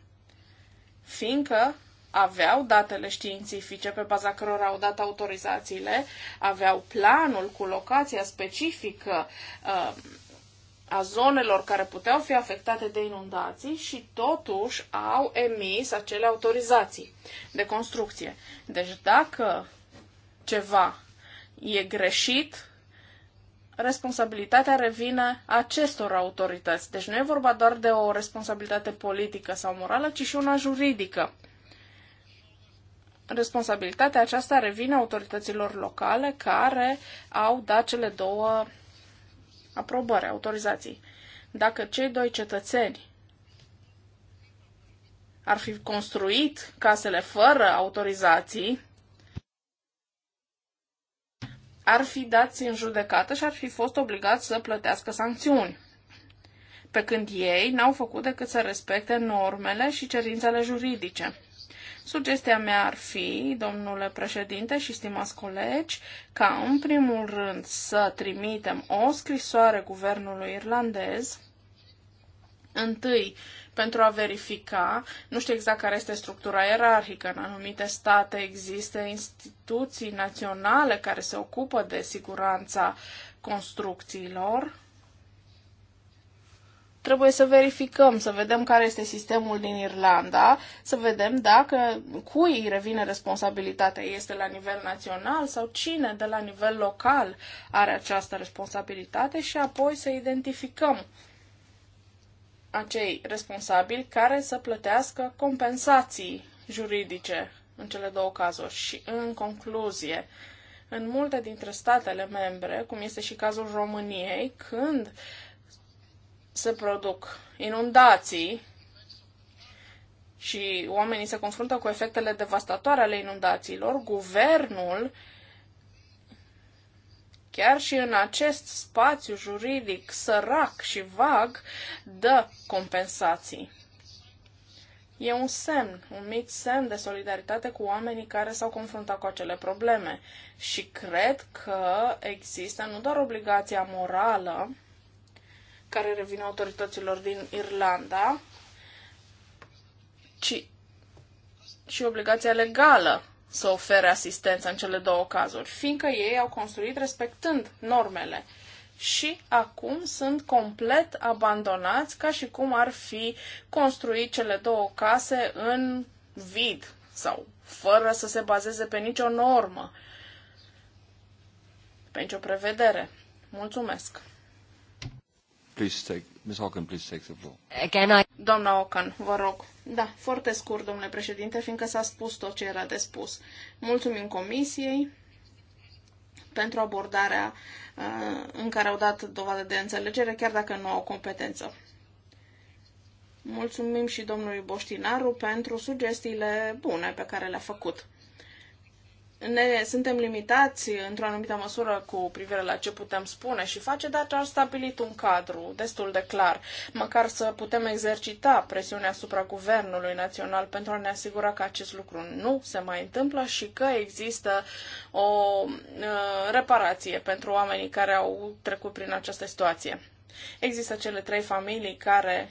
Fiindcă aveau datele științifice pe baza cărora au dat autorizațiile, aveau planul cu locația specifică uh, a zonelor care puteau fi afectate de inundații și totuși au emis acele autorizații de construcție. Deci dacă ceva e greșit, responsabilitatea revine acestor autorități. Deci nu e vorba doar de o responsabilitate politică sau morală, ci și una juridică. Responsabilitatea aceasta revine autorităților locale care au dat cele două aprobări, autorizații. Dacă cei doi cetățeni ar fi construit casele fără autorizații, ar fi dați în judecată și ar fi fost obligați să plătească sancțiuni. Pe când ei n-au făcut decât să respecte normele și cerințele juridice. Sugestia mea ar fi, domnule președinte și stimați colegi, ca în primul rând să trimitem o scrisoare guvernului irlandez Întâi, pentru a verifica, nu știu exact care este structura ierarhică, în anumite state există instituții naționale care se ocupă de siguranța construcțiilor. Trebuie să verificăm, să vedem care este sistemul din Irlanda, să vedem dacă cui îi revine responsabilitatea, este la nivel național sau cine de la nivel local are această responsabilitate și apoi să identificăm uh, acei responsabili care să plătească compensații juridice în cele două cazuri. Și în concluzie, în multe dintre statele membre, cum este și cazul României, când se produc inundații și oamenii se confruntă cu efectele devastatoare ale inundațiilor, guvernul uh, Chiar și în acest spațiu juridic sărac și vag, dă compensații. E un semn, un mic semn de solidaritate cu oamenii care s-au confruntat cu acele probleme. Și cred că există nu doar obligația morală, care revine autorităților din Irlanda, ci și obligația legală să ofere asistență în cele două cazuri, fiindcă ei au construit respectând normele și acum sunt complet abandonați, ca și cum ar fi construit cele două case în vid sau fără să se bazeze pe nicio normă, pe nicio prevedere. Mulțumesc! Please take, Ms. Hawken, please take the floor. Again, I... Doamna Ocan, vă rog. Da, foarte scurt, domnule președinte, fiindcă s-a spus tot ce era de spus. Mulțumim comisiei pentru abordarea uh, în care au dat dovadă de înțelegere, chiar dacă nu au competență. Mulțumim și domnului Boștinaru pentru sugestiile bune pe care le-a făcut ne suntem limitați într-o anumită măsură cu privire la ce putem spune și face, dar ce ar stabilit un cadru destul de clar, măcar să putem exercita presiunea asupra Guvernului Național pentru a ne asigura că acest lucru nu se mai întâmplă și că există o uh, reparație pentru oamenii care au trecut prin această situație. Există cele trei familii care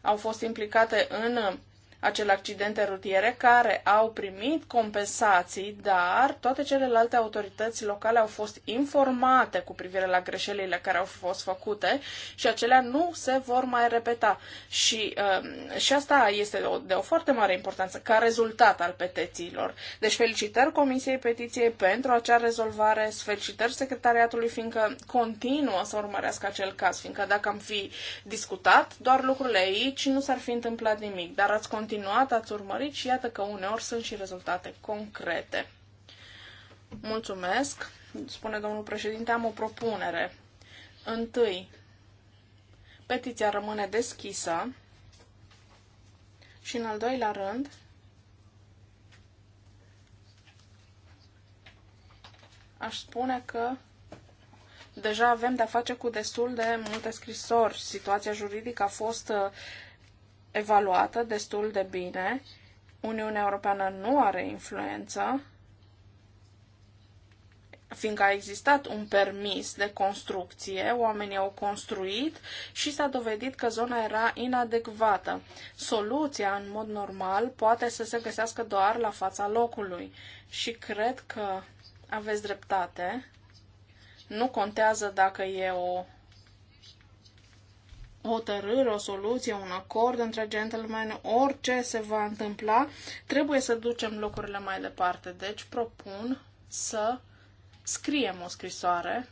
au fost implicate în acele accidente rutiere care au primit compensații, dar toate celelalte autorități locale au fost informate cu privire la greșelile care au fost făcute și acelea nu se vor mai repeta. Și, um, și asta este de o, de o foarte mare importanță ca rezultat al petițiilor. Deci felicitări Comisiei Petiției pentru acea rezolvare, felicitări secretariatului fiindcă continuă să urmărească acel caz, fiindcă dacă am fi discutat doar lucrurile aici, nu s-ar fi întâmplat nimic, dar ați continuat continuat, ați urmărit și iată că uneori sunt și rezultate concrete. Mulțumesc, spune domnul președinte, am o propunere. Întâi, petiția rămâne deschisă și în al doilea rând, aș spune că deja avem de-a face cu destul de multe scrisori. Situația juridică a fost uh, evaluată destul de bine. Uniunea Europeană nu are influență, fiindcă a existat un permis de construcție, oamenii au construit și s-a dovedit că zona era inadecvată. Soluția, în mod normal, poate să se găsească doar la fața locului și cred că aveți dreptate. Nu contează dacă e o hotărâre, o soluție, un acord între gentlemen, orice se va întâmpla, trebuie să ducem lucrurile mai departe. Deci propun să scriem o scrisoare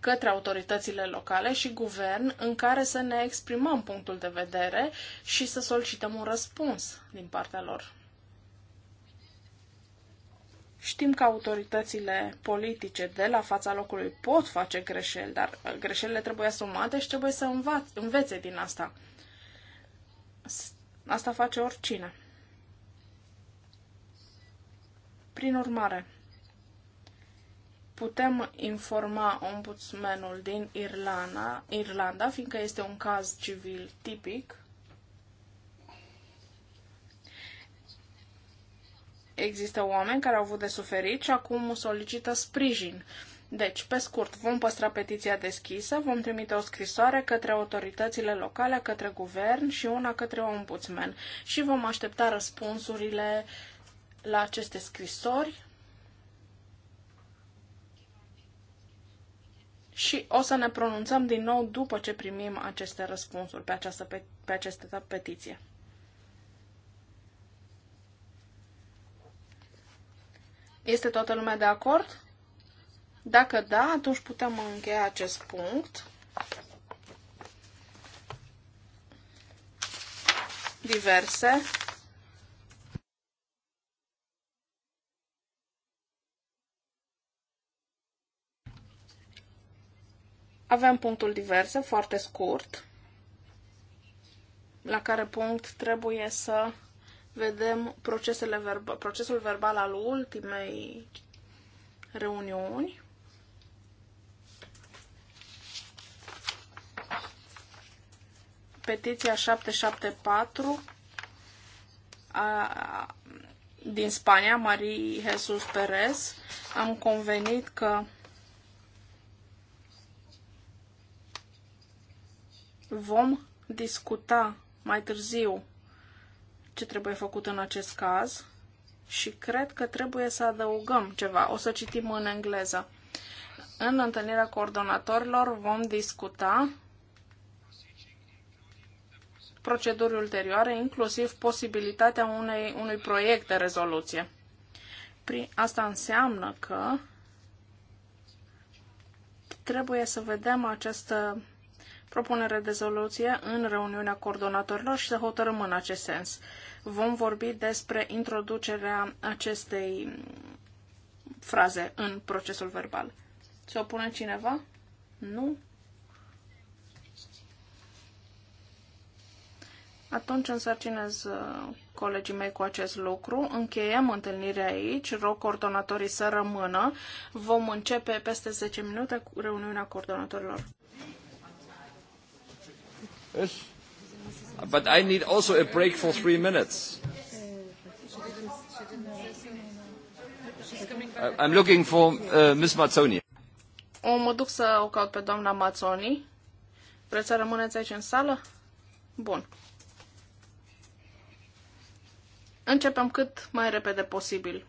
către autoritățile locale și guvern în care să ne exprimăm punctul de vedere și să solicităm un răspuns din partea lor. Știm că autoritățile politice de la fața locului pot face greșeli, dar greșelile trebuie asumate și trebuie să învețe din asta. Asta face oricine. Prin urmare, putem informa ombudsmanul din Irlanda, Irlanda, fiindcă este un caz civil tipic, Există oameni care au avut de suferit și acum solicită sprijin. Deci, pe scurt, vom păstra petiția deschisă, vom trimite o scrisoare către autoritățile locale, către guvern și una către ombudsman și vom aștepta răspunsurile la aceste scrisori și o să ne pronunțăm din nou după ce primim aceste răspunsuri pe această, pe, pe această petiție. Este toată lumea de acord? Dacă da, atunci putem încheia acest punct. Diverse. Avem punctul diverse, foarte scurt, la care punct trebuie să vedem procesele verba, procesul verbal al ultimei reuniuni. Petiția 774 a, din Spania, Marie Jesus Perez, am convenit că vom discuta mai târziu ce trebuie făcut în acest caz și cred că trebuie să adăugăm ceva. O să citim în engleză. În întâlnirea coordonatorilor vom discuta proceduri ulterioare, inclusiv posibilitatea unei, unui proiect de rezoluție. Prin, asta înseamnă că trebuie să vedem această propunere de rezoluție în reuniunea coordonatorilor și să hotărâm în acest sens. Vom vorbi despre introducerea acestei fraze în procesul verbal. Se opune cineva? Nu? Atunci însărcinez uh, colegii mei cu acest lucru. Încheiem întâlnirea aici. Rog coordonatorii să rămână. Vom începe peste 10 minute cu reuniunea coordonatorilor. Yes. But I need also a break for three minutes. Uh, I'm looking for uh, Miss Mazzoni. O, mă duc să o caut pe doamna Mazzoni. Vreți să rămâneți aici în sală? Bun. Începem cât mai repede posibil.